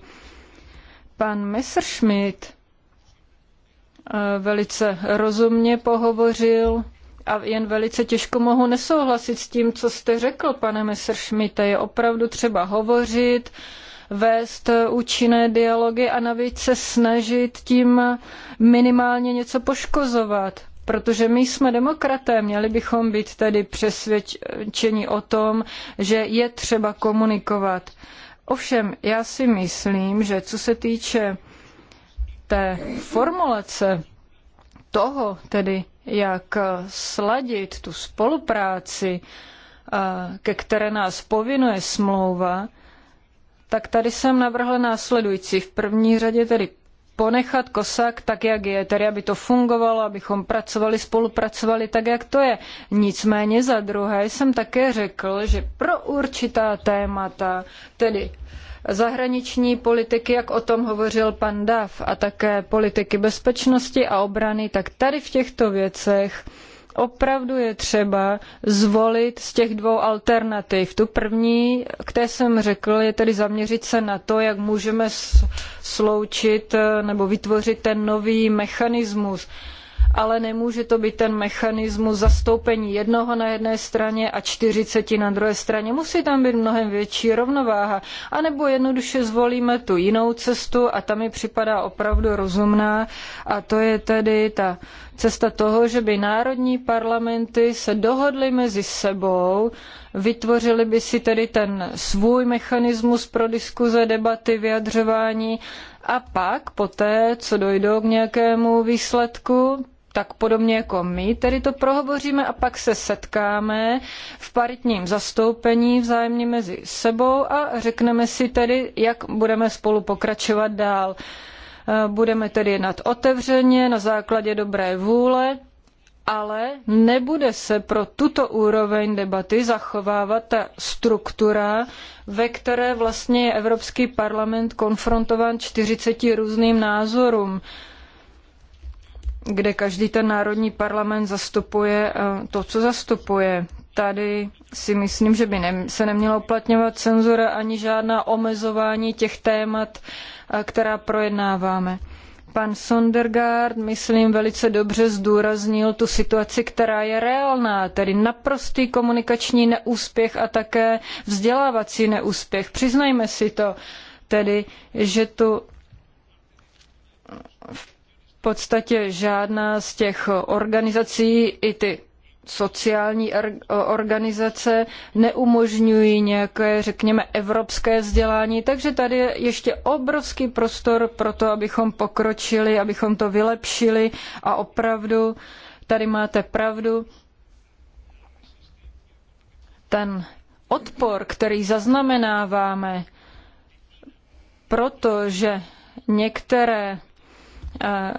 Pan Messerschmidt eh, velice rozumně pohovořil a jen velice těžko mohu nesouhlasit s tím, co jste řekl, pane Messerschmidt. Je opravdu třeba hovořit, vést účinné dialogy a navíc se snažit tím minimálně něco poškozovat. Protože my jsme demokraté, měli bychom být tedy přesvědčeni o tom, že je třeba komunikovat. Ovšem, já si myslím, že co se týče té formulace toho, tedy jak sladit tu spolupráci, ke které nás povinuje smlouva, tak tady jsem navrhl následující. V první řadě tedy ponechat kosak tak, jak je, tedy aby to fungovalo, abychom pracovali, spolupracovali tak, jak to je. Nicméně za druhé jsem také řekl, že pro určitá témata, tedy zahraniční politiky, jak o tom hovořil pan Dav, a také politiky bezpečnosti a obrany, tak tady v těchto věcech opravdu je třeba zvolit z těch dvou alternativ. Tu první, které jsem řekl, je tedy zaměřit se na to, jak můžeme sloučit eh, nebo vytvořit ten nový mechanismus ale nemůže to být ten mechanismus zastoupení jednoho na jedné straně a 40 na druhé straně. Musí tam být mnohem větší rovnováha. A nebo jednoduše zvolíme tu jinou cestu a ta mi připadá opravdu rozumná a to je tedy ta cesta toho, že by národní parlamenty se dohodly mezi sebou, vytvořili by si tedy ten svůj mechanismus pro diskuze, debaty, vyjadřování a pak poté, co dojdou k nějakému výsledku, tak podobně jako my, tedy to prohovoříme a pak se setkáme v paritním zastoupení vzájemně mezi sebou a řekneme si tedy, jak budeme spolu pokračovat dál. Eh, budeme tedy jednat otevřeně na základě dobré vůle, ale nebude se pro tuto úroveň debaty zachovávat ta struktura, ve které vlastně je Evropský parlament konfrontován 40 různým názorům kde každý ten národní parlament zastupuje eh, to, co zastupuje. Tady si myslím, že by se neměla uplatňovat cenzura ani žádná omezování těch témat, eh, která projednáváme. Pan Sondergaard, myslím, velice dobře zdůraznil tu situaci, která je reálná, tedy naprostý komunikační neúspěch a také vzdělávací neúspěch. Přiznajme si to, tedy, že tu podstatě žádná z těch organizací, i ty sociální er, organizace neumožňují nějaké, řekněme, evropské vzdělání, takže tady je ještě obrovský prostor pro to, abychom pokročili, abychom to vylepšili a opravdu, tady máte pravdu, ten odpor, který zaznamenáváme, protože některé Eh,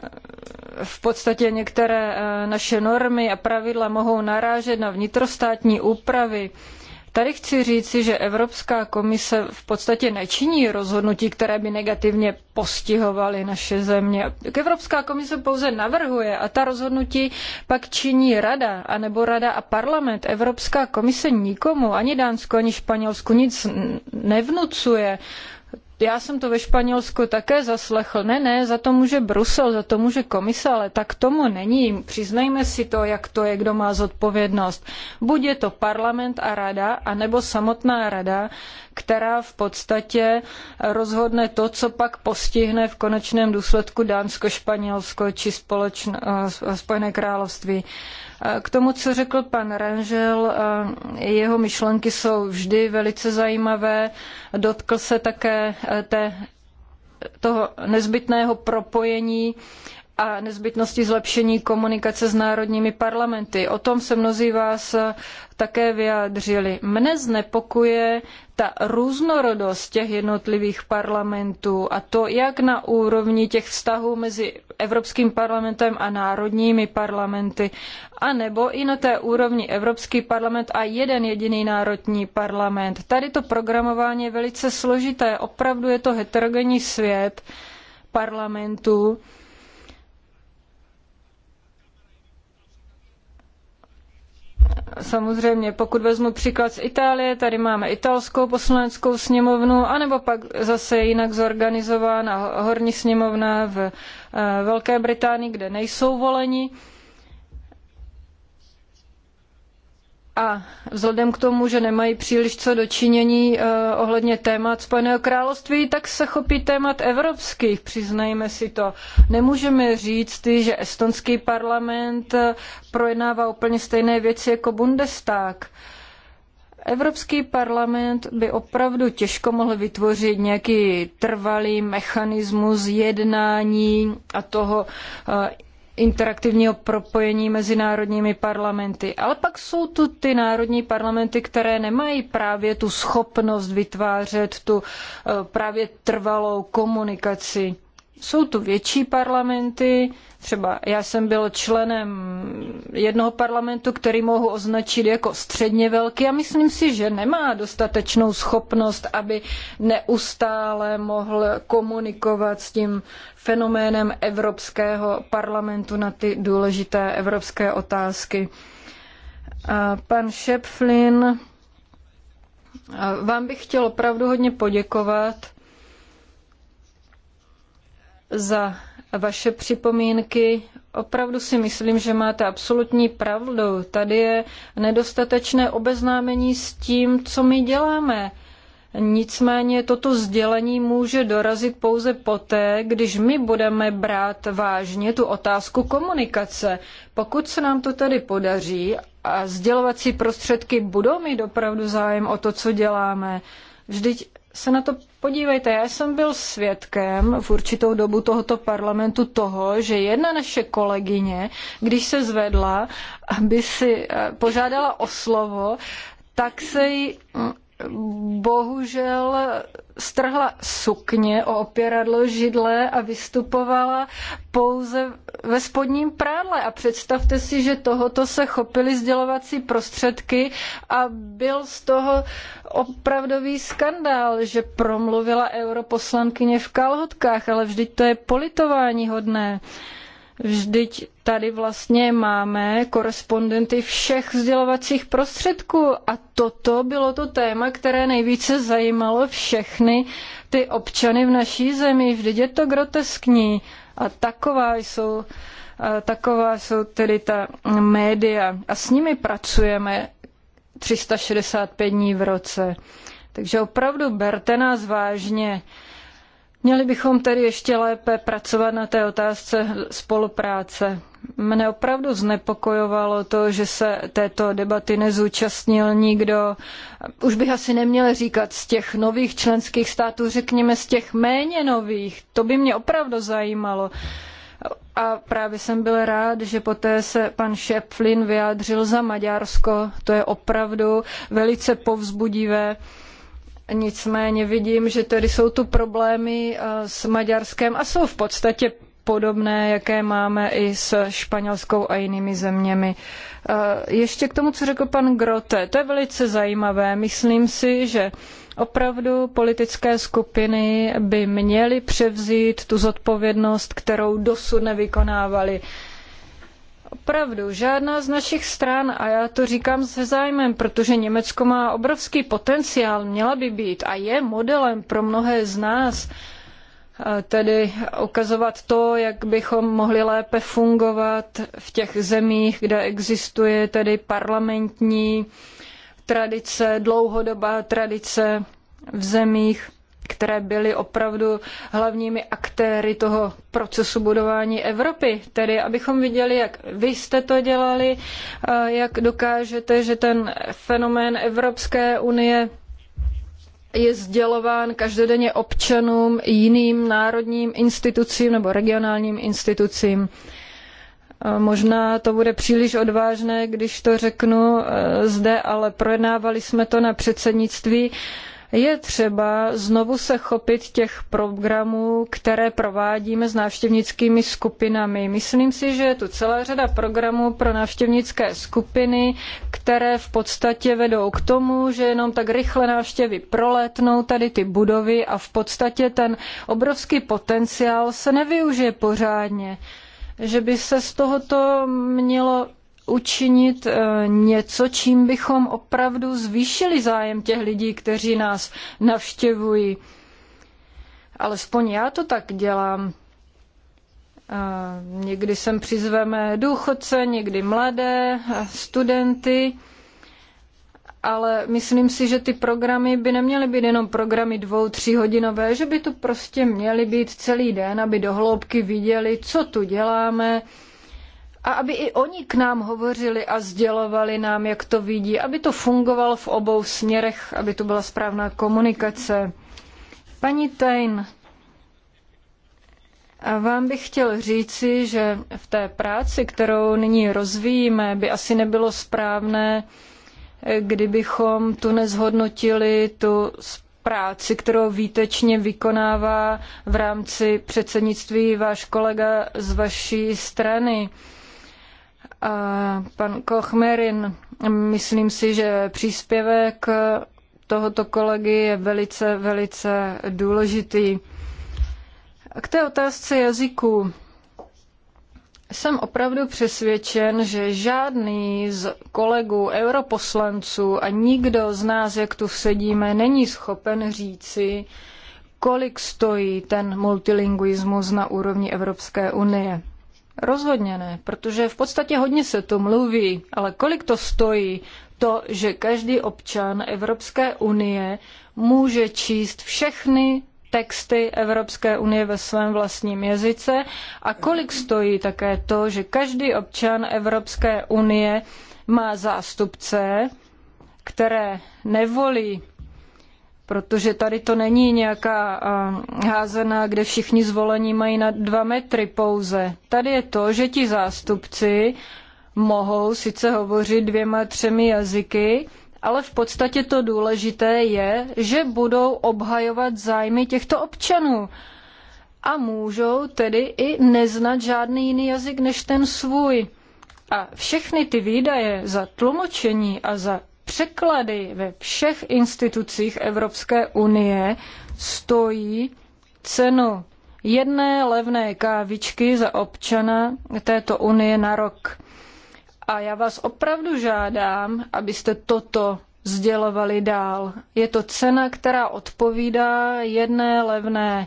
v podstatě některé eh, naše normy a pravidla mohou narážet na vnitrostátní úpravy. Tady chci říci, že Evropská komise v podstatě nečiní rozhodnutí, které by negativně postihovaly naše země. Evropská komise pouze navrhuje a ta rozhodnutí pak činí rada, anebo rada a parlament. Evropská komise nikomu, ani Dánsku, ani Španělsku nic nevnucuje já jsem to ve Španělsku také zaslechl. Ne, ne, za to může Brusel, za to může komise, ale tak tomu není. Přiznejme si to, jak to je, kdo má zodpovědnost. Buď je to parlament a rada, anebo samotná rada, která v podstatě rozhodne to, co pak postihne v konečném důsledku Dánsko, Španělsko či společno, eh, Spojené království. K tomu, co řekl pan Rangel, eh, jeho myšlenky jsou vždy velice zajímavé. Dotkl se také eh, té toho nezbytného propojení a nezbytnosti zlepšení komunikace s národními parlamenty. O tom se mnozí vás eh, také vyjádřili. Mne znepokuje ta různorodost těch jednotlivých parlamentů a to jak na úrovni těch vztahů mezi Evropským parlamentem a národními parlamenty, anebo i na té úrovni Evropský parlament a jeden jediný národní parlament. Tady to programování je velice složité, opravdu je to heterogenní svět parlamentů Samozřejmě, pokud vezmu příklad z Itálie, tady máme italskou poslaneckou sněmovnu, anebo pak zase jinak zorganizována horní sněmovna v eh, Velké Británii, kde nejsou voleni. A vzhledem k tomu, že nemají příliš co dočinění eh, ohledně témat Spojeného království, tak se chopí témat evropských, přiznejme si to. Nemůžeme říct, že estonský parlament eh, projednává úplně stejné věci jako Bundestag. Evropský parlament by opravdu těžko mohl vytvořit nějaký trvalý mechanismus jednání a toho eh, interaktivního propojení mezi národními parlamenty. Ale pak jsou tu ty národní parlamenty, které nemají právě tu schopnost vytvářet tu eh, právě trvalou komunikaci. Jsou tu větší parlamenty, třeba já jsem byl členem jednoho parlamentu, který mohu označit jako středně velký a myslím si, že nemá dostatečnou schopnost, aby neustále mohl komunikovat s tím fenoménem Evropského parlamentu na ty důležité evropské otázky. A pan Šepflin, vám bych chtěl opravdu hodně poděkovat za vaše připomínky. Opravdu si myslím, že máte absolutní pravdu. Tady je nedostatečné obeznámení s tím, co my děláme. Nicméně toto sdělení může dorazit pouze poté, když my budeme brát vážně tu otázku komunikace. Pokud se nám to tedy podaří a sdělovací prostředky budou mít opravdu zájem o to, co děláme, vždyť se na to podívejte. Já jsem byl svědkem v určitou dobu tohoto parlamentu toho, že jedna naše kolegyně, když se zvedla, aby si eh, požádala o slovo, tak se jí mm, bohužel strhla sukně o opěradlo židle a vystupovala pouze ve spodním prádle. A představte si, že tohoto se chopili sdělovací prostředky a byl z toho opravdový skandál, že promluvila europoslankyně v kalhotkách, ale vždyť to je politování hodné. Uh, Vždyť tady vlastně máme korespondenty všech vzdělovacích prostředků a toto bylo to téma, které nejvíce zajímalo všechny ty občany v naší zemi. Vždyť je to groteskní a taková jsou, taková jsou tedy ta média a s nimi pracujeme 365 dní v roce. Takže opravdu berte nás vážně. Měli bychom tedy ještě lépe pracovat na té otázce spolupráce. Mne opravdu znepokojovalo to, že se této debaty nezúčastnil nikdo. Už bych asi neměl říkat z těch nových členských států, řekněme z těch méně nových. To by mě opravdu zajímalo. A právě jsem byl rád, že poté se pan Šepflin vyjádřil za Maďarsko. To je opravdu velice povzbudivé. Nicméně vidím, že tady jsou tu problémy eh, s Maďarskem a jsou v podstatě podobné, jaké máme i s španělskou a jinými zeměmi. Eh, ještě k tomu, co řekl pan Grote, to je velice zajímavé. Myslím si, že opravdu politické skupiny by měly převzít tu zodpovědnost, kterou dosud nevykonávaly. Opravdu, žádná z našich stran, a já to říkám se zájmem, protože Německo má obrovský potenciál, měla by být a je modelem pro mnohé z nás, tedy ukazovat to, jak bychom mohli lépe fungovat v těch zemích, kde existuje tedy parlamentní tradice, dlouhodobá tradice v zemích, které byly opravdu hlavními aktéry toho procesu budování Evropy. Tedy abychom viděli, jak vy jste to dělali, jak dokážete, že ten fenomén Evropské unie je sdělován každodenně občanům, jiným národním institucím nebo regionálním institucím. Možná to bude příliš odvážné, když to řeknu e, zde, ale projednávali jsme to na předsednictví. Je třeba znovu se chopit těch programů, které provádíme s návštěvnickými skupinami. Myslím si, že je tu celá řada programů pro návštěvnické skupiny, které v podstatě vedou k tomu, že jenom tak rychle návštěvy prolétnou tady ty budovy a v podstatě ten obrovský potenciál se nevyužije pořádně že by se z tohoto mělo učinit eh, něco, čím bychom opravdu zvýšili zájem těch lidí, kteří nás navštěvují. Alespoň já to tak dělám. A eh, někdy sem přizveme důchodce, někdy mladé, eh, studenty, ale myslím si, že ty programy by neměly být jenom programy dvou, tři hodinové, že by to prostě měly být celý den, aby dohloubky viděli, co tu děláme, a aby i oni k nám hovořili a sdělovali nám, jak to vidí, aby to fungovalo v obou směrech, aby to byla správná komunikace. Paní Tain, a vám bych chtěl říci, že v té práci, kterou nyní rozvíjíme, by asi nebylo správné, kdybychom tu nezhodnotili tu práci, kterou výtečně vykonává v rámci předsednictví váš kolega z vaší strany. Pan Kochmerin, myslím si, že příspěvek tohoto kolegy je velice, velice důležitý. K té otázce jazyku. Jsem opravdu přesvědčen, že žádný z kolegů europoslanců a nikdo z nás, jak tu sedíme, není schopen říci, kolik stojí ten multilingvismus na úrovni Evropské unie. Rozhodně ne, protože v podstatě hodně se to mluví, ale kolik to stojí, to, že každý občan Evropské unie může číst všechny texty Evropské unie ve svém vlastním jazyce a kolik stojí také to, že každý občan Evropské unie má zástupce, které nevolí protože tady to není nějaká eh, házená, kde všichni zvolení mají na dva metry pouze. Tady je to, že ti zástupci mohou sice hovořit dvěma, třemi jazyky, ale v podstatě to důležité je, že budou obhajovat zájmy těchto občanů. A můžou tedy i neznat žádný jiný jazyk než ten svůj. A všechny ty výdaje za tlumočení a za překlady ve všech institucích Evropské unie stojí cenu jedné levné kávičky za občana této unie na rok. A já vás opravdu žádám, abyste toto sdělovali dál. Je to cena, která odpovídá jedné levné uh,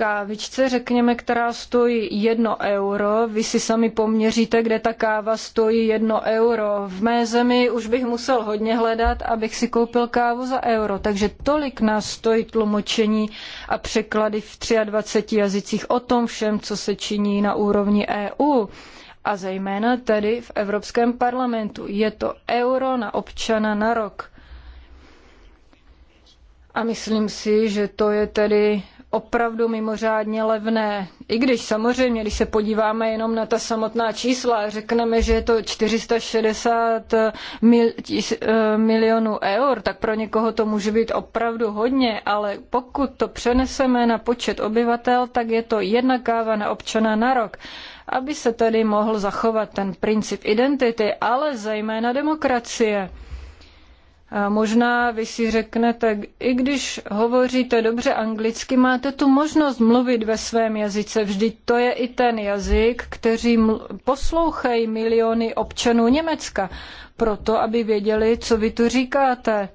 kávičce, řekněme, která stojí jedno euro, vy si sami poměříte, kde ta káva stojí jedno euro. V mé zemi už bych musel hodně hledat, abych si koupil kávu za euro. Takže tolik nás stojí tlumočení a překlady v 23 jazycích o tom všem, co se činí na úrovni EU a zejména tedy v Evropském parlamentu. Je to euro na občana na rok. A myslím si, že to je tedy opravdu mimořádně levné. I když samozřejmě, když se podíváme jenom na ta samotná čísla, řekneme, že je to 460 mil, tis, eh, milionů eur, tak pro někoho to může být opravdu hodně, ale pokud to přeneseme na počet obyvatel, tak je to jedna káva na občana na rok aby se tedy mohl zachovat ten princip identity, ale zejména demokracie. Možná vy si řeknete, i když hovoříte dobře anglicky, máte tu možnost mluvit ve svém jazyce. Vždyť to je i ten jazyk, který poslouchají miliony občanů Německa, proto aby věděli, co vy tu říkáte.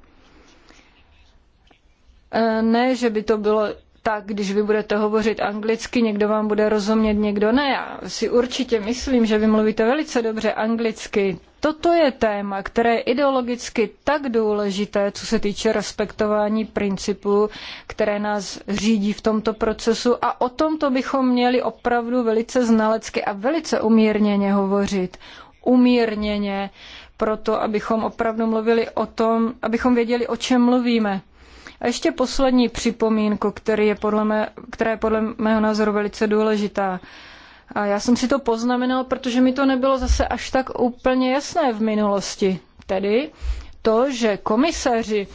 E, ne, že by to bylo tak, když vy budete hovořit anglicky, někdo vám bude rozumět, někdo ne. Já si určitě myslím, že vy mluvíte velice dobře anglicky. Toto je téma, které je ideologicky tak důležité, co se týče respektování principů, které nás řídí v tomto procesu a o tomto bychom měli opravdu velice znalecky a velice umírněně hovořit. Umírněně, proto abychom opravdu mluvili o tom, abychom věděli, o čem mluvíme. A ještě poslední připomínku, která je podle mého názoru velice důležitá. A já jsem si to poznamenal, protože mi to nebylo zase až tak úplně jasné v minulosti. Tedy to, že komisaři,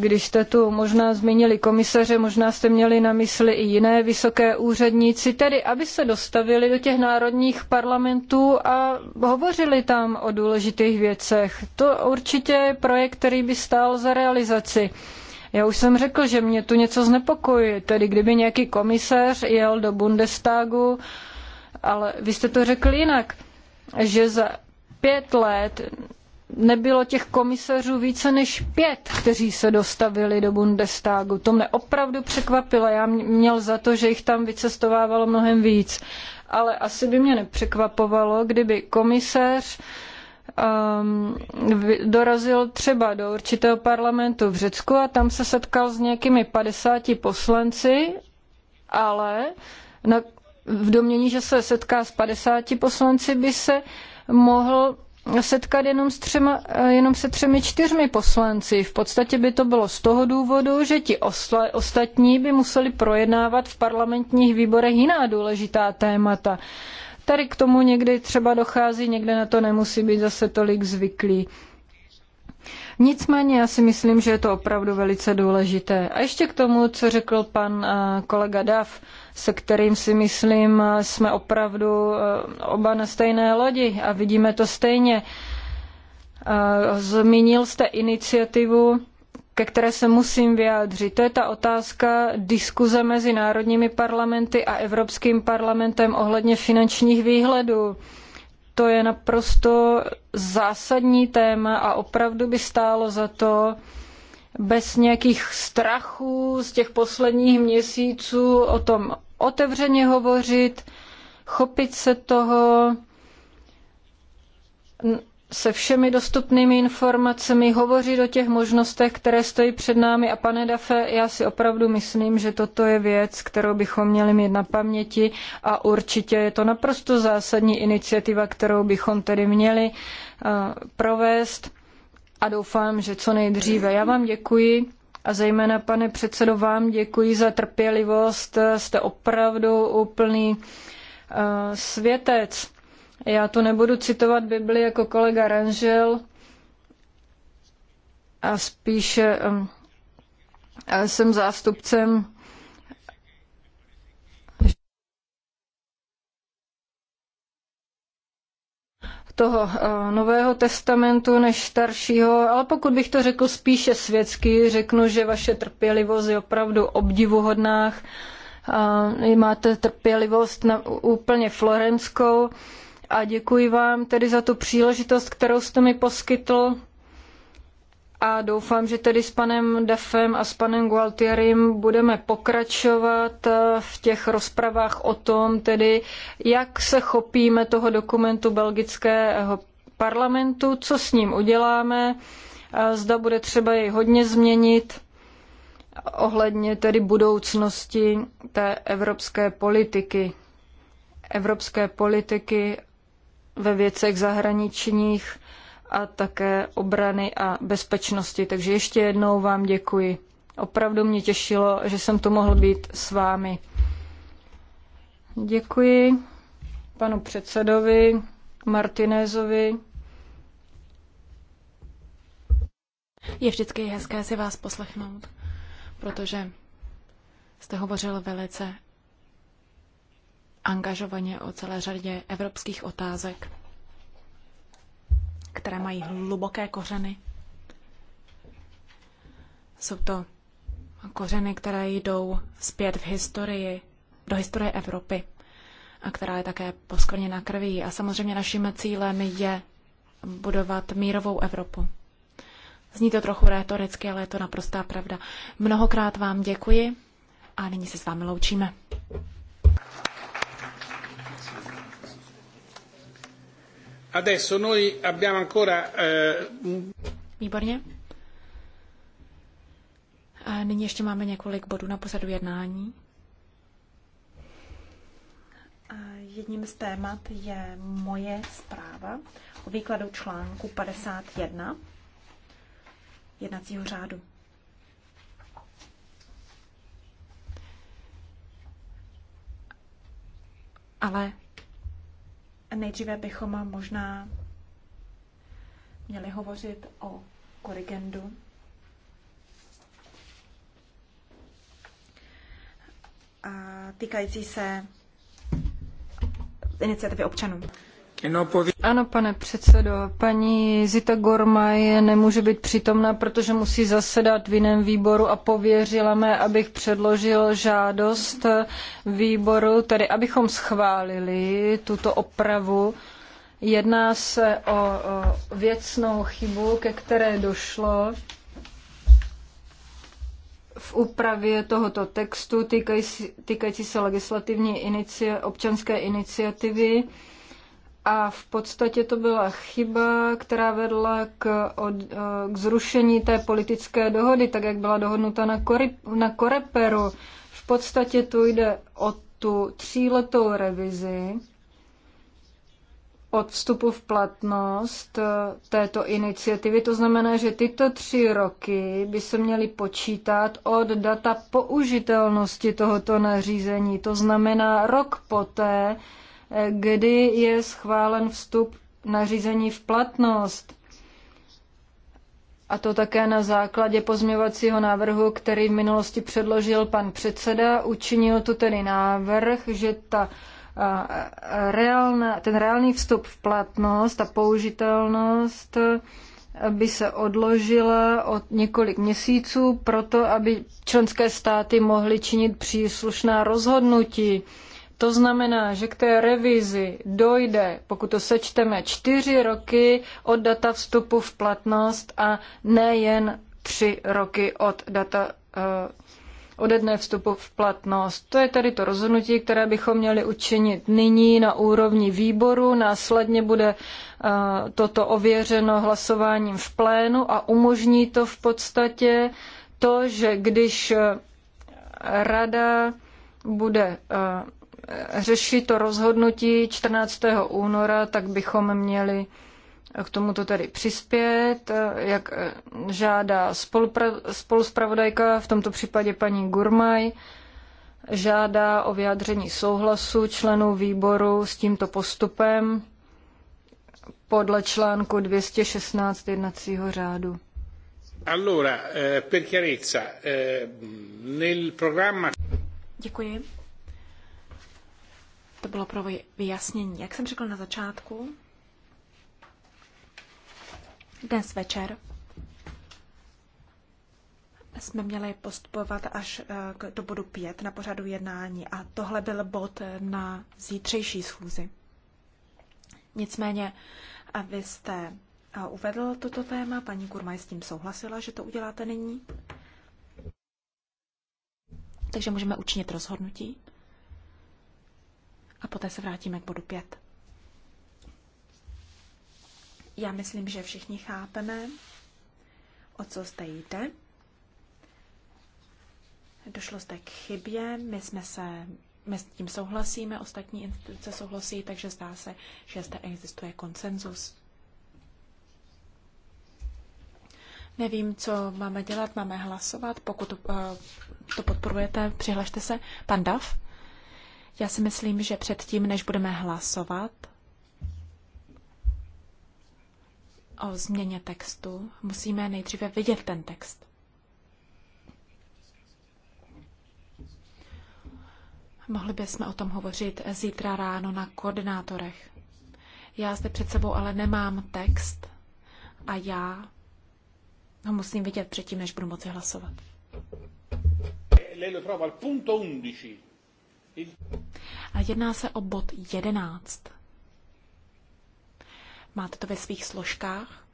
když jste tu možná zmínili komisaře, možná jste měli na mysli i jiné vysoké úředníci, tedy aby se dostavili do těch národních parlamentů a hovořili tam o důležitých věcech. To určitě je projekt, který by stál za realizaci. Já už jsem řekl, že mě tu něco znepokojuje, tedy kdyby nějaký komisař jel do Bundestagu, ale vy jste to řekl jinak, že za pět let nebylo těch komisařů více než pět, kteří se dostavili do Bundestagu. To mne opravdu překvapilo. Já měl za to, že jich tam vycestovávalo mnohem víc. Ale asi by mě nepřekvapovalo, kdyby komisař uh, um, dorazil třeba do určitého parlamentu v Řecku a tam se setkal s nějakými 50 poslanci, ale na, v domění, že se setká s 50 poslanci, by se mohl setkat jenom, s třema, eh, jenom se třemi čtyřmi poslanci. V podstatě by to bylo z toho důvodu, že ti osla, ostatní by museli projednávat v parlamentních výborech jiná důležitá témata. Tady k tomu někdy třeba dochází, někde na to nemusí být zase tolik zvyklý. Nicméně já si myslím, že je to opravdu velice důležité. A ještě k tomu, co řekl pan eh, kolega Dav, se kterým si myslím, eh, jsme opravdu eh, oba na stejné lodi a vidíme to stejně. Zmínil jste iniciativu ke které se musím vyjádřit. To je ta otázka diskuze mezi národními parlamenty a Evropským parlamentem ohledně finančních výhledů. To je naprosto zásadní téma a opravdu by stálo za to, bez nějakých strachů z těch posledních měsíců o tom otevřeně hovořit, chopit se toho, se všemi dostupnými informacemi, hovoří o těch možnostech, které stojí před námi. A pane Dafe, já si opravdu myslím, že toto je věc, kterou bychom měli mít na paměti a určitě je to naprosto zásadní iniciativa, kterou bychom tedy měli eh, provést a doufám, že co nejdříve. Já vám děkuji. A zejména, pane předsedo, vám děkuji za trpělivost. Jste opravdu úplný eh, světec. Já tu nebudu citovat Bibli jako kolega Ranžel a spíše a jsem zástupcem toho eh, Nového testamentu než staršího, ale pokud bych to řekl spíše světsky, řeknu, že vaše trpělivost je opravdu obdivuhodná. Eh, máte trpělivost na, úplně florenskou a děkuji vám tedy za tu příležitost, kterou jste mi poskytl a doufám, že tedy s panem Defem a s panem Gualtierim budeme pokračovat eh, v těch rozpravách o tom, tedy jak se chopíme toho dokumentu belgického parlamentu, co s ním uděláme, zda bude třeba jej hodně změnit ohledně tedy budoucnosti té evropské politiky evropské politiky ve věcech zahraničních a také obrany a bezpečnosti. Takže ještě jednou vám děkuji. Opravdu mě těšilo, že jsem tu mohl být s vámi. Děkuji panu předsedovi Martinézovi. Je vždycky hezké si vás poslechnout, protože jste hovořil velice angažovaně o celé řadě evropských otázek, které mají hluboké kořeny. Jsou to kořeny, které jdou zpět v historii, do historie Evropy a která je také poskvrněna krví. A samozřejmě naším cílem je budovat mírovou Evropu. Zní to trochu retoricky, ale je to naprostá pravda. Mnohokrát vám děkuji a nyní se s vámi loučíme. Adesso noi abbiamo ancora... Eh, Výborně. A nyní ještě máme několik bodů na pořadu jednání. Jedním z témat je moje zpráva o výkladu článku 51 jednacího řádu. Ale Nejdříve bychom možná měli hovořit o korigendu. A týkající se iniciativy občanů. Ano, pane předsedo, paní Zita Gormaj nemůže být přítomna, protože musí zasedat v jiném výboru a pověřila mé, abych předložil žádost výboru, tedy abychom schválili tuto opravu. Jedná se o věcnou chybu, ke které došlo v úpravě tohoto textu týkající, týkající se legislativní inici, občanské iniciativy. A v podstatě to byla chyba, která vedla k, od, eh, k zrušení té politické dohody, tak jak byla dohodnuta na, kori, na Koreperu. V podstatě tu jde o tu tříletou revizi od vstupu v platnost eh, této iniciativy. To znamená, že tyto tři roky by se měly počítat od data použitelnosti tohoto nařízení. To znamená rok poté, kdy je schválen vstup nařízení v platnost. A to také na základě pozměvacího návrhu, který v minulosti předložil pan předseda. Učinil tu tedy návrh, že ta reálna, ten reálný vstup v platnost a použitelnost by se odložila od několik měsíců proto, aby členské státy mohly činit příslušná rozhodnutí. To znamená, že k té revizi dojde, pokud to sečteme, čtyři roky od data vstupu v platnost a nejen tři roky od data eh, ode dne vstupu v platnost. To je tedy to rozhodnutí, které bychom měli učinit nyní na úrovni výboru. Následně bude eh, toto ověřeno hlasováním v plénu a umožní to v podstatě to, že když eh, rada bude řeší to rozhodnutí 14. února, tak bychom měli k tomuto tedy přispět, jak žádá spoluspravodajka, v tomto případě paní Gurmaj, žádá o vyjádření souhlasu členů výboru s tímto postupem podle článku 216 jednacího řádu. Allora, eh, per chiarezza, eh, nel programma... Děkuji. To bylo pro vyjasnění. Jak jsem řekl na začátku, dnes večer jsme měli postupovat až eh, k, do bodu 5 na pořadu jednání a tohle byl bod na zítřejší schůzi. Nicméně a vy jste eh, uvedl toto téma, paní Kurmaj s tím souhlasila, že to uděláte nyní. Takže můžeme učinit rozhodnutí a poté se vrátíme k bodu 5. Já myslím, že všichni chápeme, o co zde jde. Došlo zde k chybě, my jsme se my s tím souhlasíme, ostatní instituce souhlasí, takže zdá se, že zde existuje konsenzus. Nevím, co máme dělat, máme hlasovat. Pokud eh, to podporujete, přihlašte se. Pan Dav? Já si myslím, že předtím, než budeme hlasovat o změně textu, musíme nejdříve vidět ten text. Mohli bychom o tom hovořit zítra ráno na koordinátorech. Já zde před sebou ale nemám text a já ho musím vidět předtím, než budu moci hlasovat. Lei lo trova al punto 11 a jedná se o bod 11. Máte to ve svých složkách?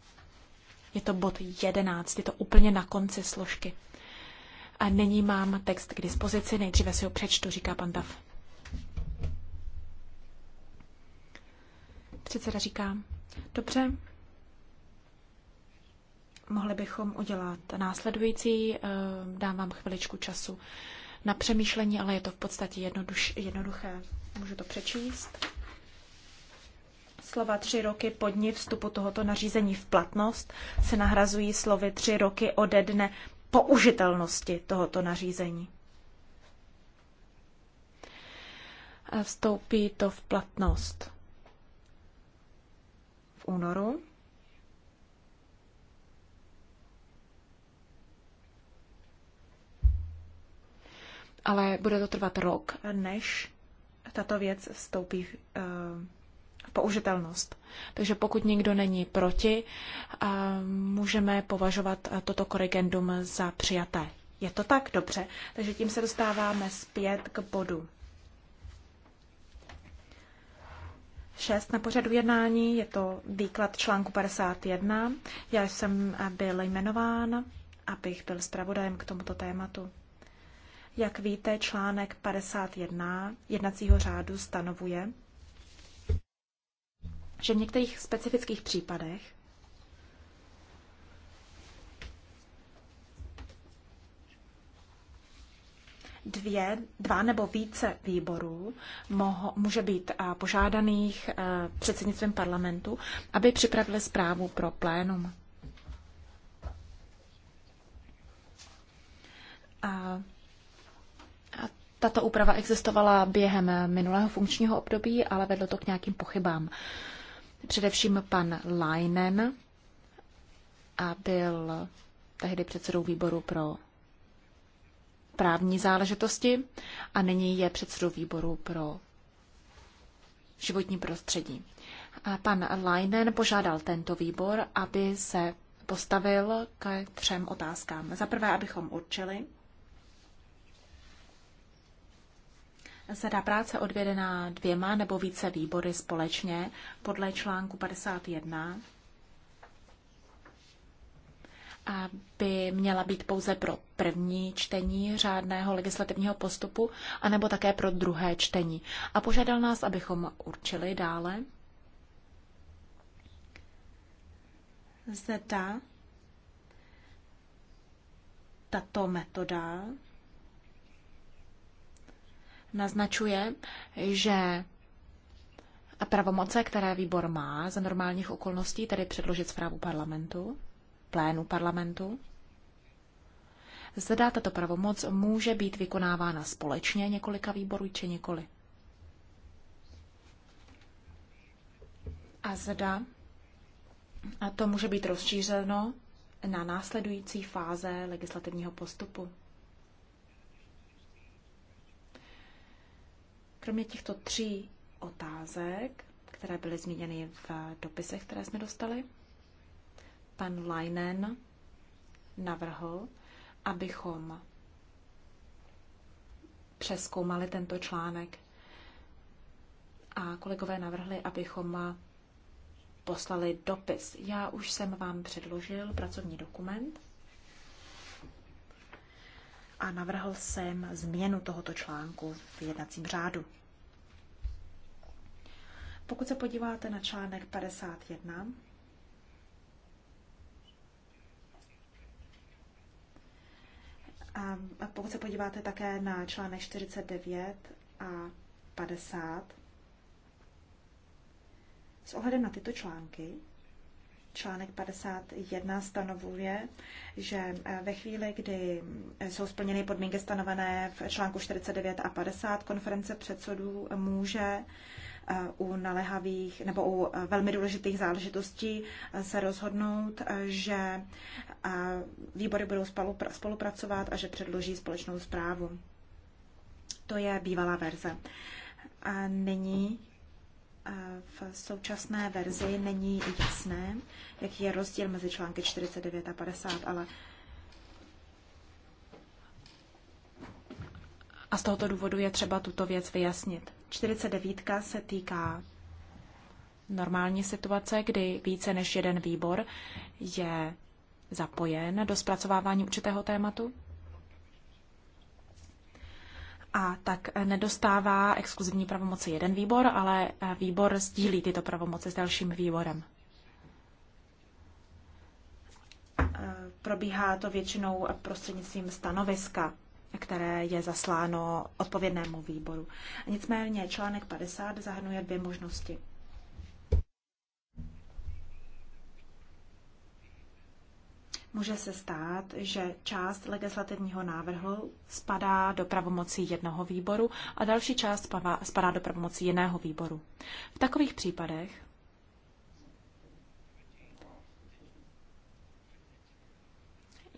Je to bod 11, je to úplně na konci složky. A nyní mám text k dispozici, nejdříve si ho přečtu, říká pan Dav. Předseda říká, dobře, mohli bychom udělat následující, eh, dám vám chviličku času na přemýšlení, ale je to v podstatě jednoduš, jednoduché. Můžu to přečíst. Slova tři roky po dní vstupu tohoto nařízení v platnost se nahrazují slovy tři roky ode dne použitelnosti tohoto nařízení. A vstoupí to v platnost v únoru ale bude to trvat rok, než tato věc vstoupí v, eh, v použitelnost. Takže pokud někdo není proti, eh, můžeme považovat eh, toto korrigendum za přijaté. Je to tak? Dobře. Takže tím se dostáváme zpět k bodu. Šest na pořadu jednání, je to výklad článku 51. Já jsem byl jmenován, abych byl zpravodajem k tomuto tématu. Jak víte, článek 51 jednacího řádu stanovuje, že v některých specifických případech dvě, dva nebo více výborů moho, může být eh, požádaných eh, předsednictvím parlamentu, aby připravili zprávu pro plénum. A tato úprava existovala během minulého funkčního období, ale vedlo to k nějakým pochybám. Především pan Leinen a byl tehdy předsedou výboru pro právní záležitosti a nyní je předsedou výboru pro životní prostředí. A pan Leinen požádal tento výbor, aby se postavil ke třem otázkám. Za prvé, abychom určili, se dá práce odvedená dvěma nebo více výbory společně podle článku 51 a by měla být pouze pro první čtení řádného legislativního postupu, anebo také pro druhé čtení. A požádal nás, abychom určili dále. Zda tato metoda naznačuje, že pravomoce, které výbor má za normálních okolností, tedy předložit zprávu parlamentu, plénu parlamentu, zda tato pravomoc může být vykonávána společně několika výborů či nikoli. A zda a to může být rozšířeno na následující fáze legislativního postupu. Kromě těchto tří otázek, které byly zmíněny v dopisech, které jsme dostali, pan Leinen navrhl, abychom přeskoumali tento článek a kolegové navrhli, abychom poslali dopis. Já už jsem vám předložil pracovní dokument a navrhl jsem změnu tohoto článku v jednacím řádu. Pokud se podíváte na článek 51, a pokud se podíváte také na článek 49 a 50, s ohledem na tyto články Článek 51 stanovuje, že eh, ve chvíli, kdy jsou splněny podmínky stanovené v článku 49 a 50, konference předsedů může eh, u naléhavých nebo u eh, velmi důležitých záležitostí se rozhodnout, že výbory budou spolupracovat a že předloží společnou zprávu. To je bývalá verze. A nyní v současné verzi není jasné, jaký je rozdíl mezi články 49 a 50, ale a z tohoto důvodu je třeba tuto věc vyjasnit. 49 se týká normální situace, kdy více než jeden výbor je zapojen do zpracovávání určitého tématu a tak eh, nedostává exkluzivní pravomoci jeden výbor, ale eh, výbor sdílí tyto pravomoci s dalším výborem. Eh, probíhá to většinou prostřednictvím stanoviska, které je zasláno odpovědnému výboru. Nicméně článek 50 zahrnuje dvě možnosti. Může se stát, že část legislativního návrhu spadá do pravomocí jednoho výboru a další část spadá do pravomocí jiného výboru. V takových případech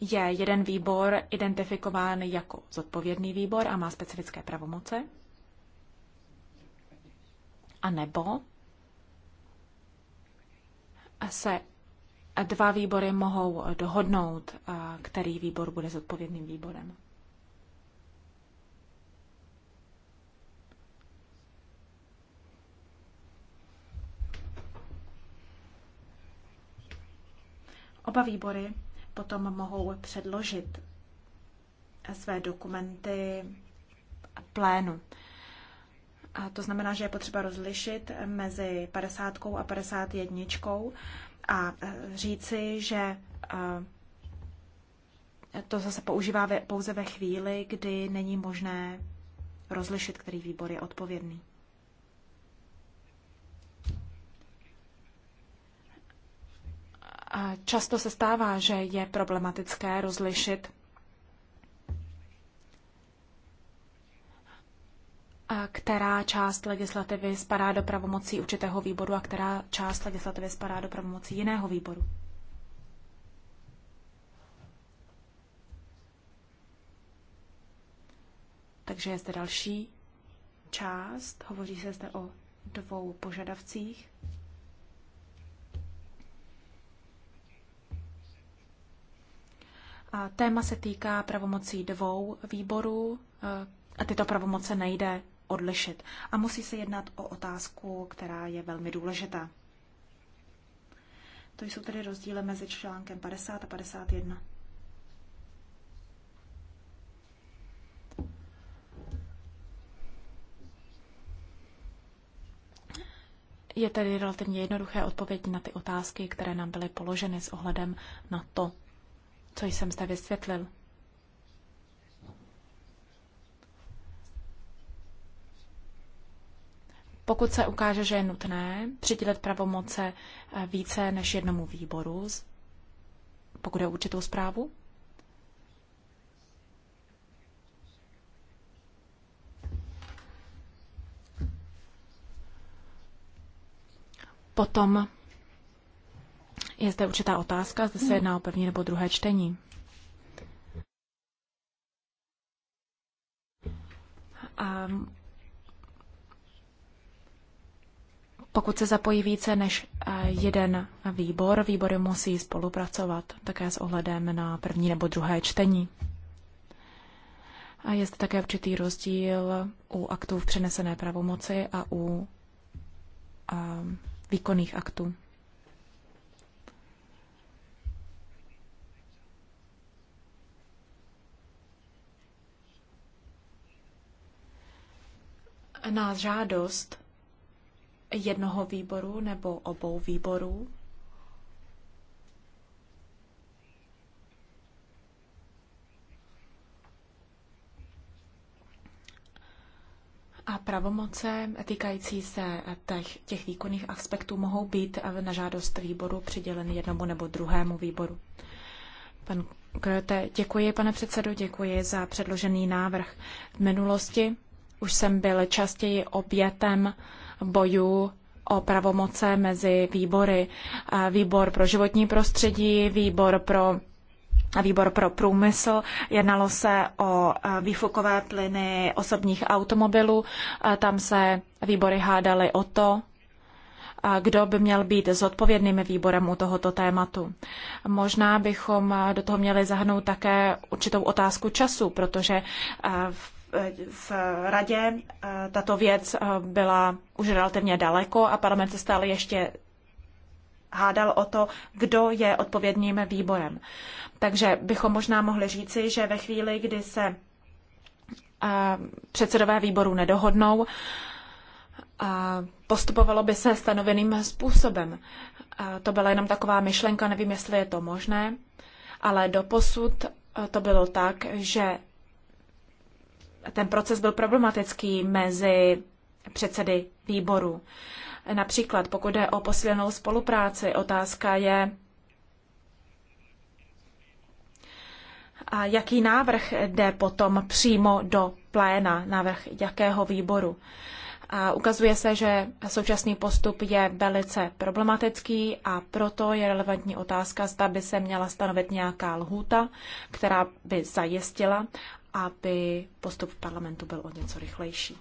je jeden výbor identifikován jako zodpovědný výbor a má specifické pravomoce? A nebo se dva výbory mohou dohodnout, který výbor bude zodpovědným výborem. Oba výbory potom mohou předložit své dokumenty plénu. A to znamená, že je potřeba rozlišit mezi 50 a 51 a e, říci, že e, to zase používá pouze ve chvíli, kdy není možné rozlišit, který výbor je odpovědný. Často se stává, že je problematické rozlišit A která část legislativy spadá do pravomocí určitého výboru a která část legislativy spadá do pravomocí jiného výboru. Takže je zde další část, hovoří se zde o dvou požadavcích. A téma se týká pravomocí dvou výborů eh, a tyto pravomoce nejde odlišit. A musí se jednat o otázku, která je velmi důležitá. To jsou tedy rozdíly mezi článkem 50 a 51. Je tedy relativně jednoduché odpovědi na ty otázky, které nám byly položeny s ohledem na to, co jsem zde vysvětlil. Pokud se ukáže, že je nutné přidělit pravomoce eh, více než jednomu výboru, pokud je určitou zprávu, Potom je zde určitá otázka, zda se jedná o první nebo druhé čtení. A Pokud se zapojí více než eh, jeden výbor, výbory musí spolupracovat také s ohledem na první nebo druhé čtení. A je zde také určitý rozdíl u aktů v přenesené pravomoci a u a, eh, výkonných aktů. Na žádost jednoho výboru nebo obou výborů. A pravomoce týkající se těch, těch výkonných aspektů mohou být na žádost výboru přiděleny jednomu nebo druhému výboru. Pan Kröte, děkuji, pane předsedo, děkuji za předložený návrh. V minulosti už jsem byl častěji obětem uh, bojů o pravomoce mezi výbory. Výbor pro životní prostředí, výbor pro Výbor pro průmysl. Jednalo se o výfukové plyny osobních automobilů. Tam se výbory hádaly o to, kdo by měl být zodpovědným výborem u tohoto tématu. Možná bychom do toho měli zahrnout také určitou otázku času, protože v v radě eh, tato věc eh, byla už relativně daleko a parlament se stále ještě hádal o to, kdo je odpovědným výborem. Takže bychom možná mohli říci, že ve chvíli, kdy se eh, předsedové výboru nedohodnou, postupovalo by se stanoveným způsobem. To byla jenom taková myšlenka, nevím, jestli je to možné, ale doposud to bylo tak, že ten proces byl problematický mezi předsedy výboru. Například pokud jde o posílenou spolupráci, otázka je, a jaký návrh jde potom přímo do pléna, návrh jakého výboru. A ukazuje se, že současný postup je velice problematický a proto je relevantní otázka, zda by se měla stanovit nějaká lhůta, která by zajistila, aby postup v parlamentu byl o něco rychlejší.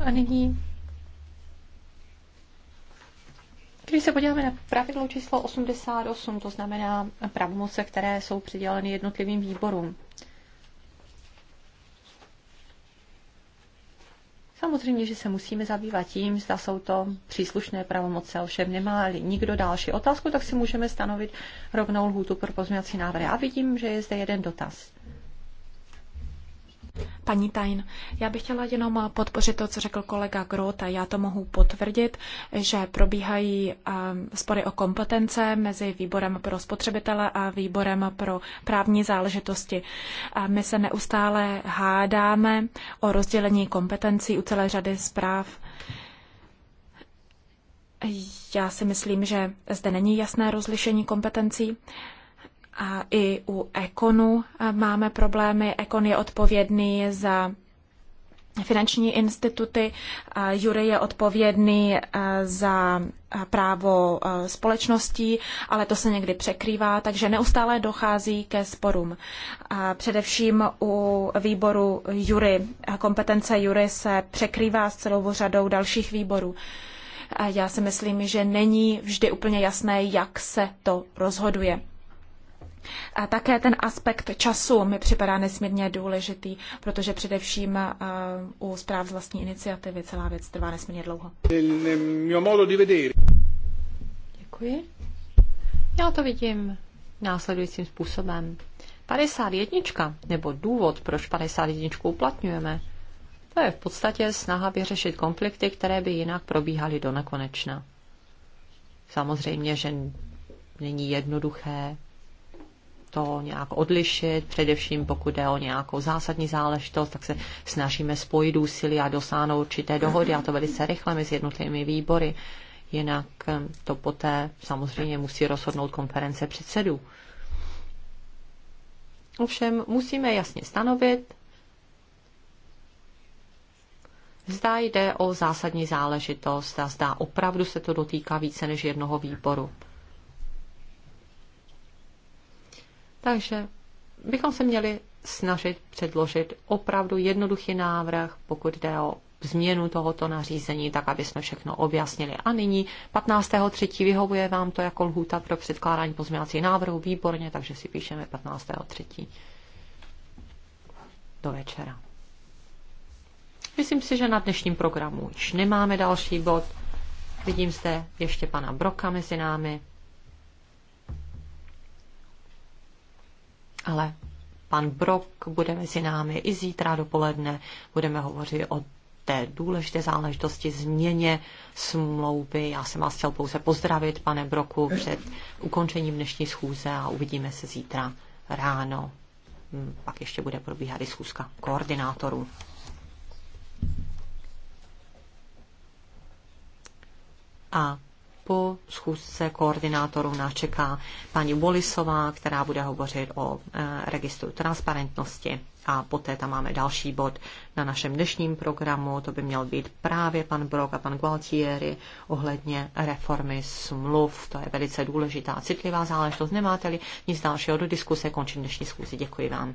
A nyní, když se podíváme na pravidlo číslo 88, to znamená pravomoce, které jsou přiděleny jednotlivým výborům. Samozřejmě, že se musíme zabývat tím, zda jsou to příslušné pravomoce, ovšem nemá nikdo další otázku, tak si můžeme stanovit rovnou lhůtu pro pozměňovací návrhy. A vidím, že je zde jeden dotaz. Paní Tajn, já bych chtěla jenom podpořit to, co řekl kolega a Já to mohu potvrdit, že probíhají eh, spory o kompetence mezi výborem pro spotřebitele a výborem pro právní záležitosti. My se neustále hádáme o rozdělení kompetencí u celé řady zpráv. Já si myslím, že zde není jasné rozlišení kompetencí. A I u Ekonu e, máme problémy. Ekon je odpovědný za finanční instituty, Jury je odpovědný e, za e, právo společností, ale to se někdy překrývá, takže neustále dochází ke sporům. Především u výboru Jury, kompetence Jury se překrývá s celou řadou dalších výborů. Já si myslím, že není vždy úplně jasné, jak se to rozhoduje. A také ten aspekt času mi připadá nesmírně důležitý, protože především eh, u zpráv z vlastní iniciativy celá věc trvá nesmírně dlouho. Děkuji. Já to vidím následujícím způsobem. 51, nebo důvod, proč 51 uplatňujeme, to je v podstatě snaha vyřešit konflikty, které by jinak probíhaly do nekonečna. Samozřejmě, že není jednoduché to nějak odlišit, především pokud jde o nějakou zásadní záležitost, tak se snažíme spojit úsilí a dosáhnout určité dohody a to velice rychle mezi jednotlivými výbory. Jinak ehm, to poté samozřejmě musí rozhodnout konference předsedů. Ovšem musíme jasně stanovit, zda jde o zásadní záležitost a zda opravdu se to dotýká více než jednoho výboru. Takže bychom se měli snažit předložit opravdu jednoduchý návrh, pokud jde o změnu tohoto nařízení, tak aby jsme všechno objasnili. A nyní 15.3. vyhovuje vám to jako lhůta pro předkládání pozměňovacích návrhů. Výborně, takže si píšeme 15.3. do večera. Myslím si, že na dnešním programu už nemáme další bod. Vidím zde ještě pana Broka mezi námi. ale pan Brok bude mezi námi i zítra dopoledne. Budeme hovořit o té důležité záležitosti změně smlouvy. Já jsem vás chtěl pouze pozdravit, pane Broku, před ukončením dnešní schůze a uvidíme se zítra ráno. Hm, pak ještě bude probíhat i schůzka koordinátorů. A po schůzce koordinátorů nás čeká paní Bolisová, která bude hovořit o eh, registru transparentnosti. A poté tam máme další bod na našem dnešním programu. To by měl být právě pan Brok a pan Gualtieri ohledně reformy smluv. To je velice důležitá, citlivá záležitost. Nemáte-li nic dalšího do diskuse, končím dnešní schůzi. Děkuji vám.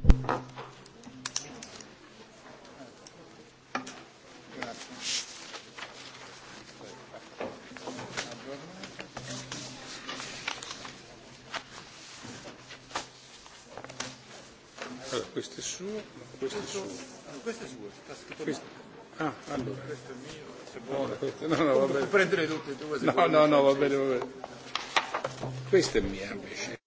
queste è queste questo Queste suo. queste ah, ah, allora. Questo è mio, se vuole. No, no, no, va bene. Prendere tutte e due. No, no, no, va e no, no, no, bene, va bene. Questa è mia invece.